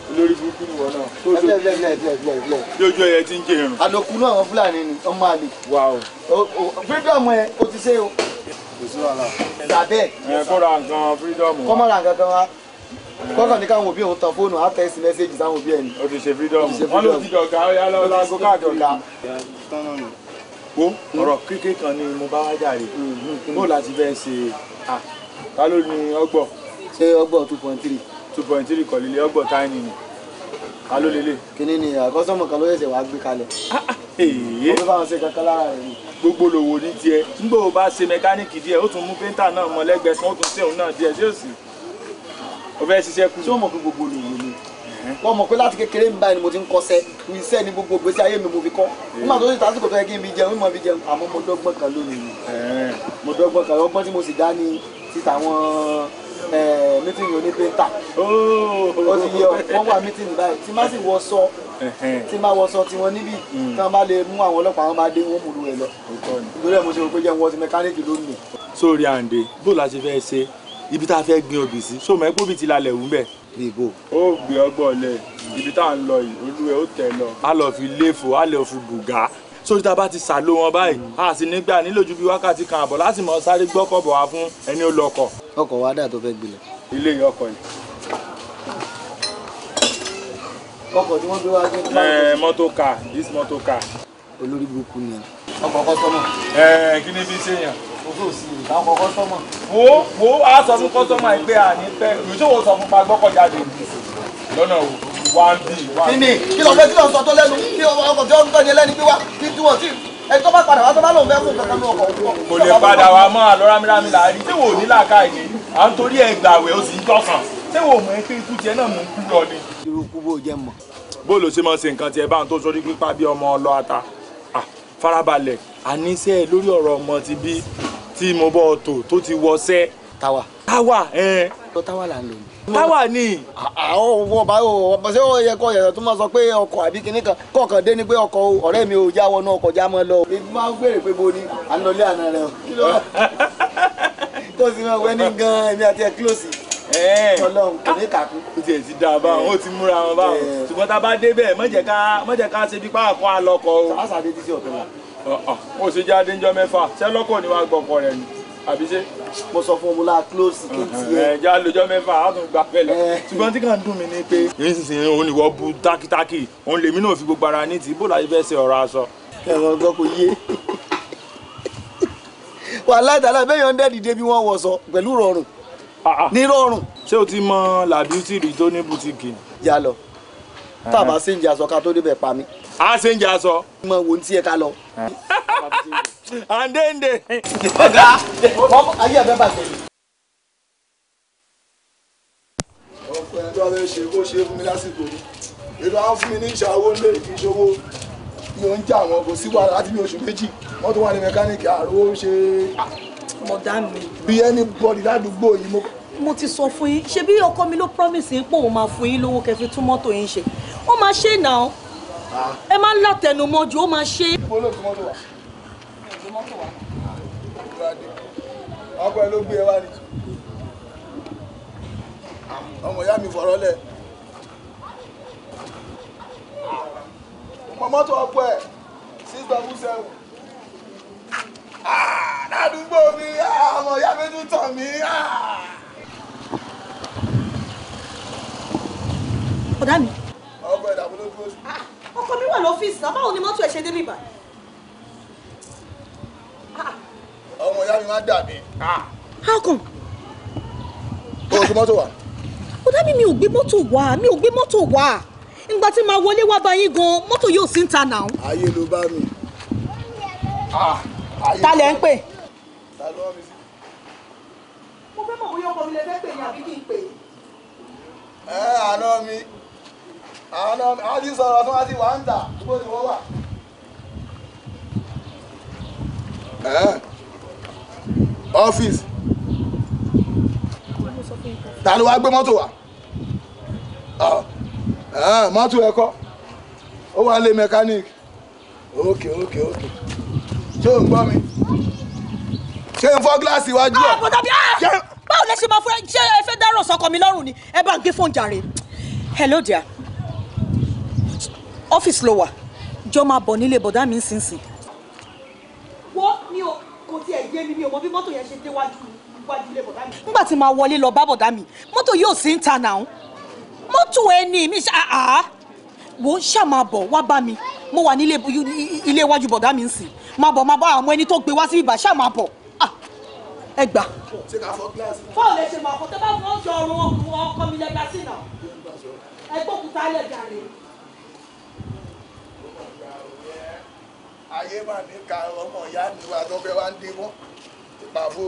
Speaker 3: olórí burúkú ni wọn náà. ẹ bẹ́ẹ̀ bẹ́ẹ̀ bẹ́ẹ̀ bẹ́ẹ̀. lójú ẹyẹ ti ń jẹ irun. àlòkù náà àwọn fúlàní ni ọmọ àlè. wà o. fídọ̀mù ẹ o ti ṣe o. kò sí wàhálà. sàbẹ̀. ẹ kọ́kọ́ ní káwọn òbí òun tan fóònù á tẹ́sí mẹ́sẹ́jì sáwọn òbí ẹ̀ ni. o ti ṣe freedom wọn ló ti dọ̀gá ó lọ́wọ́ lágó káàdì wo hmm. ọ̀rọ̀ kíké kan ni mo bá wá jàre mo hmm, hmm, láti fẹ́ ṣe ta ló ní ọgbọ̀. ṣé ọgbọ̀ two point three. two point three kọ̀lélẹ̀ ọgbọ̀ táyìn ni ta ló lélẹ̀. kínní ni àkọ́sọ́mọ̀ kan ló ṣẹ̀ṣẹ̀ wá gbé kalẹ̀. Ah, ah, mo fẹ́ bá wọn ṣe kankan lára rẹ̀ ni. gbogbo lòwò ní tiẹ̀ nígbà wo bá ṣe mẹkáníìkì díẹ̀ ó tún mú péńtà náà mọ́ lẹ́gbẹ̀ẹ́ sán ó tún ṣe òun wọ́n mọ̀ pé láti kékeré mi báyìí ni mo ti ń kọ́ṣẹ́ iṣẹ́ ni gbogbo gbèsè ayé mi mo fi kọ́ eh. nígbà tó ti tásìkò tó yẹ kí n fi jẹun mi mọ̀ fi jẹun àmọ́ mo dọ́gbọ́n kan lónìí ni eh, mo dọ́gbọ́n kan ọgbọ́n tí mo sì dá ní títa àwọn eh, mítìnì onípéńtà oh. ó ti yẹ wọ́n wà mítìnì báyìí tí má sì wọ sọ tí má wọ sọ tiwọn níbí hmm. tí wọ́n bá lè mú àwọn ọlọ́pàá wọn máa dé wọn mú lu ẹ lọ nítorí ẹ̀ mo ṣe rò pé jẹun wọ́n ti mẹkáníìkì lónìí. sórí àǹdè bó la ṣe fẹ́ ṣe ibi tá a fẹ́ gbin obì sí sóòmù ẹ́ pọ́bì ti lalẹ̀ wù ń bẹ́ẹ̀ bí ibo. ó gbé ọgbọ́n lẹ̀ ibi tá à ń lọ yìí olúwẹ̀ ó tẹ̀ lọ. a lọ fi léfò a lọ fi bùgá sórí tá a bá ti sàlò wọn báyìí a sì nígbà nílò ju bí wákàtí kan àbọ̀ láti mọ sáré gbọ́kọ̀bọ̀ wá fún ẹni ó lọkọ̀. ọkọ̀ wa dà tó fẹ́ gbilẹ̀. ilé ọkọ̀ yìí. ọkọ̀ tí wọ́n gbé wá gbé. ẹ mọ́tò car this mọ́tò car. olórí burúkú ni ọkọ̀ kọ́sọ́mọ̀. ẹ kí ni bí ṣèyàn òfin òsì ìbá kọ́kọ́ sọ́mọ̀. wo wo a sọ a ní pẹ́ ìṣòwò sọ fún o one b one. nínú kí ló ń fẹ́ kí ló ń sọ tó lẹ́nu kí ọkọ̀ tí ó ń tọ́jú ẹlẹ́ni bí wá kí tí wọ́n ti ẹni tó bá padà wá tó bá lòun fẹ́ fún kankan ní ọkọ̀ òkú. kò ń tó sọ pípa bí ọmọ ọlọ́ ata farabalẹ̀ àníṣe lórí ọ̀rọ̀ ọmọ ti bí tí mo bọ́ tò tó ti wọṣẹ́. táwa. táwa ẹn. tó táwa là ń lò ní. táwa ni. àwọn ọmọ bá ọmọ ṣé ó yẹ kó yẹ̀rọ tó máa sọ pé ọkọ̀ àbí kinní kan kọ̀ọ̀kan dé ni pé ọkọ̀ ọ̀rẹ́ mi ò já wọnú ọkọ̀ já mọ́ lọ. èmi máa ń gbèrè pé bo ni à ń lọlé àná rẹ o. tó sì máa wẹ́ ní gan èmi àti ẹ̀ kílòsì. ọlọ́run kò ní kàkú. ó ti ẹ̀ ti dáa báwọn ó ti múra wọn báwọn ṣùgbọ́n tá a bá débẹ̀ mọ̀jẹ̀ ṣe bí pààkọ́ àlọ́kọ̀ o. sàásà ó sì jáde ńjọ́ mẹ́fà ṣé lọ́kọ̀ ni wàá gbọ́kọ̀ rẹ̀ ni àbí ṣe. mo sọ fún ọmọlá close kí n tiẹ̀. ẹ já lójọ́ mẹ́fà á tún gba fẹlẹ. ṣùgbọ́n tí kàn ń dùn mí ni pé. nísinsìnyí òun ìwọ bu tákítákì òun lèmi náà fi gbogbo ara ní ti bó láti fẹ́ ṣe ọ̀rọ̀ aṣọ. ẹ̀rọ ọgbọ́n kò yé wàhálà ìdálà bẹ́ẹ̀ yọ̀ ń dẹ́ẹ̀dì débi wọ́n wọ̀ sọ pẹ̀lú rọrùn ah, ah. ní rọrùn. ṣé o ti mọ làbíútì rí tó ní bùtíkì. yálọ tá a bá ṣe ń jẹ aṣọ ká tó débẹ̀ pa mí a ṣe ń jà sọ. mo wo ti yẹ ká lọ. àǹdéǹdè. ọ̀gá ayé ẹ̀fẹ́ bàjẹ́ yìí. ọ̀pẹ ẹjọ́ rẹ ṣe kó ṣe fún mi lásìkò yìí ètò àwọn fún mi ní ìṣàwó lè kí ṣòwò mi ò ń jà wọn kò sí wàhálà láti bí oṣù méjì mọ́tò wà ní mẹkáníìkì àrò ṣe. ọ̀dà mi. bí ẹni bọ́dì
Speaker 4: ládùúgbò yìí mo mo ti sọ fún yín ṣebí ọkọ mi ló promise yín pé òun máa fún yín lówó kẹfì tún mọ́tò yín ṣe ó máa ṣe náà ẹ máa ń látẹnumọ́ ju ó máa ṣe. ibo ló kọ́ mọ́tò
Speaker 3: e wá. ọmọ ìyá mi ẹ six double seven ah, ládùúgbò mi ah, ọmọ ìyá mi tún tàn mí. Ah.
Speaker 6: ọ̀dà mi. ọkọ ẹ̀dá mi
Speaker 3: ló dúró sí ọkọ mi wà lọ́fíìsì náà báwo ni mọ́tò ẹ̀ ṣe dé bíbá. Ah. ọmọ ìyá mi máa dàbí. Ah. how come.
Speaker 4: o gbé mọ́tò wá. ó dá mi mi ò gbé mọ́tò wá mi ò gbé mọ́tò wá ìgbà tí màá wọlé wá bá yín gan mọ́tò yóò sí ń ta náà.
Speaker 3: ayé ló bá mi. Ah. ta lẹ ń pè. mo fẹ́ mọ̀ bóyá ọkọ mi lè fẹ́ pè ní àbí kí n pè. ẹ àná mi àwọn àti sọ̀rọ̀ tí wọ́n ti wà ń tà gbogbo ni wọ́n wà. ọ́fíìsì ta ló wá gbé mọ́tò wá mọ́tò ẹ̀kọ́ ó wà lé mẹkáníìkì ókè ókè ókè ṣé o ń gbọ́ mi ṣé n fọ́ gíláàsì iwájú ẹ̀. àbùdá bíi
Speaker 4: báwo lè ṣe máa fẹ́ ṣé ẹ fẹ́ dárò sọkọ mi lọ́rùn ni ẹ bá ń gbé fóònù jàre hello dear ọ́fíìsì ló wà jọ máa bọ̀ nílé bọ̀dá mi nísinsìnyí. wo mi ò kò tiẹ̀ yé mi mi ò mọ bí mọ́tò yẹn ṣe déwájú iwájú ilé bọ̀dá mi. nígbà tí màá wọlé lọ bá bọ̀dá mi mọ́tò yóò sí ń ta náà mọ́tò ẹni mi ṣá àá wo ṣá máa bọ̀ wá bá mi mo wà nílé ilé iwájú bọ̀dá mi nsìn
Speaker 5: máa bọ̀ máa bá àwọn ẹni tó gbé wá sí ibà ṣá máa bọ̀ ẹ gbà.
Speaker 4: fọ́ọ̀ lè ṣe màá fọ́ tẹ́ bá fọ́ jọ ọrùn ọkọ mi lẹ́gbàá sí náà ẹgbẹ́ òkúta
Speaker 3: lẹ̀ jàre. ayé mà ní ka ọmọ ìyá níwá tó fẹ́ wá ń dín mọ́ ìpàfó.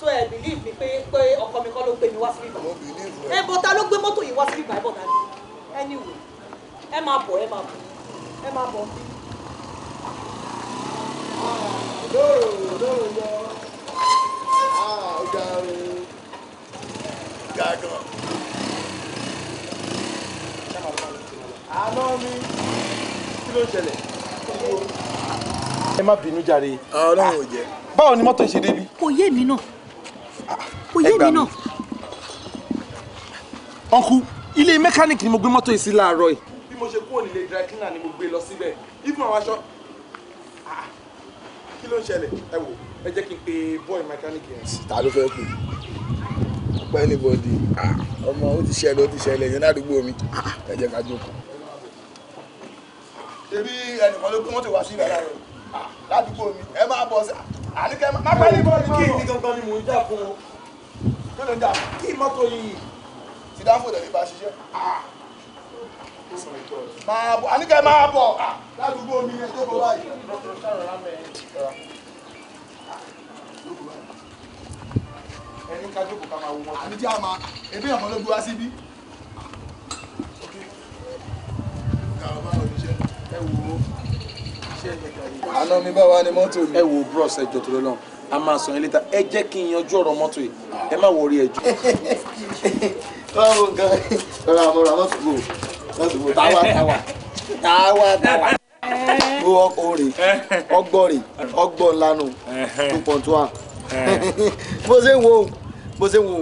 Speaker 3: so ẹ bìlíìfù mi
Speaker 4: pé pé ọkọ mi kọ́ ló gbé mi wá síbí báyìí. mo bìlíìfù ẹ. ẹ bọ́ ta ló gbé mọ́tò yìí wá síbí báyìí bọ̀ dájú anyway ẹ máa bọ̀ ẹ máa bọ̀ ẹ máa bọ̀.
Speaker 3: lóòrò ah, lóòrò lọ ọjà o gàgàn. àná mi kí ló ṣẹlẹ̀ ẹ má bínú jàre. Ah, Ọlọ́run ò jẹ́. báwo ni mọ́tò ṣe débi. kò yé mi náà kò yé mi náà. ọ̀nkú ilé mẹkáníìkì ni mo gbé mọ́tò yìí sí láàárọ̀ yìí. bí mo ṣe kúrò nílé dry cleaner ni mo gbé lọ síbẹ̀ even àwọn aṣọ ah, kí ló ń ṣẹlẹ̀ ẹ wò ẹ jẹ́ kí n pe boy mẹkáníìkì yẹn. ta ló fẹ́ pè é pẹ́ anybody ah, ọmọ ó ti ṣẹlẹ̀ ó ti ṣẹlẹ̀ yẹn ládùúgbò mi ẹ jẹ́ ká jókòó ebi ẹnìkan ló gbé mọ́tò wá sí ìrẹ̀lẹ̀ rẹ̀ ládùúgbò mi ẹ máa bọ̀ sí àníkẹ́ má pẹ́ ní bọ́ọ̀lù kí ni gangan ni mò ń jà fún o kí ló ń jà kí mọ́tò yìí ti dáfò tẹ̀lé bá ṣiṣẹ́ máa bọ̀ àníkẹ́ máa bọ̀ ládùúgbò mi ẹ bọ̀ báyìí. ẹni ká jókòó ká máa wo mọ́tò. àníjẹ́ àmà ebi àmọ́ ló gbé wá síbí. Carvalho àná mi bá wa ni mọ́tò mi. ẹ wo bros ẹ jọ tó lọ náà a máa sọ yín létà ẹ jẹ́ kí n yanjú ọ̀rọ̀ mọ́tò yìí ẹ má wọrí ẹjọ́. báwo gan ọ̀rọ̀ àwọn ọ̀rọ̀ àwọn tó gbò láti gbò táwa táwa táwa táwa gbó ọkùnrin ọgbọ̀nrin ọgbọ̀n lanu two point one bó ṣe ń wo bó ṣe ń wo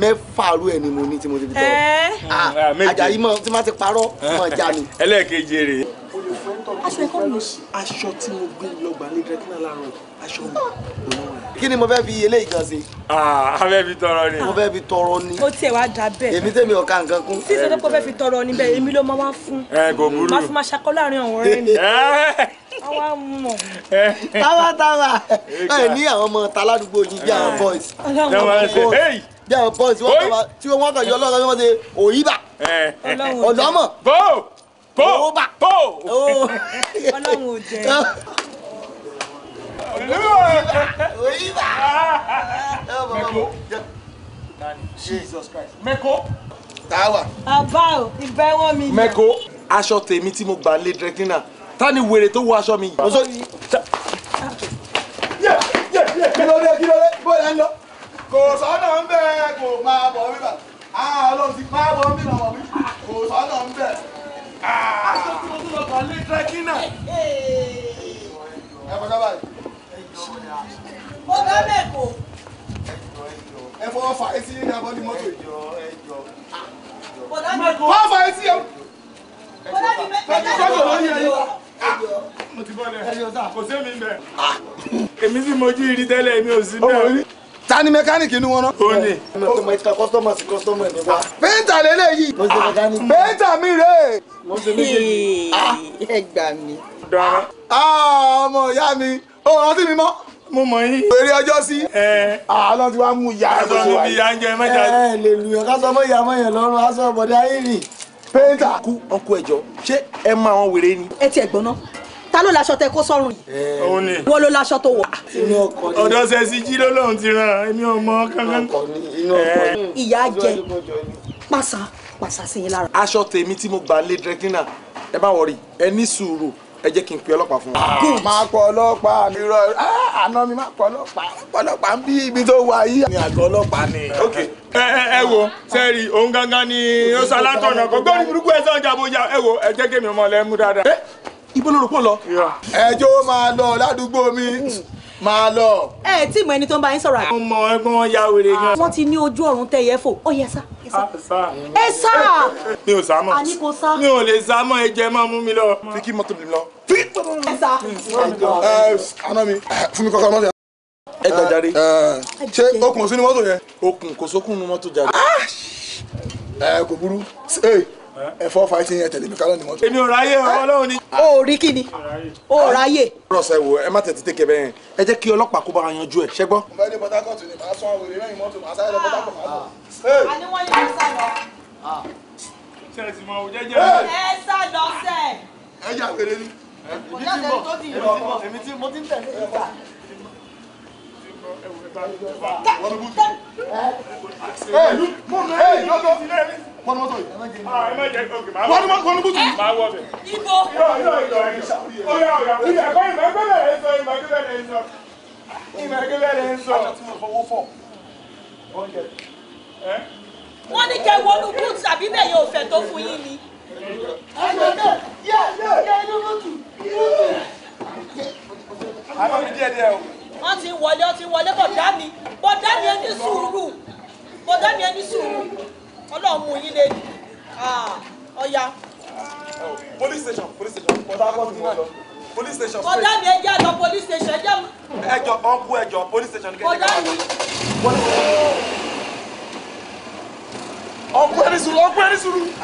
Speaker 3: mẹ́fà ru ẹ̀ ni mo ní tí mo ti fi tọ́ ah, ah, Àjàyí mọ̀ tí má ti parọ́ mọ̀ já ni. ẹlẹ́ẹ̀kejì rèé aṣọ ẹ̀kọ́ mi ṣe. aṣọ tí mo gbé lọ́gbà ní dẹ́kínà láàárọ̀ aṣọ mi kí ni mo fẹ́ fi eléyìí kan ṣe. Ah, a fẹ́ fi tọrọ ni. mo fẹ́ fi tọrọ ni. ó tiẹ̀ wá da bẹ́ẹ̀. èmi tèmi ọ̀ka nǹkan kún. tí sọ́dọ̀ kò fẹ́ fi
Speaker 4: tọrọ ni bẹ́ẹ̀ èmi ló máa wá fún.
Speaker 3: ẹ kò burú. máa fi
Speaker 4: máa ṣakọ láàrin àwọn ọ̀rẹ́ mi. Eh. àwa mọ̀.
Speaker 3: tàwátàwá ẹ ní àwọn ọmọ taládùúgbò yìí bí àwọn boys. Eh. bí àwọn boys tí wọ́n kàn yọ ọlọ́run tí wọ́n ṣe òyìnbá eh. ọ̀dọ́mọ̀ po po ọlọ́run ò jẹ́. oyiba meko Jesus Christ meko. táwa. bàbá o ìbẹ́ mi. meko aṣọ tèmi tí mo gbà lé drekina ta ni wèrè tó wọ aṣọ mi yìí. ọsọ yìí. kí ló dé kí ló dé bó lẹ́ ń lọ. kò sọ́nà ń bẹ́ẹ̀ kò máa bọ̀ wíwà. àá lọ sí máa bọ̀ wíwà wọ̀ wí. kò sọ́nà ń bẹ́ẹ̀ aṣọ tí mo tún lọ kàn lé trekina. ẹ fọdọ báyìí. mo dá mẹ́kọ̀ọ́. ẹ fọwọ́ fà esi ní abọ́ ní mọ́tò yìí.
Speaker 5: wọ́n fà esi yẹn.
Speaker 3: Fẹ́jọ́ lórí ẹ̀yọ́. Mo ti bọ́ lẹ̀. Kò sí mi bẹ̀. Èmi sì mojú irin tẹ́lẹ̀ mi ò sí bẹ́ẹ̀ ta ni mẹkáníìkì ni wọn rán. ó ní. automatic customer sí customer ní wa. péńtà lélẹ́yìí. mo ṣe mẹkáníìkì. péńtà mi rè. mo ṣe
Speaker 5: méjèèjì. ẹ gbà mí. dara.
Speaker 3: ọmọ ìyá mi ó rántí mi mọ́ mo mọ yín. eré ọjọ́ sí. àlọ́ ti wá mú ìyá ẹ̀ bó ṣe wà yìí. ìyá ń jẹ mẹ́ta. ẹ lè lu yàn kásán mọ́ ìyá mọ́ yàn lọ́rùn aṣọ ọ̀bọ̀dé ayé rìn. péńtà. ọkú ọkú ẹjọ ṣé ẹ máa wọn wèrè ni. ẹ tiẹ̀ gbọ́n náà ta ló laṣọ tẹ kó sọ́rùn yìí. ó ní. wọ́n ló laṣọ tó wọ̀. inú ọkọ ni. ọ̀dọ̀ sẹ́sì jí ló lóun ti ràn èmi ọmọ kankan. inú ọkọ ni. Eh. ìyá jẹ
Speaker 4: pàṣà pàṣà sí yín lára.
Speaker 3: aṣọ tèmi tí mo gbà lé dẹ́gínà ẹ bá wọrí ẹ ní sùúrù ẹ jẹ́ kí n pe ọlọ́pàá fún wa. máa pọ̀ ọlọ́pàá mi rọ ah, àná mi máa pọ̀ ọlọ́pàá ọlọ́pàá ń bí ibi tó wà yí. ní àgọ́ ọlọ́pàá ni. ẹ ẹ ẹ wo sẹ́ẹ̀rì òun gangan ni ó ṣalátọ̀nà kò gbọ́dọ̀ burúkú ẹ̀ sọ́jà ẹ eh, wo ẹ jẹ́ kí mi mọ̀ lẹ́mú dáadáa. Eh, ibo ló rò pọ̀ lọ. ẹjọ́ máa lọ ládùúgbò mi máa lọ. ẹ tí mo ẹni tó ń bá yín sọ̀rọ̀ àgbà. ọmọ ẹ̀gbọ́n wọn ya wèrè gan. Ah, wọ́n ti ní ojú ọ̀run tẹ yẹ fò ó yẹ ah, sá. ẹ sá. mi ò sá mọ́ àní kò sá. mi ò lè sá mọ́ ẹ jẹ́ máa mú mi lọ. fi kí mọ́tò mi lọ. fi ẹ sá. ẹ aná mi fún mi kọ́kọ́ mọ́tò yẹn. ẹ gbà jáde. ṣé okùn sínú mọ́tò yẹn. okùn kò sókùn nu mọ́tò jáde. Ah, ẹ kò burú ẹ̀fọ́ fàáṣí yẹn tẹ̀lé mi kálọ̀ ní mọ́tò. èmi ò ráyè ọlọ́run ni. Ah. o ò rí kíni o ò ráyè. rọ̀ṣẹ̀ wo ẹ má tètè tèkẹ́ bẹ́ẹ̀ ẹ jẹ́ kí ọlọ́pàá kó bá wa yanjú ẹ̀ ṣẹ́gbọ́. mo bá dé Port ni màá sọ àwọn èrè mọ́tò màá sáré lọ Port màá lọ. àní ah. wọ́n yẹ ẹ sá lọ. ṣé ẹ ti mọ òun ẹ
Speaker 4: sá lọ sẹ́ẹ̀.
Speaker 3: ẹ jà wèrè ni. èmi wọ́n mọ́tò yìí. wọ́n mọ́tò wọ́n mọ́tò yìí. máa wọ bẹ̀. ibo. yóò yóò yóò yìí. ó yà ó yà ìgbà kọ́ ìgbà kọ́ bẹ̀rẹ̀ ń sọ ìgbà kọ́ bẹ̀rẹ̀ ń sọ. ìgbà kọ́ bẹ̀rẹ̀ ń sọ. ọjà tí mo fọwọ́ fọ. wọ́n ní kẹ́
Speaker 4: wọnú búùtù àbí bẹ́ẹ̀ yóò fẹ́ tó fún yín ni. ẹgbẹ́ náà yẹ yẹ inú búùtù inú búùtù. àbámi díẹ̀ díẹ̀ o wọ́n ti wọlé wọ́n ti wọlé bọ̀dá mi bọ̀dá mi ẹni sùúrù
Speaker 3: bọ̀dá mi ẹni sùúrù ọlọ́run yín lé ah, ọ̀ya. police station police station police station. bọ̀dá mi ẹ lọ police station ẹ mu. ẹjọ ọkú ẹjọ police station kẹjẹ bọ̀dá mi. ọkú ẹni sùúrù ọkú ẹni sùúrù. kú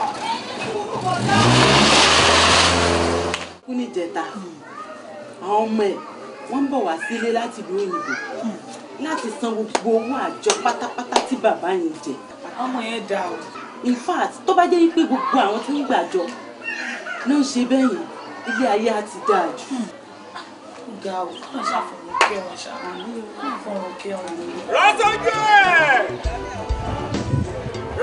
Speaker 5: ọmọ ẹ wọ́n ń bọ̀ wá sílé láti ìlú òyìnbó hmm, láti san gbogbo owó àjọ pátápátá tí bàbá yẹn jẹ. ọmọ yẹn dà o. in fact tó bá jẹ́ wípé gbogbo àwọn tó ń gbàjọ náà ń ṣe bẹ́ẹ̀ yẹn ilé ayé á ti dáa jù.
Speaker 4: ọ̀gá hmm. o kọ́ ṣàfọ̀rọ̀ kí wọn ṣàfọ̀rọ̀
Speaker 3: kí wọn. rásọ̀jẹ́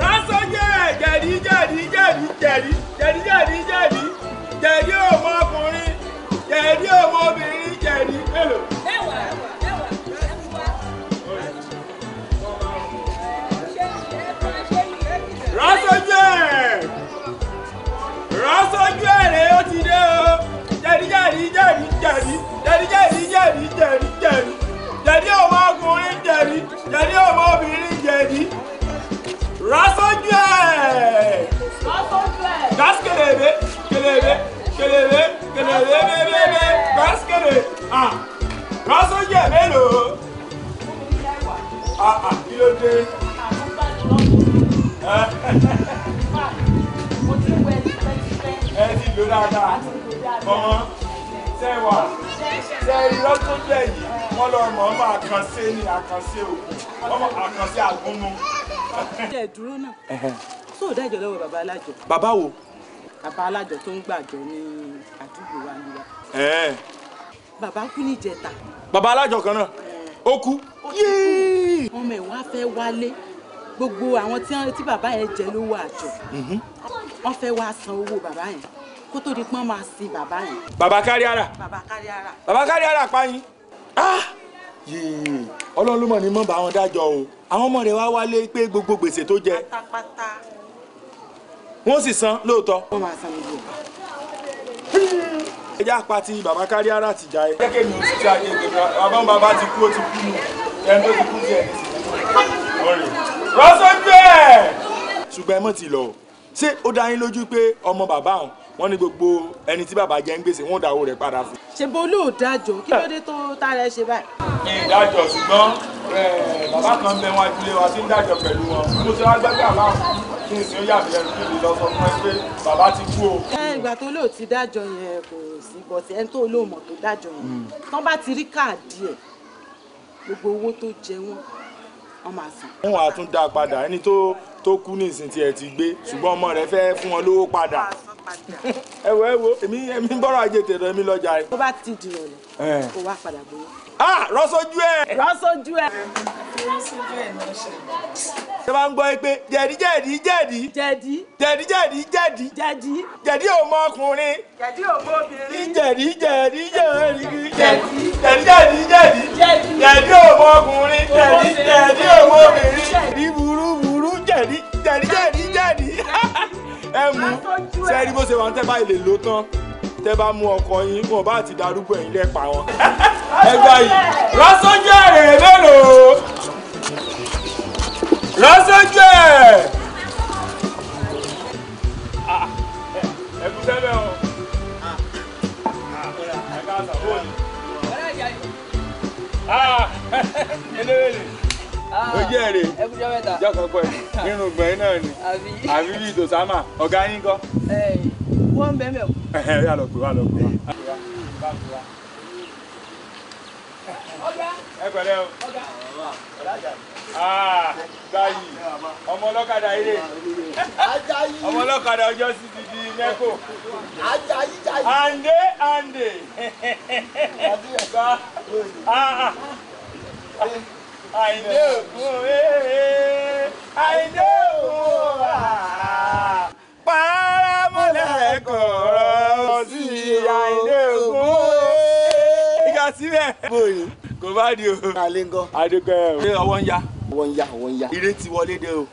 Speaker 3: rásọ̀jẹ́ jẹ̀rí jẹ̀rí jẹ̀rí jẹ̀rí jẹ̀rí jẹ̀rí jẹ̀rí jẹ̀rí ọmọkùnrin jẹ̀rí ọmọbìnrin mélòó. mẹ́wàá mẹ́wàá mẹ́wàá. rọ́sọ́jú ẹ̀ rọ́sọ́jú ẹ̀ rẹ̀ ó ti dé o jẹ̀rí jẹ̀rí jẹ̀rí jẹ̀rí jẹ̀rí jẹ̀rí jẹ̀rí jẹ̀rí jẹ̀rí jẹ̀rí ọmọ ọkùnrin jẹ̀rí jẹ̀rí ọmọ obìnrin jẹ̀rí rọ́sọ́jú ẹ̀
Speaker 4: rọ́sọ́jú ẹ̀ gas kelebe
Speaker 3: kelebe kelebe kelebe bebe gas kelebe rọ́sùn ah, ah. jẹ mélòó ah, kí ló dé. Eh. ẹ ti lò dáadáa ọmọ sẹ́wà sẹ́yìn lọ́tún jẹ yìí wọ́n lọ mọ̀ ọmọ àkànṣe ni àkànṣe òkú ọmọ àkànṣe àgúnmu. ẹ dúró náà tó dájọ lọ́wọ́ bàbá alájọ. bàbá wo.
Speaker 5: bàbá alájọ tó ń gbàjọ ní àdúgbò wa ni wa. Baba kú ní ìjẹta.
Speaker 3: bàbá alájọ kan náà
Speaker 5: ó kú. ọmọ ẹ̀ wá fẹ́ wálé
Speaker 3: gbogbo àwọn tí bàbá yẹn jẹ lówó àjọ mhm. wọ́n fẹ́ wá san
Speaker 6: owó bàbá yẹn kó tó di pọ́n máa sin bàbá yẹn.
Speaker 3: bàbá kárí ara. bàbá kárí ara. bàbá kárí ara pa yín. Ah! ọlọ́run ló mọ̀ ní mọ́ bá wọn dájọ́ o àwọn ọmọ rẹ̀ wá wálé pé gbogbo gbèsè tó jẹ. wọ́n sì san lóòótọ́. wọ́n ẹ jẹ́ apá ti bàbá kárí ara ti jà ẹ. jẹ́ kí èmi ti àyè ìgbèbà bàbá ń bàbá ti kú ó ti kú nù ẹni tó ti kú tiẹ̀ ní ti
Speaker 1: rọ́ṣọ́ jẹ́ ẹ̀.
Speaker 3: ṣùgbọ́n ẹ mọ̀ ti lọ ṣé ó dá yín lójú pé ọmọ bàbá àwọn wọ́n ní gbogbo ẹni tí bàbá jẹ́ ń gbèsè wọ́n dàwó rẹ̀ padà fún. ṣèbó olóòdájọ kí ló
Speaker 5: dé tó tára ẹ ṣe báyìí.
Speaker 3: ìdájọ́ ṣùgbọ́n bàbá kan bẹ wọn ajúlé wa tí ń dájọ́ pẹ̀lú wọn mo ṣe wá gbẹ́gbẹ́ àbá kí n sì yà mí ẹnu kí mi lọ sọ fún ẹ pé bàbá ti kú o. ẹ
Speaker 5: ìgbà tó lóò ti dájọ́ yẹn kò sí bọ̀tì ẹni tó lóò mọ̀ tó dájọ́ yẹn hmm. tán bá ti rí káàdì ẹ̀ gbogbo owó tó jẹ wọn wọn máa san. wọn
Speaker 3: á tún dá a padà ẹni tó tó kú nísinsìnyí ẹ ti gbé ṣùgbọ́n ọmọ rẹ fẹ́ fún wọn lówó padà ẹ wo ẹ wo èmi èmi ń bọ́rọ̀ ajé tèdọ̀ èmi lọ jàre. tó bá ti dìrọ̀ lẹ̀ kó wá padà bóyá. a rọ́sọ́jú ẹ̀. rọ́sọ́jú ẹ̀. rọ́sọ́jú ẹ̀ náà ṣe. ṣé máa ń gbọ́ pé jẹ̀dí jẹ̀dí jẹ̀dí. jẹ̀dí. jẹ̀dí jẹ̀dí jẹ̀dí. jẹ̀dí. jẹ̀dí ò mọ ọkùnrin. jẹ̀dí ò mọ obìnrin. jẹ̀dí jẹ̀dí jẹ̀dí. jẹ̀dí jẹ̀dí jẹ̀dí. jẹ̀dí ò mọ ọkùnrin. jẹ̀dí jẹ̀dí ò mọ obìnrin. jẹ̀dí burú burú jẹ̀dí jẹ̀dí jẹ̀dí jẹ̀dí. ẹ mú sẹ́ẹ̀rí bó ṣe wà tẹ́ báyìí lè lò tán tẹ́ mú ọkọ yín wọn bá ti darúgbó ẹ̀yìn lẹ́pa wọn. ẹ yìí lọ́sọ́jọ́ èrè mélòó lọ́sọ́jọ́ ẹ̀. ẹ̀kú sẹ́bẹ̀ Ah, ó jẹ́ èrè jẹ́ kọ́kọ́ ẹ̀ nínú gbọ̀n náà ni àbí bíi tòsámà ọ̀gá yín kọ́. wọ́n bẹ́ẹ̀ bẹ́ẹ̀ o. ẹ yà lọ pè wá lọ pè wá. ẹ pẹ̀lẹ́ o. Ah, báyìí ọmọ ọlọ́kadà ilé ọmọ ọlọ́kadà ọjọ́ sí ti di mẹ́kò. àǹdé àǹdé. I òkun I àìdé òkun wà. Eh, eh, ah. paramọ́lẹ̀ kọ̀ọ̀rọ̀ sí àìdé òkun ee. Eh. ìgbà síbẹ̀. bóyá kò bá di o. kàlẹ́ ń gan. adúgbò ẹ̀ o. ṣé ọwọ́ ń ya. ọwọ́ ń ya ọwọ́ ń ya. ire ti wọlé dé o.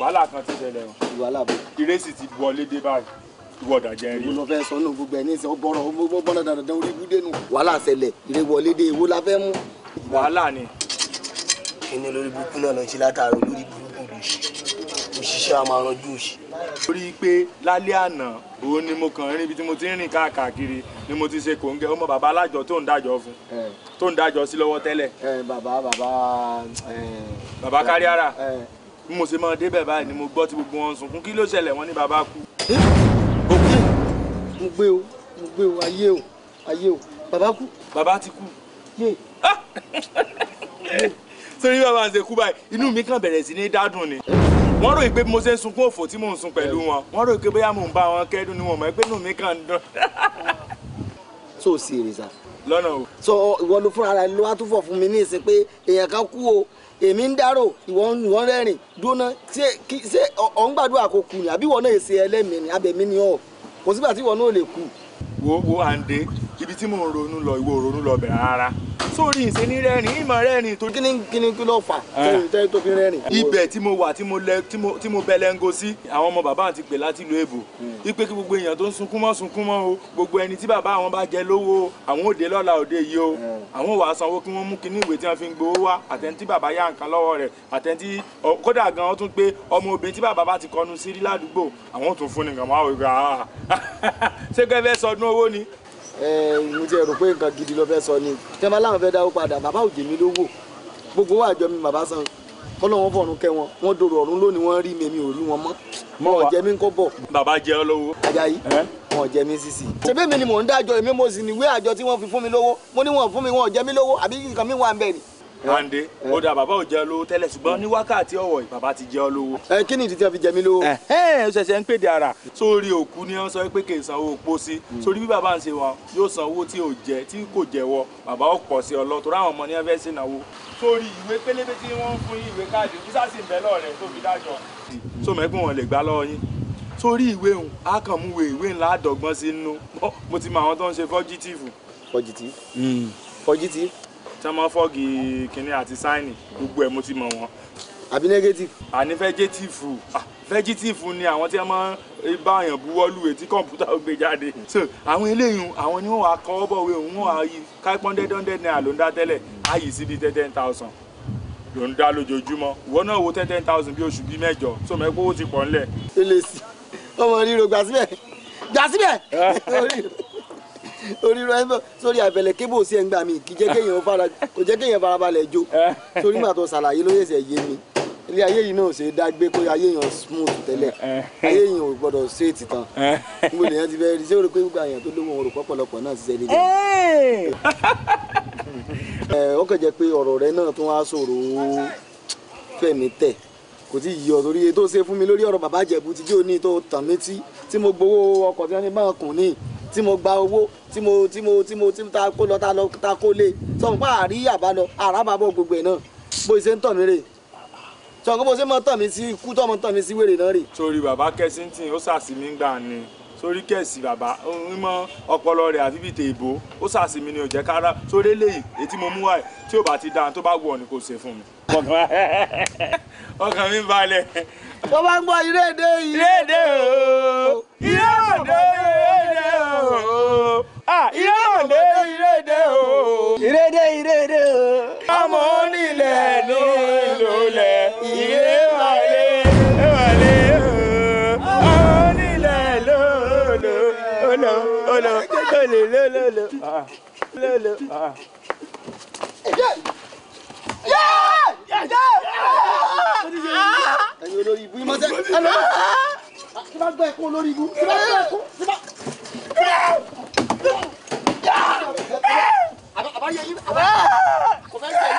Speaker 3: wàhálà kan ti ṣẹlẹ̀ o. wàhálà bò. ire ti wọlé dé báyìí wọ́ọ̀dà jẹ́ rí. mo lọ fẹ́ sọ náà gbogbo ẹ̀ ní sọ bọ́rọ̀ bọ́rọ̀ dandan orí ibùdó nù. wàhálà ṣẹlẹ̀ ìrẹwọlédè èwo la fẹ́ mú. wàhálà ni kíni lórí burúkú náà lọ ṣe látàárọ̀ lórí burúkú rẹ̀ òṣìṣẹ́ a máa ranjú òṣì. torí pé lálẹ́ àná òun ni mo kàn rí ibi tí mo ti ń rìn káàkiri ni mo ti ṣe kòńgẹ́ ọmọ bàbá alájọ tó ń dájọ́ fún tó ń dájọ́ sí lọ́wọ́ tẹ́lẹ̀. bàbá bàbá. bàbá káríára bí mo ṣe máa débẹ̀ báyìí ni mo gbọ́ tí gbogbo wọn sunkún kí ló ṣẹlẹ̀ wọ́n ní bàbá kú. mo gbé o mo gbé o ayé o ayé o bàbá kú. bàbá ti kú. Ah! torí bàbá ṣe kú báyìí inú mi kàn bẹ̀rẹ̀ sí ní dádùn ni wọ́n rò pé mo ṣe ń sunkún òfò tí mò ń sun pẹ̀lú wọn wọ́n rò pé bóyá mò ń bá wọn kẹ́dùn ni wọ́n mọ̀ pé inú mi kàn ń dùn. so serious sir. lọ́nà o. so ìwọ ló fúnra rẹ ló wá tún fọ̀ fún mi ní ìsìn pé èèyàn kan kú o èmi ń dárò ìwọ ìwọ rẹ́rìn dúná ṣé ọ̀ ń gbàdúrà kó kú ni àbí ìwọ náà èsì ẹlẹ́mìí ni abẹ̀mí ni ọ̀ kò sígbà tí ìwọ náà lè kú wo wo àǹdè ibi tí mò ń ronú lọ ìwọ ronú lọ bẹ̀rẹ̀ rárá sórí ìṣe rẹ́rìn ìmọ̀ rẹ́rìn tó kíní kíní kí ló fà eh. ibẹ̀ tí mo wà tí mo bẹlẹ́ngo sí àwọn ọmọ bàbá àti pè láti ìlú èbò ipe hmm. kí gbogbo èèyàn tó ń sunkún mọ́ sunkún mọ́ o gbogbo ẹni tí bàbá àwọn bá jẹ lówó àwọn òde lọ́la òde yìí o hmm. àwọn ò wá sanwó kí wọ́n mú kíní ìwé tí wọ́n fi ń gbowó wá àtẹ̀ntí bàbá yá nǹkan lọ́wọ́ rẹ̀ àtẹ̀ntí kódà gan tún pé ọmọ obìnrin tí bàbá bá ti kọnu sí rí ládùúgbò àwọn ò tún fún owó ni. ẹ mo ti rò pé nǹkan gidi ló fẹ́ sọ ni tẹ́lẹ̀ láwọn fẹ́ dáwó padà bàbá òjè mi lówó gbogbo wa àjọ mi bàbá san kọ́lọ́ wọn fọ̀run kẹ́ wọn wọn dòrò ọ̀run lónìí wọn rí mi èmi ò rí wọn mọ́ mọ ọ̀jẹ̀ mi ń kọ́ bọ̀. bàbá jẹ ọ lówó. Àjàyí wọn ọ̀jẹ̀ mi sísì. ṣebí mi ni mò ń dájọ́ èmi mo sì níwé àjọ tí wọ́n fi fún mi lówó mo ní wọn fún mi wọn ọ̀jẹ̀ mi lówó àbí nǹkan mi wà ń bẹ̀ kàǹdé o da bàbá o jẹ olówó tẹ́lẹ̀ ṣùgbọ́n ní wákàtí ọ̀wọ̀ yìí bàbá ti jẹ olówó. ẹ eh, kí ni ìdí tí a fi jẹ mí lówó. ẹ eh, ẹ eh, ṣẹ̀ṣẹ̀ ń pèdè ara sórí òkú ni wọ́n sọ pé kì í san owó pọ̀ sí hmm. sórí bí bàbá ń ṣe wọn yóò san owó tí ò jẹ tí kò jẹ wọ bàbá ò pọ̀ sí ọlọ torí àwọn ọmọ ní ẹfẹ́ sí ìnáwó. sórí ìwé pélébé tí wọ́n ń fún yín ìwé káàdì fúsà sì ń bẹ lọ́ọ̀rẹ́ tó fi dájọ́. sómẹ́gbọ̀n wọn lè gbá lọ́wọ́ yín sórí ìwé òun á kàn mú ìwé ńlá àdọ́gbọ́n sí inú mo ti mọ àwọn tó ń ṣe fọ́jítìfù. fọ́jítì hmm. fọ́jítì tí wọ́n fọ́ọ̀gì kínní àti sáìnì gbogbo ẹ̀ mo ti mọ̀ wọn. àbí negative. àní vegetative ah, vegetative ni àwọn tí wọ́n máa ń bá àyàn buwọ́lù etí kọ̀ǹpútà ó gbé jáde. so àwọn eléyìí àwọn ni wọ́n wá kọ́ bọ̀wé òun wọ́n á yí káìpọ́n dẹ́dọ́ndẹ́ náírà ló ń dá tẹ́lẹ̀ á yí sí bíi ten thousand ló ń dá lójoojúmọ́ ìwọ náà wo ten thousand bí oṣù bíi mẹ́jọ tó mẹ́ pé ó ti pọ̀ ńlẹ̀. ṣe lè sí ọmọ ríro gbà síbẹ̀ gbà síbẹ̀. Ah orí rẹ́ńbọ̀ sórí àbẹ̀lẹ̀ kébù sí ẹ̀ngbà mi kì jẹ́ kéèyàn fara kò jẹ́ kéèyàn farabalẹ̀ jó sórí màtọ́ ṣàlàyé ló yẹ̀sẹ̀ yé mi ilé ayé yìí náà ṣe é dágbé kó ayé yẹn smooth tẹ́lẹ̀ ayé yẹn ò gbọ́dọ̀ ṣe é tìtàn mo lè yẹn ti fẹ́ rí sí òrùkọ́ ìgbà yẹn tó lówó òrùkọ́ pọ̀lọpọ̀ náà ṣiṣẹ́ nílé. ẹ ó kàn jẹ́ pé ọ̀rọ̀ rẹ náà tún wá sọ̀rọ̀ fẹ̀mí tẹ̀ kò tí ì yọ torí ètò ṣe fún mi lórí ọ̀rọ̀ bàbá àjẹ̀bù ti jẹ́ òní tó tàn mí tí tí mo gbowó ọkọ̀ tí wọ́n ní báńkù ní tí mo gba owó tí mo tí mo tí mo ta kó lọ ta lọ ta kó lé sọmọ pa àrí àbálọ àràbàbọ gbogbo ẹ náà bó ṣe ń tàn mí rè sọ̀rọ̀ bó ṣe mọ tàn mí sí ikú tọ́ tàn mí sí wèrè náà rè. sórí bàbá kẹsíntìn ó ṣàṣìmí gbà ni sórí kẹ̀sì bàbá ń ọpọlọ rẹ̀ àfi bíi tèèbó ó ṣàṣìmí ni ò kára sórí eléyìí ètí mo mú wáyé tí ò bá ti dáhùn tó bá wù ọ́ ni kò ṣe fún mi. ọkàn mi balẹ̀ wọ́n bá ń gbọ́ iréèdè iréèdè o iréèdè iréèdè o iréèdè iréèdè o iréèdè iréèdè o ọmọ onílẹ̀ ló lò lẹ̀ ìrèwàlẹ̀ ìrèwàlẹ̀ ọmọ onílẹ̀ ló lò lò lò lò lò lò lò lò. Yeah! Yeah! Yeah! Yeah! ẹ̀yin olórí ibu ìmọ̀tẹ́ ẹ lọ tí ah, bá gbọ́ ẹ̀kọ́ olórí ibu tí bá gbọ́ ẹ̀kọ́ tí bá. àbáyé yín kò fẹ́ jẹ́ yín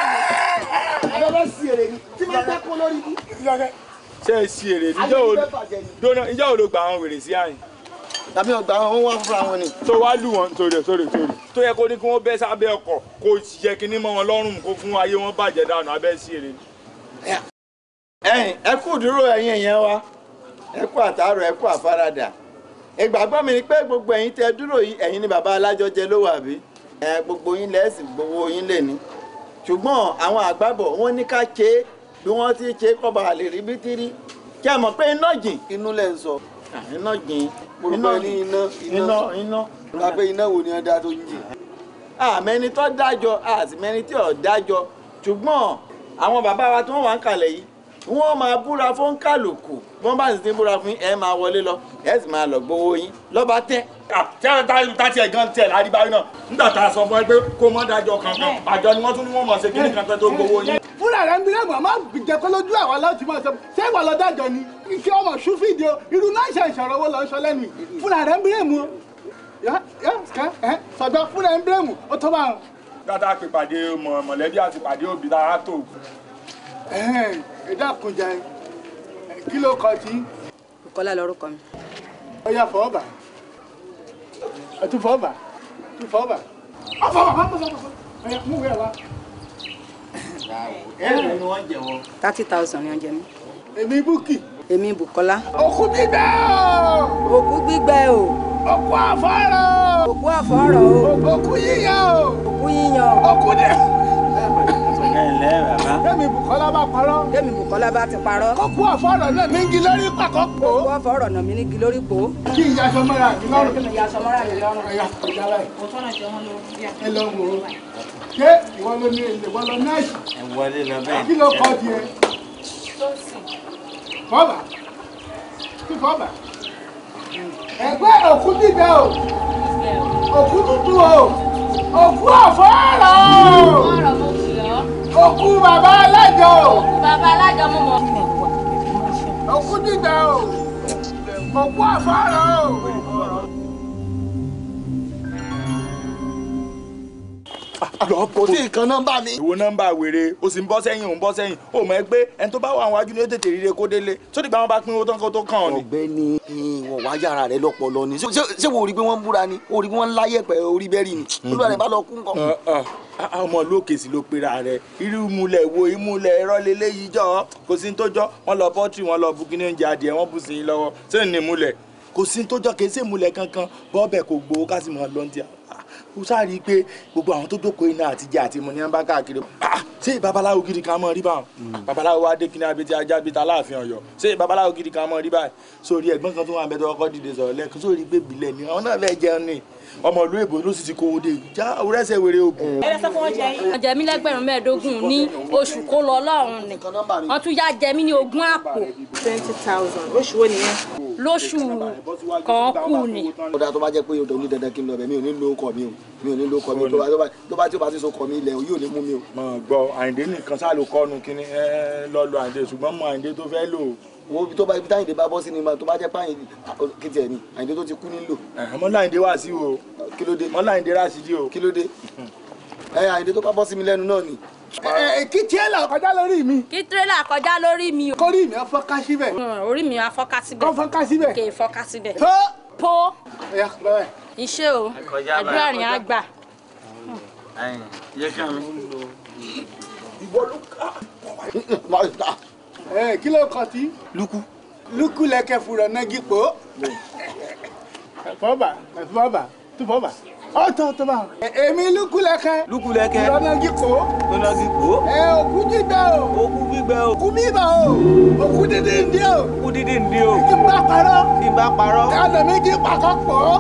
Speaker 3: ni àbẹ́ bá sí èrè ni tí bá gbọ́ ẹ̀kọ́ olórí ibu. ṣé ẹ sí èrè ni ìjọ́ òdo gbà àwọn wèrè sí àyìn tàbí ọgbà wọn wá fúnra wọn ni. tó wá lù wọn sórí sórí sórí tó yẹ kó ní kí wọn bẹ sábẹ́ ọkọ̀ kó yẹ kí ní mọ wọn lọ́rùn kó fún ayé wọn bàjẹ́ dànù abẹ sí èrè ni ẹ̀yin ẹ kú dúró ẹ̀yin èèyàn wa ẹ kú àtàárọ̀ ẹ kú àfaradà ìgbàgbọ́ mi ni pé gbogbo ẹ̀yin tẹ dúró yìí ẹ̀yin ni bàbá alájọjẹ ló wà bí ẹ gbogbo yín lẹ́sìn gbowó yín lè ní ṣùgbọ́n àwọn àgbàbọ̀ wọ́n ní ká ṣe é bí wọ́n ti ṣe é kọ́ba àlè rí bítírí kí ẹ mọ̀ pé iná jìn inú lẹ̀ ń sọ iná jìn iná iná iná iná lábẹ́ iná wo ni wọ́n dá tó jìn. àmẹ́ni dájọ́ àti mẹ́ni tí dájọ́ ṣùgbọ́n àwọn bàbá wa tí wọ́n wà ń kalẹ̀ yìí wọ́n máa búra fún kálukú wọ́n bá sì ti búra fún ẹ máa wọlé lọ ẹ sì máa lọ gbowó yín lọ́ba tẹ́. tẹ́lẹ̀ tá ìlú tàti ẹ̀gán tẹ̀ ládìbáyé náà nígbà tá a sọ fún ẹ pé kó mọ́ dájọ́ kankan àjọ ni wọ́n tún ní wọ́n mọ̀ ṣe kí nìkan tẹ́ tó gbowó yín. fúnra rẹ̀ ń bí lẹ́gbọ̀n máa ń jẹ́ kó lójú àwa láti máa sọ ṣé ìwà lọ dájọ́ ni kí ọmọ o irú náà ṣe ìṣòro wo lọ sọ lẹ́nu fúnra rẹ̀ ń bí lẹ́mu sọ̀dọ̀ fúnra rẹ̀ ń bí lẹ́mu ó tọ́ bá ẹ dákun kí ló kọ tí. Bùkọ́lá lorúkọ mi. ọyá fọwọ́ bà á tún fọwọ́ bà á tún fọwọ́ bà á. ọfọ bàbá mọ sọ sọ ọyá mú wẹ wá. ẹ ni wọn jẹ wọ. thirty thousand ni wọn jẹ mí. èmi búkì. èmi Bùkọ́lá. òkú gbígbẹ́ o. òkú gbígbẹ́ o. òkú àfọ́rọ̀ o. òkú àfọ́rọ̀ o. òkú yíyan o. òkú yíyan o. òkú dẹ ẹ̀lẹ́ bàbá. kémi Bùkọ́lá bá parọ́. kémi Bùkọ́lá bá ti parọ́. kókó ọ̀fọ̀rọ̀ náà mi ń gi lórí pàkọ́ pò. kókó ọ̀fọ̀rọ̀ náà mi ń gi lórí pò. kí n yaṣọ mọ́ra mi lọ́rùn. kí n yaṣọ mọ́ra mi lọ́rùn. ẹ̀yà
Speaker 5: ìjàlá yìí. mo tọ́nà jẹ́ wọn lórí. ẹ lọ wò
Speaker 6: ṣé
Speaker 3: ìwọ ló
Speaker 1: ní èlé ló kọ́
Speaker 3: ẹgbẹ́ òkú dídá o òkú tútù o òkú ọ̀fọ́rọ̀. ọ̀rọ̀ mo òkú bàbá alájọ o.
Speaker 6: òkú bàbá alájọ mo mọ̀. òkú dìgbà o òkú àfárá o.
Speaker 3: lọ sí nǹkan nọ́mbà mi. ìwo nọ́mbà wèrè o sì ń bọ́ sẹ́yìn ò ń bọ́ sẹ́yìn o mọ̀ ẹ́ pé ẹni tó bá wà wájú ni ó tètè rí kó délé tó dìgbà wọn bá pín owó tán kó tó kàn ọ́ ni. ọ̀gbẹ́ni ìwọ̀n wá yàrá rẹ lọ́pọ̀lọ́ ni ṣé wo rí pé wọ́n ń búra ni o rí pé wọ́n ń láyẹ̀pẹ̀ orí bẹ́rì ni mm-hmm. olúwa bá lọ kú nǹkan. Uh, uh ọmọ lókèsì ló pera rẹ irú ìmúlẹ̀ wo ìmúlẹ̀ ẹ̀rọ lélẹ́yìí jọ kò sí tó jọ wọn lọ pọ́tì wọn lọ bu kíní oúnjẹ adìẹ wọn bù sí i lọ́wọ́ ṣé ní ìmúlẹ̀ kò sí tó jọ kèsì ìmúlẹ̀ kankan bọ́ọ̀bẹ̀ kò gbowó ká sì mọ̀ lọ́ntì ó sáré pé gbogbo àwọn tó jókòó iná àtijẹ àti ìmọ̀ ní ẹ̀ ń bá káàkiri ah, ṣé babaláwo gidi kan mọ̀ rí báwọn hmm. babaláwo adékiní abẹ́tí ajábíta láàfin ọ̀yọ́ ṣé babaláwo gidi kan mọ̀ rí báyìí sórí ẹ̀gbọ́n kan tó wà bẹ́ẹ̀ tó kọ́kọ́ dìde sọ̀rọ̀ lẹ́kọ̀ọ́ sórí pé bílẹ̀ ni àwọn náà fẹ́ jẹun ni ọmọ ìlú èbó ló sì ti kówó dé já rẹ́sẹ̀ wèrè ogun. ẹ sọ fún wọn jẹ
Speaker 6: yín. ọjà mi lẹ́gbẹ̀rún mẹ́ẹ̀ẹ́dógún ní oṣù kó lọ lọ́rùn ni wọ́n tún yá jẹ mí ní ogún àpò. twenty
Speaker 3: thousand oṣù wo nìyẹn.
Speaker 4: lóṣù kan kù ni. ó
Speaker 3: dáa tó bá jẹ́ pé odò ní dandan kí n lọ bẹ̀ mi ò ní lo ọkọ̀ mi o mi ò ní lo ọkọ̀ mi tó bá tí o bá ti so ọkọ̀ mi ilẹ̀ o yóò ní mú mi o. gbọ́ àyìndé nìkan sá ló kọ́nu kínní ẹ lọ́ọ́ lo àyìndé ṣùgbọ́n mo àyìndé wo ibi tó bá ibi táyìndé bá bọ́ sí ni tó bá jẹ́ páyìn kìtì ẹ̀ ni àyìndé tó ti kú nílò. àmọ́ láyìndé wá sí o kí ló dé mọ́ láyìndé di o kí ló dé ẹ àyìndé tó bá bọ́ sí mi lẹ́nu náà ni. kí tírélà kọjá mi.
Speaker 6: kí tírélà kọjá lórí mi o. kórì mi á fọ́ká síbẹ̀. orí mi á fọ́ká síbẹ̀. kọ́ fọ́ká síbẹ̀. kè é fọ́ká síbẹ̀. tó. po. iṣẹ́ o àdúrà rìn á gbà.
Speaker 3: yẹ kí n. ìwọ ló ẹ kí ló kọ tí. lukú. lukú lẹkẹ fúrọ nági pò. ẹfọba ẹfọba túbọba ọtọ tọba. èmi lukú lẹkẹ. lukú lẹkẹ. fúrọ nági pò. fúrọ nági pò. ẹ òkú gbígbẹ o. òkú gbígbẹ o. òkú bíbà o. òkú dídì ndí o. òkú dídì ndí o. kí n bá parọ́. kí n bá parọ́. kálọ̀ mi kí pàkọ́ pọ̀.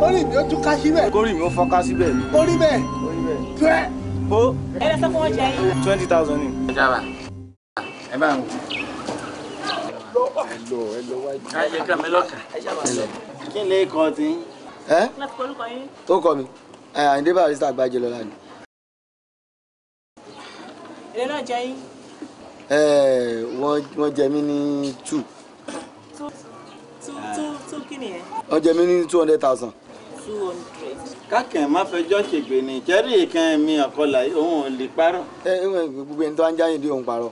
Speaker 3: kórì mi ó tún ká síbẹ̀. kórì mi ó fọ́ká síbẹ̀. kórì bẹ́ẹ̀. kórì bẹ́ẹ̀. tuẹ. o. ẹ lọ sọ fún wọn jẹ yín. twenty thousand ni. ọjà wa ẹ bá ń wò. ẹ lọ ẹ lọ wájú. ayé ká mi lọ́kà. kí ni ikọ̀ ti ń. ẹ tó kọ mi àyìndé bá àrísà gbájẹ lọ lánàá.
Speaker 5: èlé náà jẹ yín.
Speaker 3: ẹ wọ́n jẹ mí ní two. two two
Speaker 5: two kí nìyẹn. wọ́n
Speaker 3: jẹ mí ní two hundred thousand kákẹ́ má fẹjọ́ ṣègbè ní ìjẹ́rìí kan mi ọ̀kọlà òun ò lè parọ́. ẹ ẹ gbogbo ẹni tó ń jáyè dé òun parọ́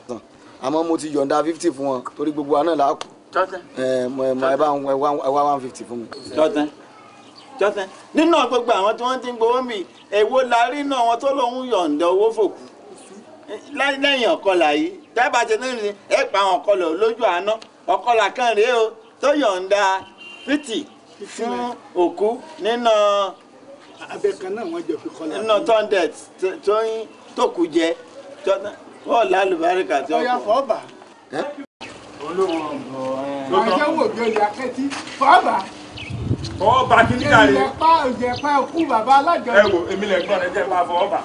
Speaker 3: àmọ́ mo ti yọ̀ǹda fifty fún wọn torí gbogbo wa náà là á kù ẹ mọ ẹ bá ẹ wá one fifty fún mi. jọ́tẹ́ jọ́tẹ́ nínú gbogbo àwọn tí wọ́n ti ń gbowó mi èwo la rí náà wọn tó lóun yọ̀ǹda owó fòkù lẹ́yìn ọ̀kọlà yìí dábàá ti ní ẹ pa àwọn ọ̀kọlà lójú àná ọ̀kọlà kan rèé o tó yọ̀ǹda fifty fún òkú nínú abẹ́kan náà wọ́n jọ fi kọ́lá. nínú tọ́ndẹ̀t tó kù jẹ jọ́tẹ́ kọ́ lálùbáríkà tí ọkọ̀. ọyà fọ́ọ̀bà. olówó ọ̀gbọ̀n. ọjọ́ wo bí olè akẹ́tì fọ́ọ̀bà. fọ́ọ̀bà kí nígbà rẹ̀. èmi lẹ̀ pa òjẹ̀pá òkú bàbá alájọ. ẹ wo èmi lẹ̀ gbọ́n ẹ jẹ́ pa fọ́ọ̀bà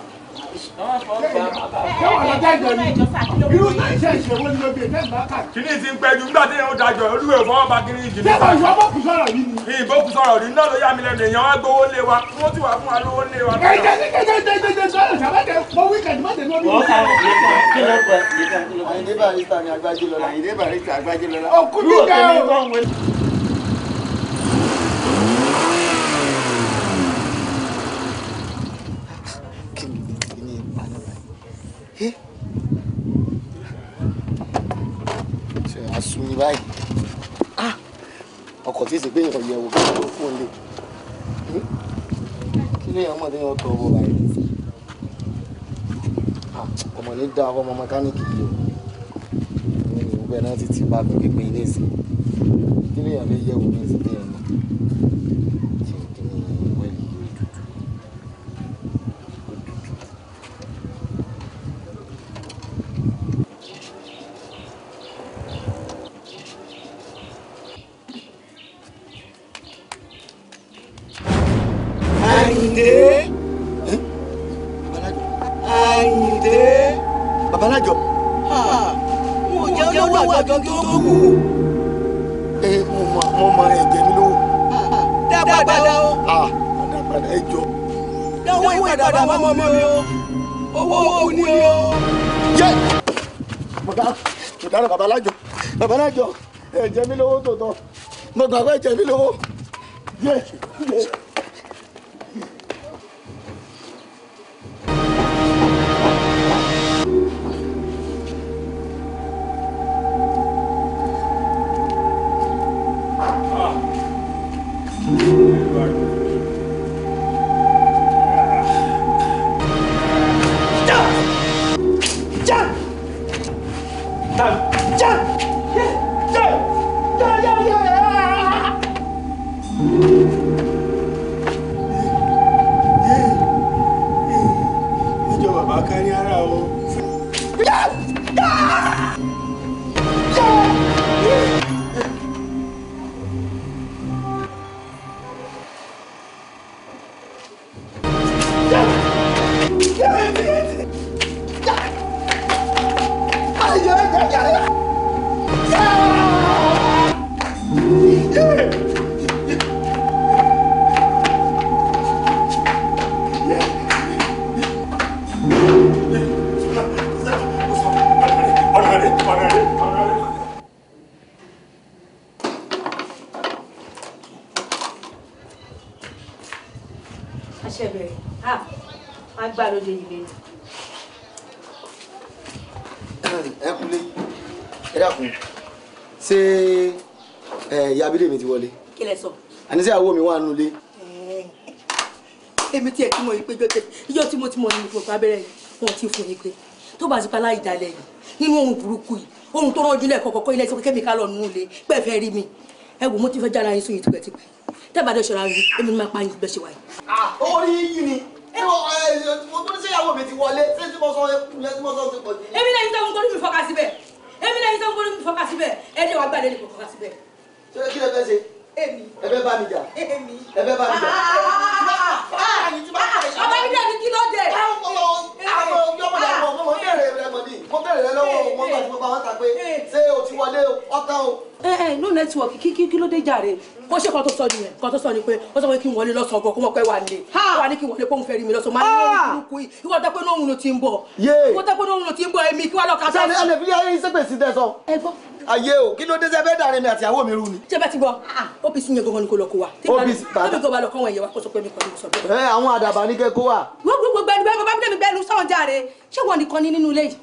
Speaker 3: kí ni ti ń pẹ́jù nígbà tí yẹn ó dájọ́ olúwẹ̀ fọwọ́ bá kiri ìjì nípa. ṣé ìwọ bókù sọ̀rọ̀ yìí ni. ìbókù sọ̀rọ̀ yìí náà ló yá mi lẹ́nu èèyàn wá gbowó lé wa tí wọ́n ti wà fún wa lówó lé wa. ẹ̀jẹ̀ ní kẹjẹ jẹjẹ jẹ sọ̀rọ̀ sàbẹ̀dẹ̀
Speaker 5: mọ wíkẹ̀dì má dẹ̀nu ọdún. ọ̀sán kí
Speaker 3: ló pẹ́ àyìndé barista ni agbájé lọ́la. àyìndé barista agbájé lọ́la. ọkùnrin náà. Eh? ṣe àsùnmí báyìí ah! ọkọ̀ tí èsì pé èèyàn yẹ wò kí ló fún un lè kí ló yẹ ọmọ tí èèyàn tọ̀ wọ báyìí ah! ọmọ ní dá ọmọ mẹkáníìkì yìí o ìwé náà ti ti bá gbẹgbẹ ilé ìsìn kí ló yẹ ọmọ yẹ wò ní ìsìn èèyàn Àyìndé. Àyìndé. Babalájọ. Mo jẹ́ olówó àgbàjọ tó kù. Ẹ mo mọ mo mọ ẹ̀jẹ̀ mi lówó. Dá padà o. Dá padà ẹ jọ. Dáwọ́ ìpadà mọ́mọ́ mi o. Owó òkú ni o. Jẹ́ mo dára babalájọ babalájọ ẹ̀jẹ̀ mi lówó tòótọ́ mo gbàgbọ́ ẹ̀jẹ̀ mi lówó. Yeah, yeah.
Speaker 4: pé abẹ́rẹ́ yìí wọ́n ti fún yín pé tó bá ti pa láì dalẹ̀ yìí nínú ohun burúkú yìí ohun tó ránjú lẹ́ẹ̀kọ́ kọ́kọ́ ilé ẹ̀sìn kẹ́míkà lọ nù lé pẹ́ẹ́ rí mi ẹ wò mo ti fẹ́ jára yín sún yìí tipẹ́tipẹ́ tẹ́bà dé ṣọ́ra yín èmi ni máa pa yín bẹ́ẹ̀ ṣe wáyé. orí yìí ni mo tó ní sẹ́yàwó mi ti wọlé ṣé tí mo sọ
Speaker 3: yẹn ẹ bá mi jà ẹ bá mi jà.
Speaker 6: ọba ilé mi kí ló dé.
Speaker 3: mo bẹ̀rẹ̀ lọ́wọ́ mo
Speaker 4: gbà pé ṣé o ti wọlé ọ̀tán o. ẹ ẹ no network kí kí kí ló dé jàre kó ṣe kan tó sọ nìyẹn kan tó sọ ni pé ó sọ pé kí n wọlé lọ́sàn kó mọ̀ pé wà nílé wà ní kí n wọlé kóhun fẹ́ rí mi lọ́sàn-án máa ní lórí burúkú yìí ìwọ tó ní òun
Speaker 3: ló ti ń bọ̀ ìwọ tó pé ní òun ló ti ń bọ̀ èmi kí wàá lọ kà sẹ́yìn. ṣé ẹ fi ayé iṣẹ́ pèsè dẹ sọ. ẹ gbọ́ ayé o kí ló dé sẹ́fẹ́ dàrin mi àti àwọ̀ mi rú ni. ṣé bá ti gbọ́ ah, opc yẹn gangan ni kò lọ kó wa. opc
Speaker 6: bàtà tóbi kò bá lọ kọ́
Speaker 4: wọn ẹ̀yẹ wa kó sọ pé mi kọ́ ni sọ bẹ́ẹ̀.
Speaker 3: ẹ eh, àwọn àdàbà ní kẹ́ kó wa.
Speaker 6: gbogbo gbẹnu bẹ́ẹ̀ bá bẹ́ẹ̀ mi bẹ́ẹ̀ lu sọ̀rọ̀ járe ṣé wọn nìkan ni nínú ilé yìí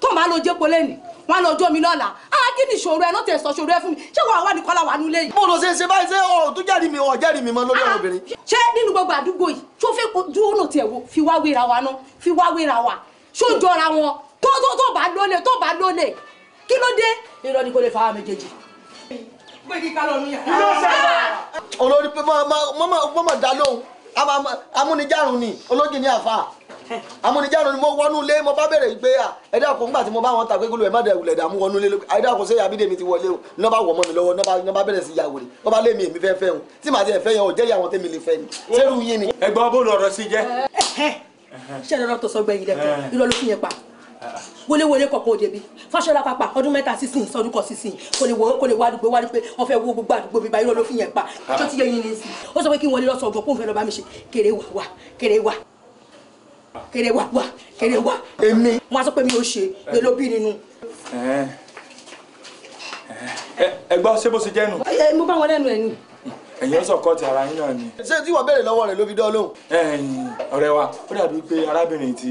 Speaker 6: tó máa lọ jẹ́ polẹ́ wọn lọ jó mi lọ́la ah kí
Speaker 4: ni ìṣòro ẹ náà tẹ̀ sọ ṣòro ẹ fún mi ṣé wọn wà ní kọ́lá wà yìí. mo lọ ṣe ṣe báyìí ṣé ọ tó jẹ́rìí mi ọ jẹ́rìí mi mọ lórí ọ̀rọ̀ ah, obìnrin. ṣé nínú gbogbo àdúgbò yìí tó fẹ́ dúró nù tiẹ̀ wo fi wá wéra wa ná fi wá wéra wa ṣó jọra wọn tó tó tó bá lólè tó bá lólè kí ló dé irọ́ ni
Speaker 3: kò lè fa méjèèjì. pé kí ká lọ ní yàrá. iná sẹ́wà. olórí pé mọ́mọ́ dá lóhùn amúnijárun ni olójì ní àfa amúnijárun ni mo wọnú ilé mo bá bẹ̀rẹ̀ gbé à ẹ dákun nígbà tí mo bá wọn ta pé gbólú ẹ má dẹ̀ wulẹ̀ dààmú wọnú ilé ẹ dákun ṣé abídèmi ti wọlé o ní wọn bá wọ̀ mọ́ mi lọ́wọ́ ní wọn bá bẹ̀rẹ̀ sí yàwòrì wọn bá lé mi èmi fẹ́ fẹ́ o tí màá ti ẹ̀ fẹ́ yẹn o jẹ́rìí àwọn tẹ́mi lè fẹ́ ni sẹ́rù yín ni. ẹgbẹ́ ọbọ̀ lọ̀rọ̀ sí jẹ́.
Speaker 4: ṣé ẹ̀rọ tó sọ gbẹ̀yìn lẹ́kọ̀ọ́ irọ́ ló fi wọléwọlé kọ̀ọ̀kan òde bi fáṣọlá pàpà ọdún mẹ́ta sísìn sọdún kan sísìn kò lè wọ́n kò lè wá àdúgbò wá rí pé wọ́n fẹ́ wo gbogbo àdúgbò bíbá irọ́ ló fi yẹn pa ọjọ́ tí yẹn yín ní sí ó sọ pé kí n wọlé lọ́sọ̀ ọ̀gbọ̀n kó n fẹ́ lọ bá mi ṣe kéré wà wà kéré wà kéré wà wà
Speaker 3: kéré wà. èmi. wọn á sọ pé mi ò ṣe mi ló bí nínú. ẹ gbọ́ ṣé bó ṣe jẹ́ nù.
Speaker 6: mo bá wọn lẹ́nu ẹ̀ ni
Speaker 3: ẹ̀yin ọ̀sọ̀ kọ́ ti ara yín náà ni. ṣé tí wọ́n béèrè lọ́wọ́ rẹ̀ ló fi dán lóhùn. ọ̀rẹ́ wa ó dàbí pé arábìnrin ti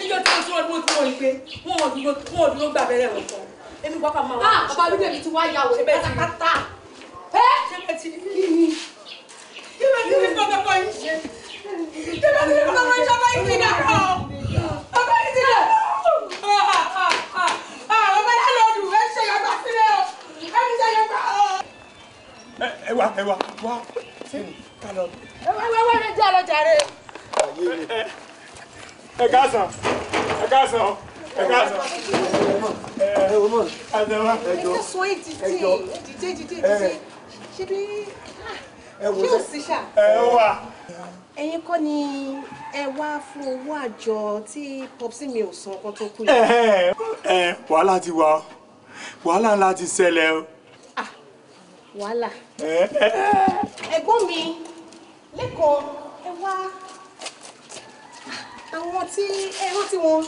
Speaker 4: níjọ́ tí mo sọ̀rọ̀ dúró tí mo rí pé wọn ò dúró wọn ò dúró gbàbẹ́rẹ́ wọn kan èmi pápá máa wà. bàbá olúdé mi ti wá yà wò pátápátá. ẹ ṣẹlẹ ti ní kí ni ṣẹlẹ ti ní pátápá yìí ṣe ti ní pátápá yìí ṣe yìí ti dà kọ ọba yìí ti dà ọba yà lọ́dù ẹ ṣe yàgbà sílẹ̀ o ẹ ti ṣe yàgbà o.
Speaker 3: ẹ wá ẹ wá wá ẹ wá wá ẹ jẹ́ àlọ́ jàre ẹ káàsán ẹ káàsán ẹ káàsán. ẹ wo mọ àdàmà ẹjọ
Speaker 5: ẹjọ ẹ ṣe bí ṣé ò sí ṣá. ẹ wà. ẹ̀yin kọ́ ni ẹ wá fún owó àjọ tí popsi mi ò san ọkọ tó kù yìí.
Speaker 3: ẹ wàhálà ti wà wàhálà ńlá ti ṣẹlẹ̀ o.
Speaker 5: wàhálà. ẹ̀gbọ́n mi lẹ́kọ̀ọ́ ẹ wá àwọn tí ẹ rántí wọn.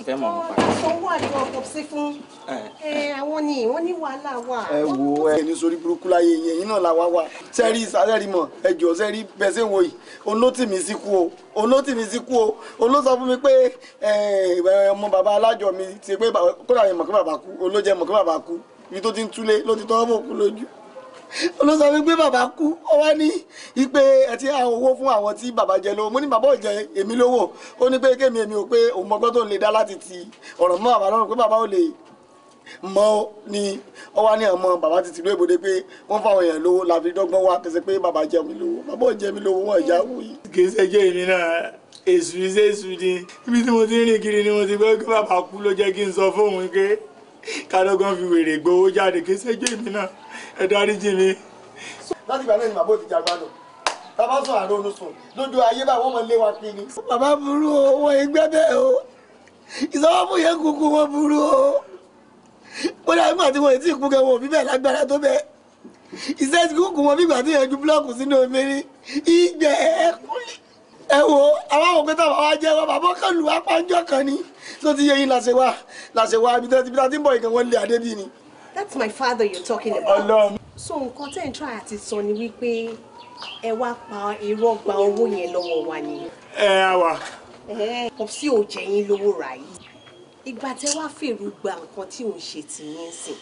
Speaker 3: n fẹ́ mọ̀ wọn pa.
Speaker 5: sanwó àjọ pọ̀pọ̀sí fún àwọn ni wọ́n ní wàhálà wà. ẹ
Speaker 3: wo ẹ ní sórí burúkú láyé yẹn yín náà la wá wà sẹ́rí sẹ́rí mọ̀ ẹ jọ sẹ́rí bẹ́sẹ̀ wò yìí olótì mi sí kú o olótì mi sí kú o olósọ fún mi pé ọmọ bàbá alájọ mi ti pé kódà mi mọ̀ kí bàbá kú olójẹ mọ̀ kí bàbá kú ibi tó ti ń túlé ló ti tọ́ ọ́ bò kú lójú olóṣà mi gbé bàbá kú ó wá ní ipe ẹtí àwọn owó fún àwọn tí bàbá jẹ lówó mo ní bàbá ò jẹ èmi lówó ó ní pé kémi èmi ò pé òun mọgbọ́n tó ń lè dá láti ti ọ̀rọ̀ mọ́ bàbá lọ́rùn pé bàbá ò lè mọ ni ó wá ní àmọ́ bàbá ti tìlú èbòde pé wọ́n fáwọn èèyàn lówó làbí dọ́gbọ́n wá kẹsẹ̀ pé bàbá jẹ mi lówó bàbá ò jẹ mi lówó wọn ìjà wò yìí. kì í ṣe jẹ́ èmi náà èsù iṣẹ́ èsù ni ibi tí mo ti ń rìn kiri ni mo ti gbọ́ pé bàbá kú ló jẹ́ kí n sọ fóun pé kádọ́gán fi wèrè gbowó jáde kì jẹ́ èmi náà ẹ dárí jì mí. láti ìgbà náà ni màbó ti jagbádùn bàbá sọ àrùn onusùn lójú ayé báyìí wọ́n mọ̀ lé wa kiri. bàbá burú o wọn ìgbẹ́ bẹ́ẹ̀ o ìsọwọ́mú yẹn kúkú wọn burú o ó dàbí màtí wọn ètí ìkú kẹwọn òbí bẹ́ẹ̀ lágbára tó bẹ́ẹ̀ iṣẹ́ ti kúkú wọn bígbà tí yẹn ju búlọ́ọ̀kù sínú omi rí ìgbẹ́ ẹ wo àwọn àwọn òkúta bàbá jẹ wọn bàbá kan apá ọjọ́ kan ni tó ti yẹ yín làṣẹ wá làṣẹ wá ibi tí wọn ti ń bọ̀ ìkànnì lé adébí ni
Speaker 5: that's my father you're talking about. Ọlọ́run. so nǹkan tẹ́ ń try àti sọ ni wípé ẹ wá pa irọ́ gba owó yẹn lọ́wọ́ wa ni. ẹ á wà. popsi ò jẹ yín lówó rà yìí ìgbà tẹ́ wá fèrú gba nǹkan tí ò ń ṣe tì yín sìn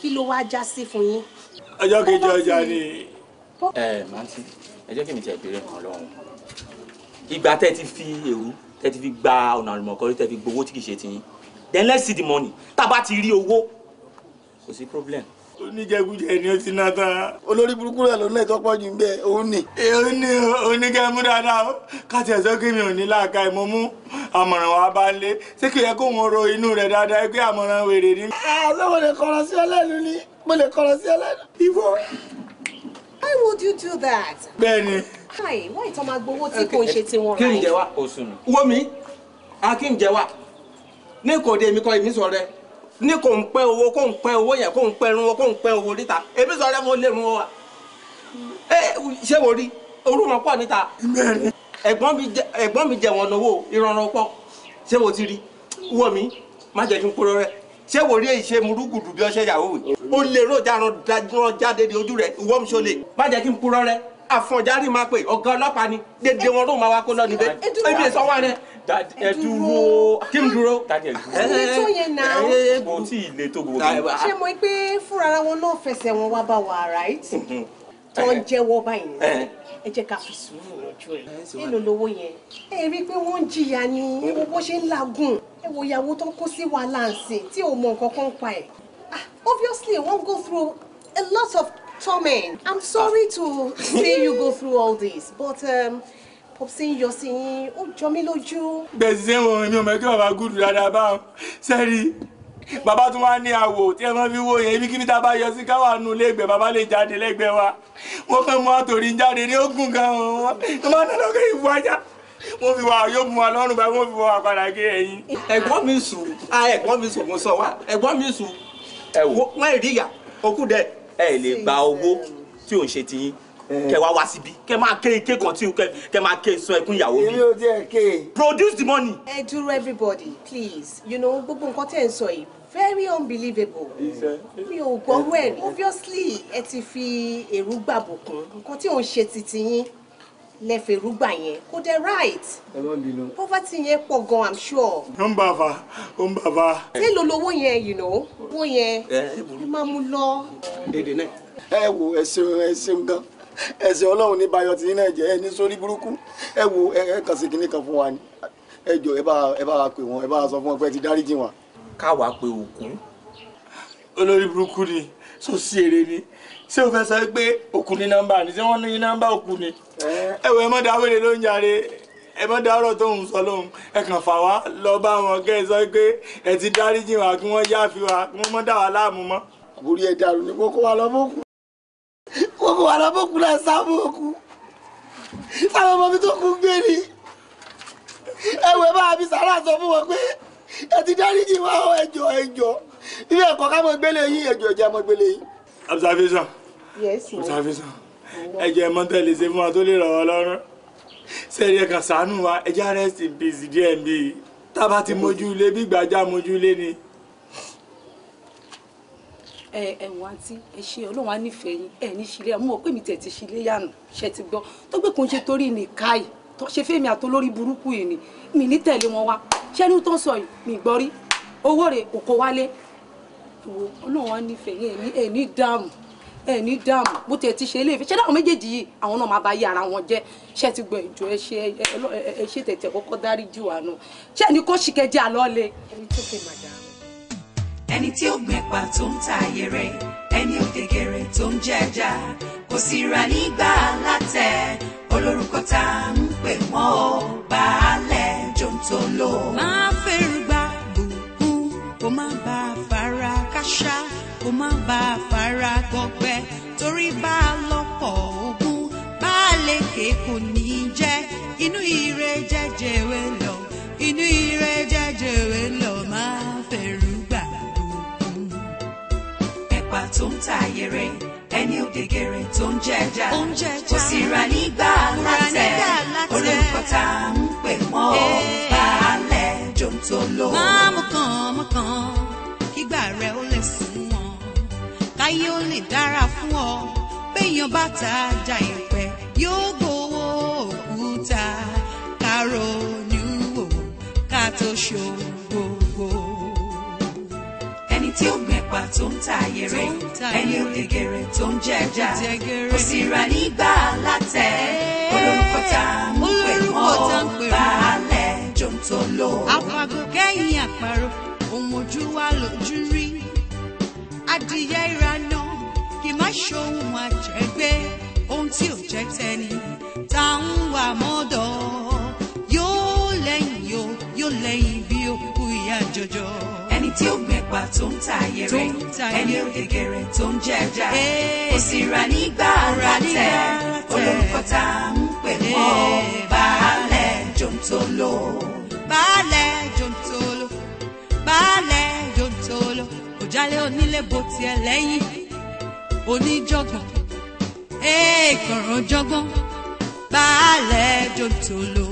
Speaker 5: kí ló wáá já sí fún yín.
Speaker 3: ọjọ́ kejì ọjà ni. ẹ màntí ẹ jẹ́ kí mi tẹ̀ béèrè nǹkan lọ́hùn ìgbà tẹ́ ti fi èrú tẹ́ ti fi gba ọ̀nà àlùmọ̀kọ́rí tẹ́ fi gbowó tí kì í ṣe tiyín then let's see the money tá a bá ti rí owó kò sí problem oníjẹkújẹ ni ó ti ná tán olórí burúkú rẹ lónà ìtọpọ jù ń òun ni. òun ni oníkẹ́mú dáadáa ó káti ẹ̀sọ́ kí ò ní láàka ìmọ̀ mú àmọ̀ràn wa bá lé ṣé kì í kó wọn ro inú rẹ dáadáa pé àmọ̀ràn wèrè ni. àṣé
Speaker 5: lè kọ̀rọ̀ sí ẹlẹ́nu ni mo lè kọ̀rọ̀ sí ẹlẹ́nu. ìwọ. why would you do that. bẹ́ẹ̀ni. why why ìtàn máa gbowó tí kò ń ṣe tiwọn. kí n jẹ wa kò sùn. wọ́n mi
Speaker 3: akin ní kò dé èmi kọ́ èmi sọ rẹ ní kò ń pẹ́ owó kò ń pẹ́ owó yẹn kò ń pẹ́ irun owó kò ń pẹ́ owó níta èmi sọ rẹ mo lè run wa ẹ ṣé wo rí orú mọ pọ̀ níta ẹ̀gbọ́n mi jẹ wọn lówó ìrànràn pọ̀ ṣé wo ti rí wọ mi má jẹ́ kí n kúrò rẹ ṣé wò rí èyí ṣe murugudu bí ọṣẹ yahoo o lè rò dáran jáde ní ojú rẹ ìwọ mi ṣo lè má jẹ́ kí n purọ́ rẹ àfọ̀njárì máa pè ọ̀gá ọlọ́pàá ni dédé wọn ló máa wá kó lọ níbẹ̀ ebi èso wà rẹ ẹ dúró kí n dúró dájú ẹ dúró.
Speaker 5: ẹ tó yẹn náà. ẹ
Speaker 3: kò tí ì le tó gbogbo. ṣé
Speaker 5: mo pé fúnra ara wọn náà fẹsẹ̀ wọn wá bá wa right tó ń jẹ́wọ́ báyìí ẹ jẹ́ ká fi
Speaker 1: sùúrù lọ́jọ́ ẹ̀ nílò eh,
Speaker 5: lówó yẹn ẹ rí i pé wọ́n ń jìyà ni ewu bó ṣe ń lagùn ẹ wo ìyàwó tó kó sí wàhálà ń sìn tí ò mọ nǹkan kan pa ẹ̀ ah obviously wọ́n go through a lot of torment i'm sorry ah. to say you go through all this but. Um, popsi ń yọ sí yín ó jọ mí lójú.
Speaker 3: gbèsè wọn èmi ò mọ kí bàbá gúdù dáadáa bá wọn sẹ́rí bàbá tún wá ní àwò tí ẹ máa fi wo yẹn ibi kíbi tá a bá yọ sí káwá nu lẹ́gbẹ̀ẹ́ bàbá lè jáde lẹ́gbẹ̀ẹ́ wa wọ́n fẹ́ mú àtòrí jáde ní ogun gan wọn wọ́n máa nánà kí ìfún ajá wọ́n fi wà yóò mú wa lọ́rùn báyìí wọ́n fi wà padà gé ẹ̀yìn. ẹ̀gbọ́n mi sùn a ẹ̀gbọ́n mi sùn mo sọ wa ẹ̀gbọ́n mi sùn ẹ̀wò wọ́n okú dẹ ẹ̀ lè gba owó tí ò ń ṣe tiyín kẹ wá síbi kẹ máa ké ike kan tí kẹ máa ké sọ ẹkún ìyàwó mi. èmi ò jẹ́ ké.
Speaker 5: produce the money. ẹ dúró everybody please you know gbogbo nǹkan tẹ̀ ń sọ yìí very unbelievable mi ò gbọ́rú ẹ̀ obviously ẹ ti fi èrú gbàbùkún nǹkan tí òun ṣe ti ti yín lẹ́fẹ̀ẹ́rú gbà yẹn kò dé right. poverty yẹn pọ̀ gan i'm sure. ó
Speaker 3: ń bàbá ó ń bàbá. mélòó
Speaker 5: lowó yẹn yìí nà owó yẹn ẹ máa mú lọ.
Speaker 3: èdè náà. ẹ wo ẹ ṣeun ẹ ṣeun gan ẹ̀ṣẹ̀ Ọlọ́run ní bayọ tí iná ẹjẹ ẹ ní sórí burúkú ẹ wo ẹ kàn sí kinní kan fún wa ni ẹ jọ ẹ bá ẹ bá pè wọn ẹ bá sọ fún wọn pé ẹ ti dáríjì wọn. káwa pe òkun olórí burúkú ni sọ sí èrè ni ṣé o fẹ́ sọ pé òkun ní nọ́mbà ni ṣé wọ́n ní nọ́mbà òkun ni. ẹ wo ẹ mọ̀ dáwọ́ ló ń yàrá ẹ mọ dárò tó ń sọ lóhun ẹ kàn fà wá lọ bá wọn kẹ ẹ sọ pé ẹ ti dáríjì wá kí wọn yáfi wá kí wọn mọ dà kú wà lọ bókun náà sáàmù òkú sáàmù ọmọ mi tó kú gbé ni ẹwẹ bá mi sàrà sọ fún wọn pé ẹ ti dáríjì wá ọ ẹjọ ẹjọ ilé ẹ̀kọ́ ká mọ gbélé yín ẹjọ ẹjọ mọ gbélé yín. observation observation ẹjọ ẹ mọtẹ lè ṣe fún wa tó lè ràn wá lọ́rùn sẹẹri ẹ kàn wa ẹjọ rest in peace díẹ̀ mi tá a bá ti mójú ilé bí gbàjá mójú ilé ni
Speaker 6: ẹ ẹ̀wọ̀n àti ẹ̀ṣẹ̀ ọlọ́run á nífẹ̀ẹ́ yín ẹ̀ ní ṣílẹ̀ àmọ́ pé mi tẹ̀ ti ṣílẹ̀ yànà ṣe ti gbọ́ tó gbé kò ń ṣe torí nìka yìí tó ṣe fẹ́mi àtolórí burúkú yìí ni mi ní
Speaker 4: tẹ̀lé wọn wá ṣẹ́ni tó ń sọ yìí mi gbọ́ rí owó rẹ̀ òkò wálé wo
Speaker 6: ọlọ́run á nífẹ̀ẹ́ yín ẹ̀ ní dààmú ẹ ní dààmú bó tiẹ̀ ti ṣe iléèfẹ́ ṣé láwọn méjèèjì yìí àwọn náà máa bá yí ara wọn jẹ́ ṣé ti gbọ́ ìjọ ẹ ṣe ẹ ṣe tẹ̀tẹ̀ kọ́kọ́ dáríjì wà
Speaker 4: nù ṣé ẹni kó ṣìkẹ́ jẹ́ àlọ́ le. ẹni tó pe màdàmú
Speaker 2: ẹni tí ó gbẹ̀pà tó ń ta ayẹrẹ ẹni ògègèrè tó ń jẹjà kò sì ra nígbà látẹ olórúkọ tá à ń pè wọ́n ó baálẹ̀ jòǹtóló. máa fẹ́rù gba bùkún kó má bá a fara káṣá kó má bá a fara gbọgbẹ torí bá a lọ́pọ̀ ogún bá a lè ké kò ní jẹ́ inú ire jẹ́jẹ̀wé lọ inú ire jẹ́. tó ń ta ayere ẹni òdegere tó ń jẹjà kò sì ra nígbà látẹ olùkọ́ta ń pè mọ́ baálẹ̀ jòǹtóló. máa mú kàn mú kàn kígbà rẹ ó lè sún wọn káyé ó lè dára fún ọ béèyàn bá ta ajá ìpẹ yóò gbowó òkúta káró ní wò ká tó ṣòwò. ọba tó ń ta ayere ẹni òkè gèrè tó ń jẹ ẹja kò sì rà nígbà látẹ olórúkọ tá a ń pè mọ́ baálẹ̀ jòǹtóló. àpàgọ́ kẹ́yìn àparò ohun ojú wa lójú rí adìyẹ ìrànà kì má ṣohun àjẹgbé ohun tí ò jẹ́ tẹni tá a ń wà mọ́dọ̀ yóò lẹ́yìn yóò lẹ́yìn bí ó ìyá jọjọ. ẹni tí ó ọba tó ń ta ayé rẹ̀ ẹni ògègèrè tó ń jẹjà kò sì rà nígbà ara tẹ̀ olórúkọ tá a ń pè mọ́ baálẹ̀ jòǹtóló. baálẹ̀ jòǹtóló baálẹ̀ jòǹtóló òjálé onílé bó tiẹ̀ lẹ́yìn oníjọ̀gbọ̀n èèkànràn jọgbọ́n baálẹ̀ jòǹtóló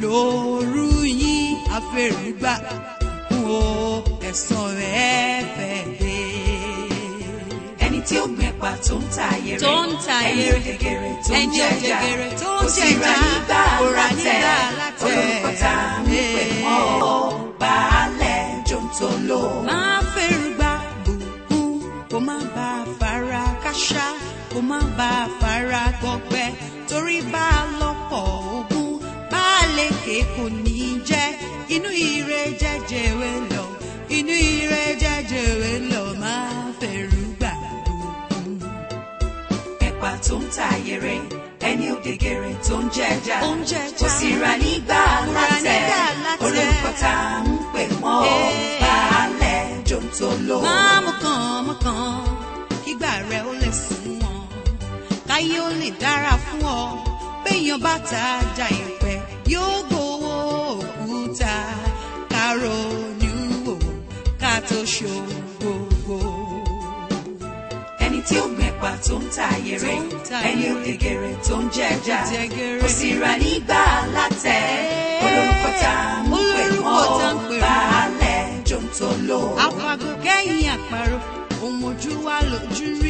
Speaker 2: lóoru yín afẹ́rùgbà wo ẹ̀san rẹ̀ fẹ́ dé. ẹni tí ó gbẹ pa tó ń ta ayé rẹ̀ tó ń ta ayé rẹ̀ ẹni òdegere tó ń jẹ ẹja kò sí ra nígbà látẹ̀
Speaker 1: olórúkọ tá a ń
Speaker 2: pè ọ́ baálẹ̀ jòǹtóló. máa fẹ́rù gba bùkún kó má bá a fara káṣá kó má bá a fara gbọgbẹ́ torí bá a lọ́pọ̀ ogún bá a lè ké kò ní inú ire jẹjẹrẹ lọ inú ire jẹjẹrẹ lọ máa fẹ̀rù gbà òkun. ẹ̀pà tó ń ta ayẹrẹ ẹni òdegere tó ń jẹjà kò sì ra nígbà látẹ olùkọ́ta ń pè mọ́ baálẹ̀ jòǹtóló. máa mú kàn mú kàn kígbà rẹ ó lè sùn wọn káyé ó lè dára fún ọ béèyàn bá ta ajá ìpẹ yóò gbọ́. ṣohun gbogbo. ẹni tí ó gbẹ̀pà tó ń ta ayere ẹni ògègèrè tó ń jẹjà kò sì rà nígbà látẹ̀ olórúkọ tá à ń pè wọ́n baálẹ̀
Speaker 1: jòǹtó lò. àpàgò kẹ́yìn àparò ohun ojú wa lójú rí.